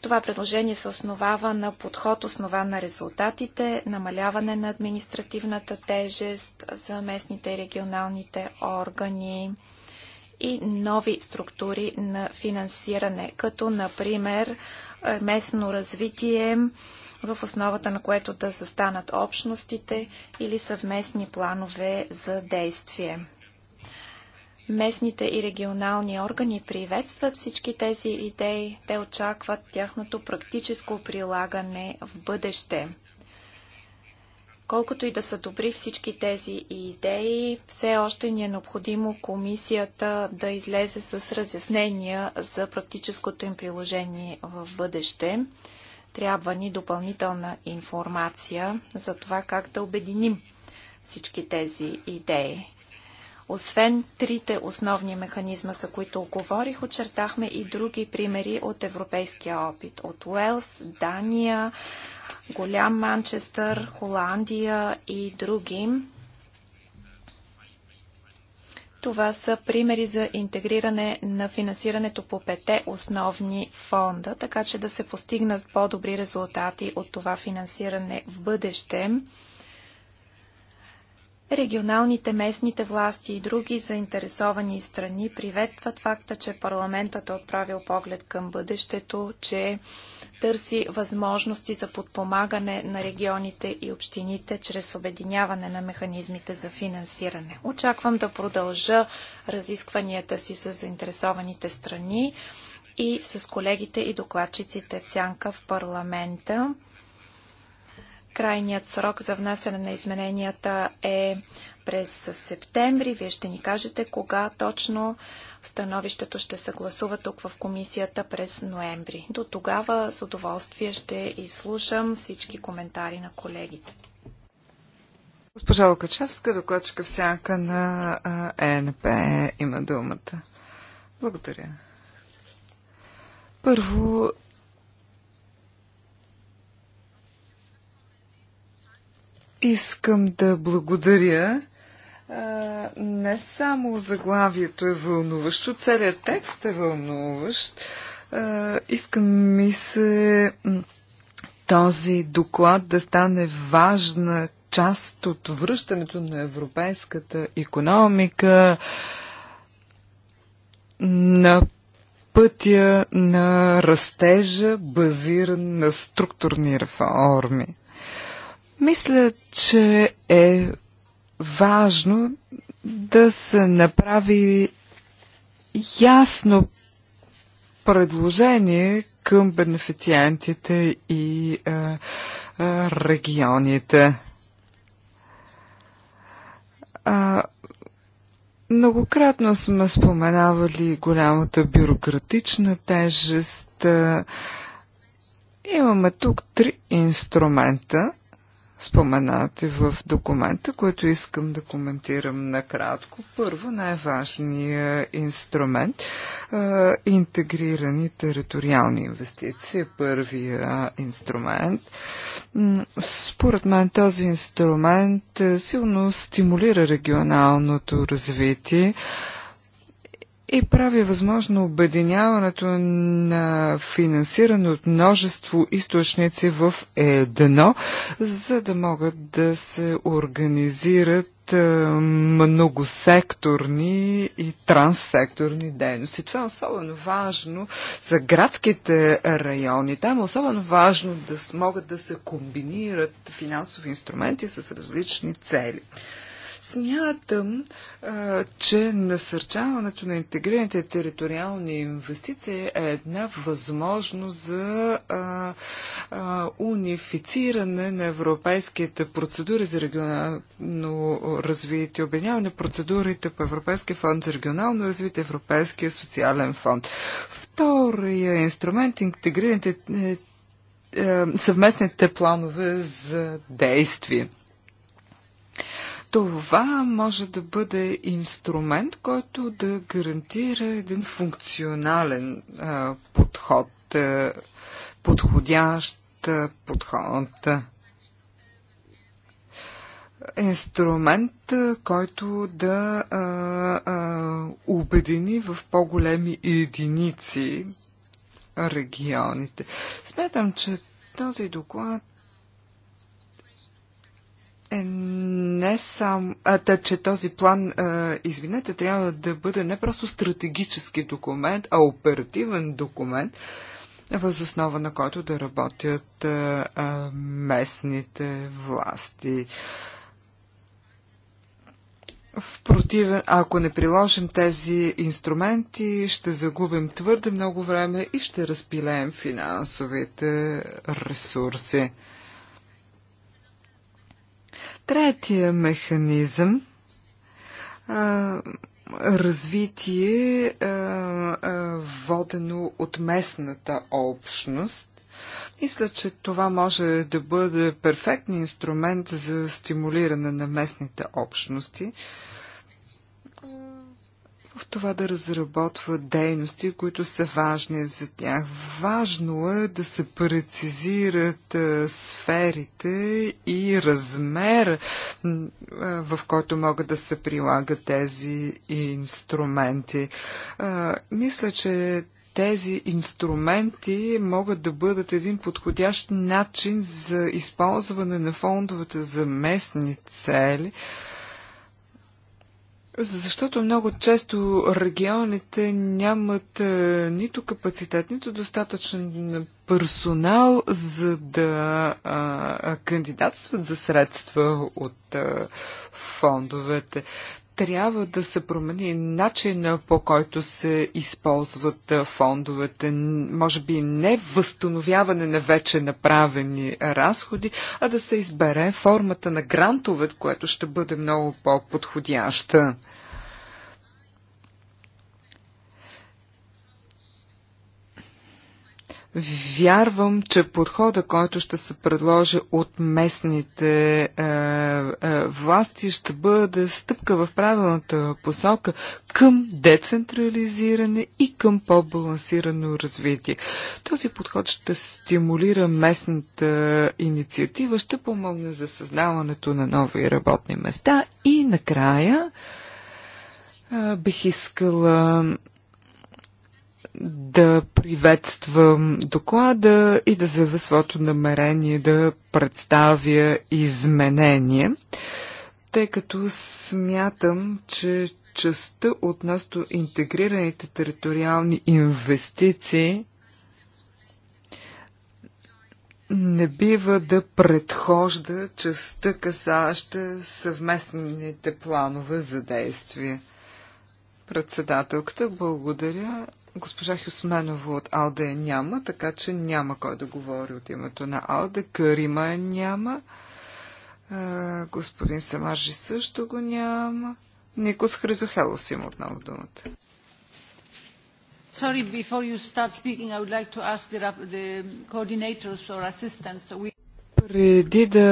Това предложение се основава на подход, основан на резултатите, намаляване на административната тежест за местните и регионалните органи и нови структури на финансиране, като например е, местно развитие, в основата на което да застанат общностите или съвместни планове за действие. Местните и регионални органи приветстват всички тези идеи. Те очакват тяхното практическо прилагане в бъдеще. Колкото и да са добри всички тези идеи, все още ни е необходимо комисията да излезе с разяснения за практическото им приложение в бъдеще. Трябва ни допълнителна информация за това как да обединим всички тези идеи. Освен трите основни механизма, за които говорих, очертахме и други примери от европейския опит. От Уелс, Дания, Голям Манчестър, Холандия и други. Това са примери за интегриране на финансирането по пете основни фонда, така че да се постигнат по-добри резултати от това финансиране в бъдеще. Регионалните, местните власти и други заинтересовани страни приветстват факта, че парламентът е отправил поглед към бъдещето, че търси възможности за подпомагане на регионите и общините чрез обединяване на механизмите за финансиране. Очаквам да продължа разискванията си с заинтересованите страни и с колегите и докладчиците в Сянка в парламента. Крайният срок за внасяне на измененията е през септември. Вие ще ни кажете кога точно Становището ще се гласува тук в комисията през ноември. До тогава с удоволствие ще изслушам всички коментари на колегите. Госпожа Лукачевска, докладчика всяка на ЕНП, има думата. Благодаря. Първо, искам да благодаря не само заглавието е вълнуващо, целият текст е вълнуващ. Искам ми се този доклад да стане важна част от връщането на европейската економика на пътя на растежа, базиран на структурни реформи. Мисля, че е важно да се направи ясно предложение към бенефициентите и а, а, регионите. А, многократно сме споменавали голямата бюрократична тежест. имаме тук три инструмента, споменати в документа, които искам да коментирам накратко. Първо, най-важният инструмент е, интегрирани териториални инвестиции. Е първия инструмент. Според мен този инструмент е, силно стимулира регионалното развитие и прави възможно обединяването на финансиране от множество източници в едно, за да могат да се организират е, многосекторни и транссекторни дейности. Това е особено важно за градските райони. Там е особено важно да могат да се комбинират финансови инструменти с различни цели. Смятам, че насърчаването на интегрираните териториални инвестиции е една възможност за унифициране на европейските процедури за регионално развитие, обединяване процедурите по Европейския фонд за регионално развитие, Европейския социален фонд. Втория инструмент, е интегрираните е, е, съвместните планове за действие. Това може да бъде инструмент, който да гарантира един функционален а, подход, а, подходящ а, подход. Инструмент, който да а, а, обедини в по-големи единици регионите. Смятам, че този доклад е не само, а, че този план, а, извинете, трябва да бъде не просто стратегически документ, а оперативен документ, възоснова на който да работят а, а, местните власти. В противен, ако не приложим тези инструменти, ще загубим твърде много време и ще разпилеем финансовите ресурси. Третия механизъм а, развитие, а, а, водено от местната общност. Мисля, че това може да бъде перфектен инструмент за стимулиране на местните общности това да разработват дейности, които са важни за тях. Важно е да се прецизират сферите и размер, в който могат да се прилагат тези инструменти. Мисля, че тези инструменти могат да бъдат един подходящ начин за използване на фондовете за местни цели. Защото много често регионите нямат е, нито капацитет, нито достатъчен персонал, за да а, кандидатстват за средства от а, фондовете трябва да се промени начина по който се използват фондовете. Може би не възстановяване на вече направени разходи, а да се избере формата на грантове, което ще бъде много по-подходяща. Вярвам, че подхода, който ще се предложи от местните е, е, власти, ще бъде стъпка в правилната посока към децентрализиране и към по-балансирано развитие. Този подход ще стимулира местната инициатива, ще помогне за създаването на нови работни места и накрая е, бих искала да приветствам доклада и да заявя своето намерение да представя изменение, тъй като смятам, че частта относно интегрираните териториални инвестиции не бива да предхожда частта касаща съвместните планове за действие. Председателката, благодаря. Госпожа Хюсменова от Алде няма, така че няма кой да говори от името на Алде. Карима няма. Е, господин Самаржи също го няма. Никос Хризохелос има отново думата. Sorry, before you start speaking, I would like to ask the, the coordinators or assistants. We... Преди да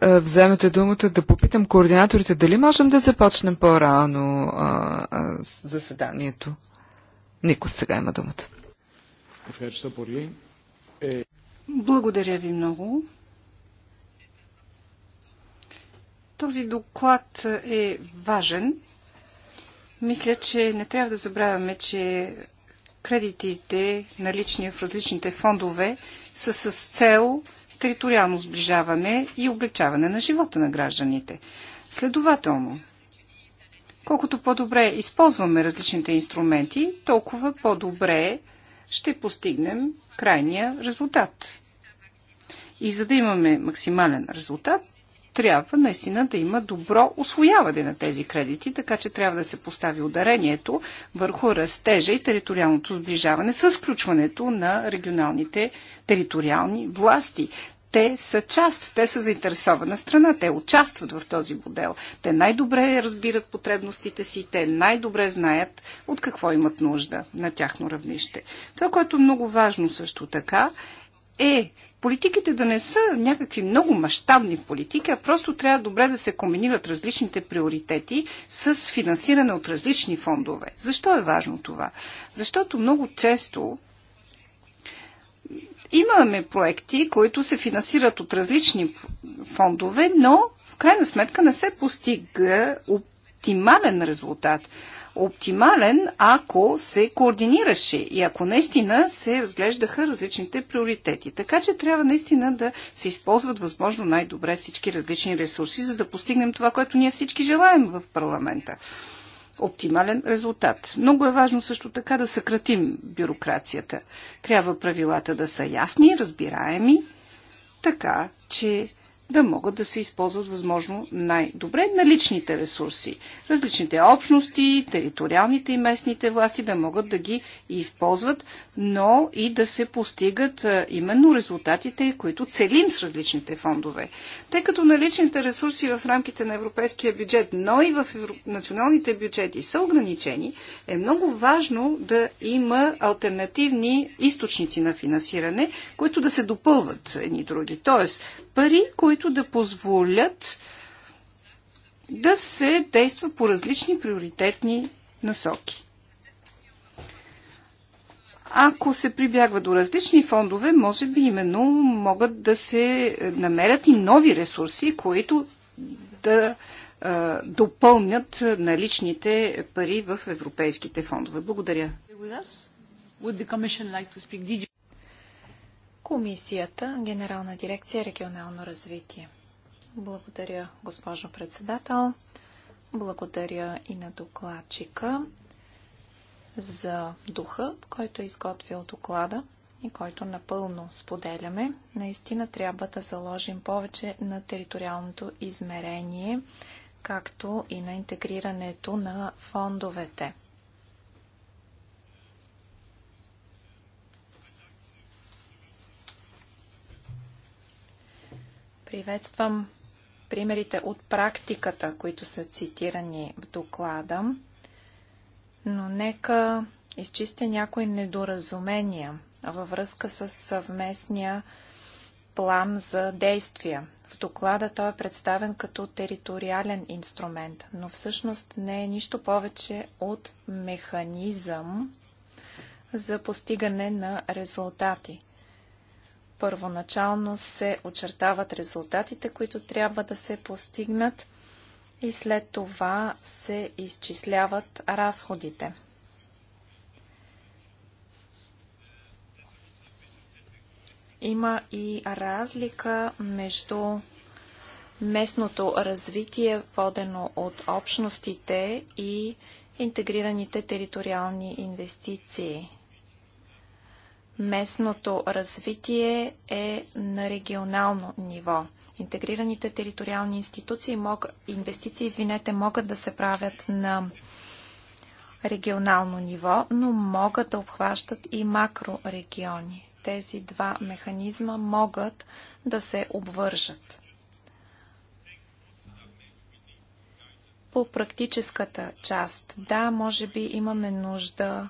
е, вземете думата, да попитам координаторите дали можем да започнем по-рано е, заседанието. Никос сега има думата. Благодаря ви много. Този доклад е важен. Мисля, че не трябва да забравяме, че кредитите, налични в различните фондове, са с цел териториално сближаване и облегчаване на живота на гражданите. Следователно, Колкото по-добре използваме различните инструменти, толкова по-добре ще постигнем крайния резултат. И за да имаме максимален резултат, трябва наистина да има добро освояване на тези кредити, така че трябва да се постави ударението върху растежа и териториалното сближаване с включването на регионалните териториални власти те са част, те са заинтересована страна, те участват в този модел. Те най-добре разбират потребностите си, те най-добре знаят от какво имат нужда на тяхно равнище. Това, което е много важно също така, е политиките да не са някакви много мащабни политики, а просто трябва добре да се комбинират различните приоритети с финансиране от различни фондове. Защо е важно това? Защото много често Имаме проекти, които се финансират от различни фондове, но в крайна сметка не се постига оптимален резултат. Оптимален, ако се координираше и ако наистина се разглеждаха различните приоритети. Така че трябва наистина да се използват възможно най-добре всички различни ресурси, за да постигнем това, което ние всички желаем в парламента оптимален резултат. Много е важно също така да съкратим бюрокрацията. Трябва правилата да са ясни, разбираеми, така че да могат да се използват възможно най-добре наличните ресурси. Различните общности, териториалните и местните власти да могат да ги използват, но и да се постигат именно резултатите, които целим с различните фондове. Тъй като наличните ресурси в рамките на европейския бюджет, но и в националните бюджети са ограничени, е много важно да има альтернативни източници на финансиране, които да се допълват едни други. Тоест, пари, които които да позволят да се действа по различни приоритетни насоки. Ако се прибягва до различни фондове, може би именно могат да се намерят и нови ресурси, които да а, допълнят наличните пари в европейските фондове. Благодаря. Комисията, Генерална дирекция регионално развитие. Благодаря, госпожо председател. Благодаря и на докладчика за духа, който е изготвил доклада и който напълно споделяме. Наистина трябва да заложим повече на териториалното измерение, както и на интегрирането на фондовете. Приветствам примерите от практиката, които са цитирани в доклада, но нека изчистя някои недоразумения във връзка с съвместния план за действия. В доклада той е представен като териториален инструмент, но всъщност не е нищо повече от механизъм за постигане на резултати. Първоначално се очертават резултатите, които трябва да се постигнат и след това се изчисляват разходите. Има и разлика между местното развитие, водено от общностите и интегрираните териториални инвестиции местното развитие е на регионално ниво. Интегрираните териториални институции мог, инвестиции, извинете, могат да се правят на регионално ниво, но могат да обхващат и макрорегиони. Тези два механизма могат да се обвържат. По практическата част, да, може би имаме нужда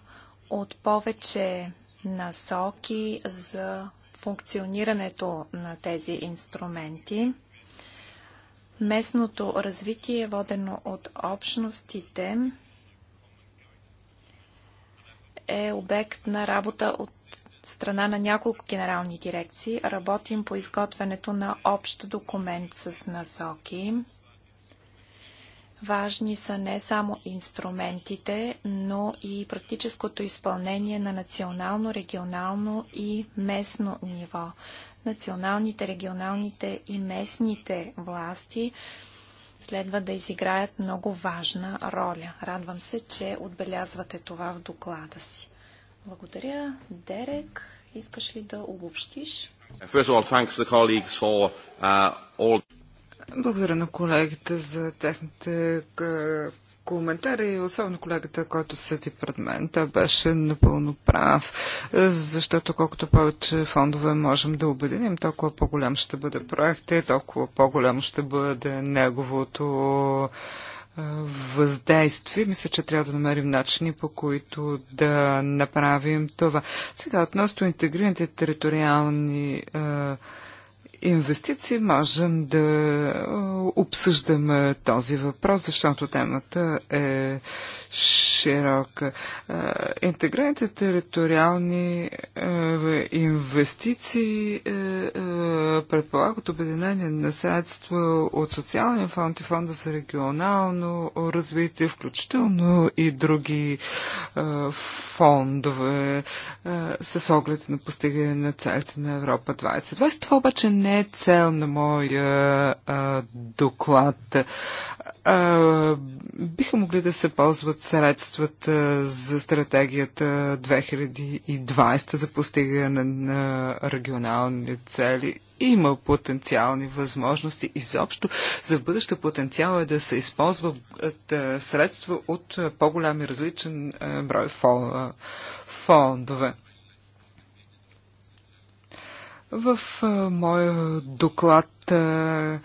от повече насоки за функционирането на тези инструменти. Местното развитие, е водено от общностите, е обект на работа от страна на няколко генерални дирекции. Работим по изготвянето на общ документ с насоки. Важни са не само инструментите, но и практическото изпълнение на национално, регионално и местно ниво. Националните, регионалните и местните власти следва да изиграят много важна роля. Радвам се, че отбелязвате това в доклада си. Благодаря. Дерек, искаш ли да обобщиш? All, for, uh, all... Благодаря на колегите за техните коментари, особено колегата, който седи пред мен. Той беше напълно прав, защото колкото повече фондове можем да обединим, толкова по-голям ще бъде проекта и толкова по-голям ще бъде неговото въздействие. Мисля, че трябва да намерим начини, по които да направим това. Сега, относно интегрираните териториални е, инвестиции можем да обсъждаме този въпрос, защото темата е широка. Интегрираните териториални инвестиции е, е, предполагат обединение на средства от социалния фонд и фонда за регионално развитие, включително и други фондове с оглед на постигане на целите на Европа 2020. Това обаче не не е цел на моя а, доклад. А, биха могли да се ползват средствата за стратегията 2020 за постигане на регионални цели има потенциални възможности. Изобщо за бъдеще потенциал е да се използват средства от по-голям и различен брой фондове. В а, моя доклад а,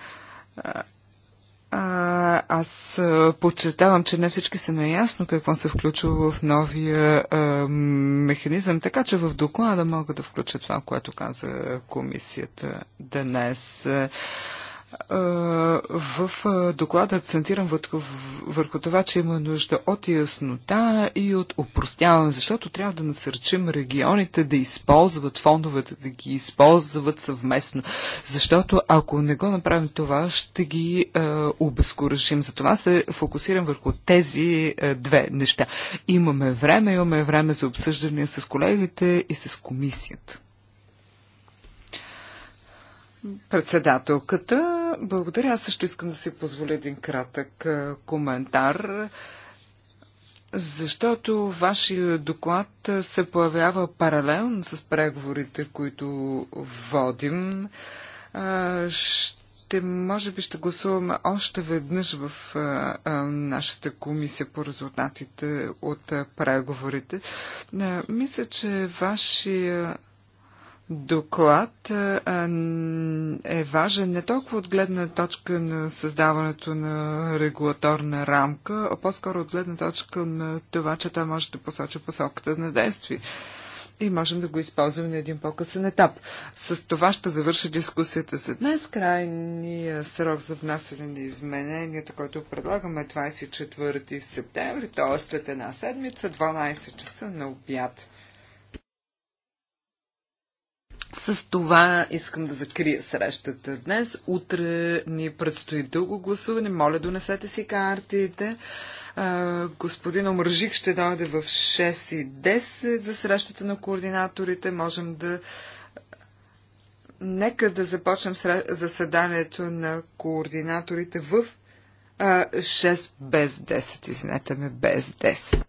а, аз подчертавам, че не всички са наясно какво се включва в новия а, механизъм, така че в доклада мога да включа това, което каза комисията днес в доклада акцентирам върху, върху това, че има нужда от яснота и от упростяване, защото трябва да насърчим регионите да използват фондовете, да ги използват съвместно, защото ако не го направим това, ще ги е, обезкуражим. Затова се фокусирам върху тези е, две неща. Имаме време, имаме време за обсъждане с колегите и с комисията. Председателката, благодаря. Аз също искам да си позволя един кратък е, коментар. Защото вашия доклад е, се появява паралелно с преговорите, които водим. Е, ще, може би ще гласуваме още веднъж в нашата комисия по резултатите от преговорите. Мисля, че вашия доклад е важен не толкова от гледна точка на създаването на регулаторна рамка, а по-скоро от гледна точка на това, че той може да посочи посоката на действие и можем да го използваме на един по-късен етап. С това ще завърши дискусията за днес. Крайния срок за внасяне на измененията, който предлагаме е 24 септември, т.е. след една седмица, 12 часа на обяд. С това искам да закрия срещата днес. Утре ни предстои дълго гласуване. Моля, донесете си картите. Господин Омържик ще дойде в 6 и 10 за срещата на координаторите. Можем да нека да започнем заседанието на координаторите в 6 без 10, извинете ме, без 10.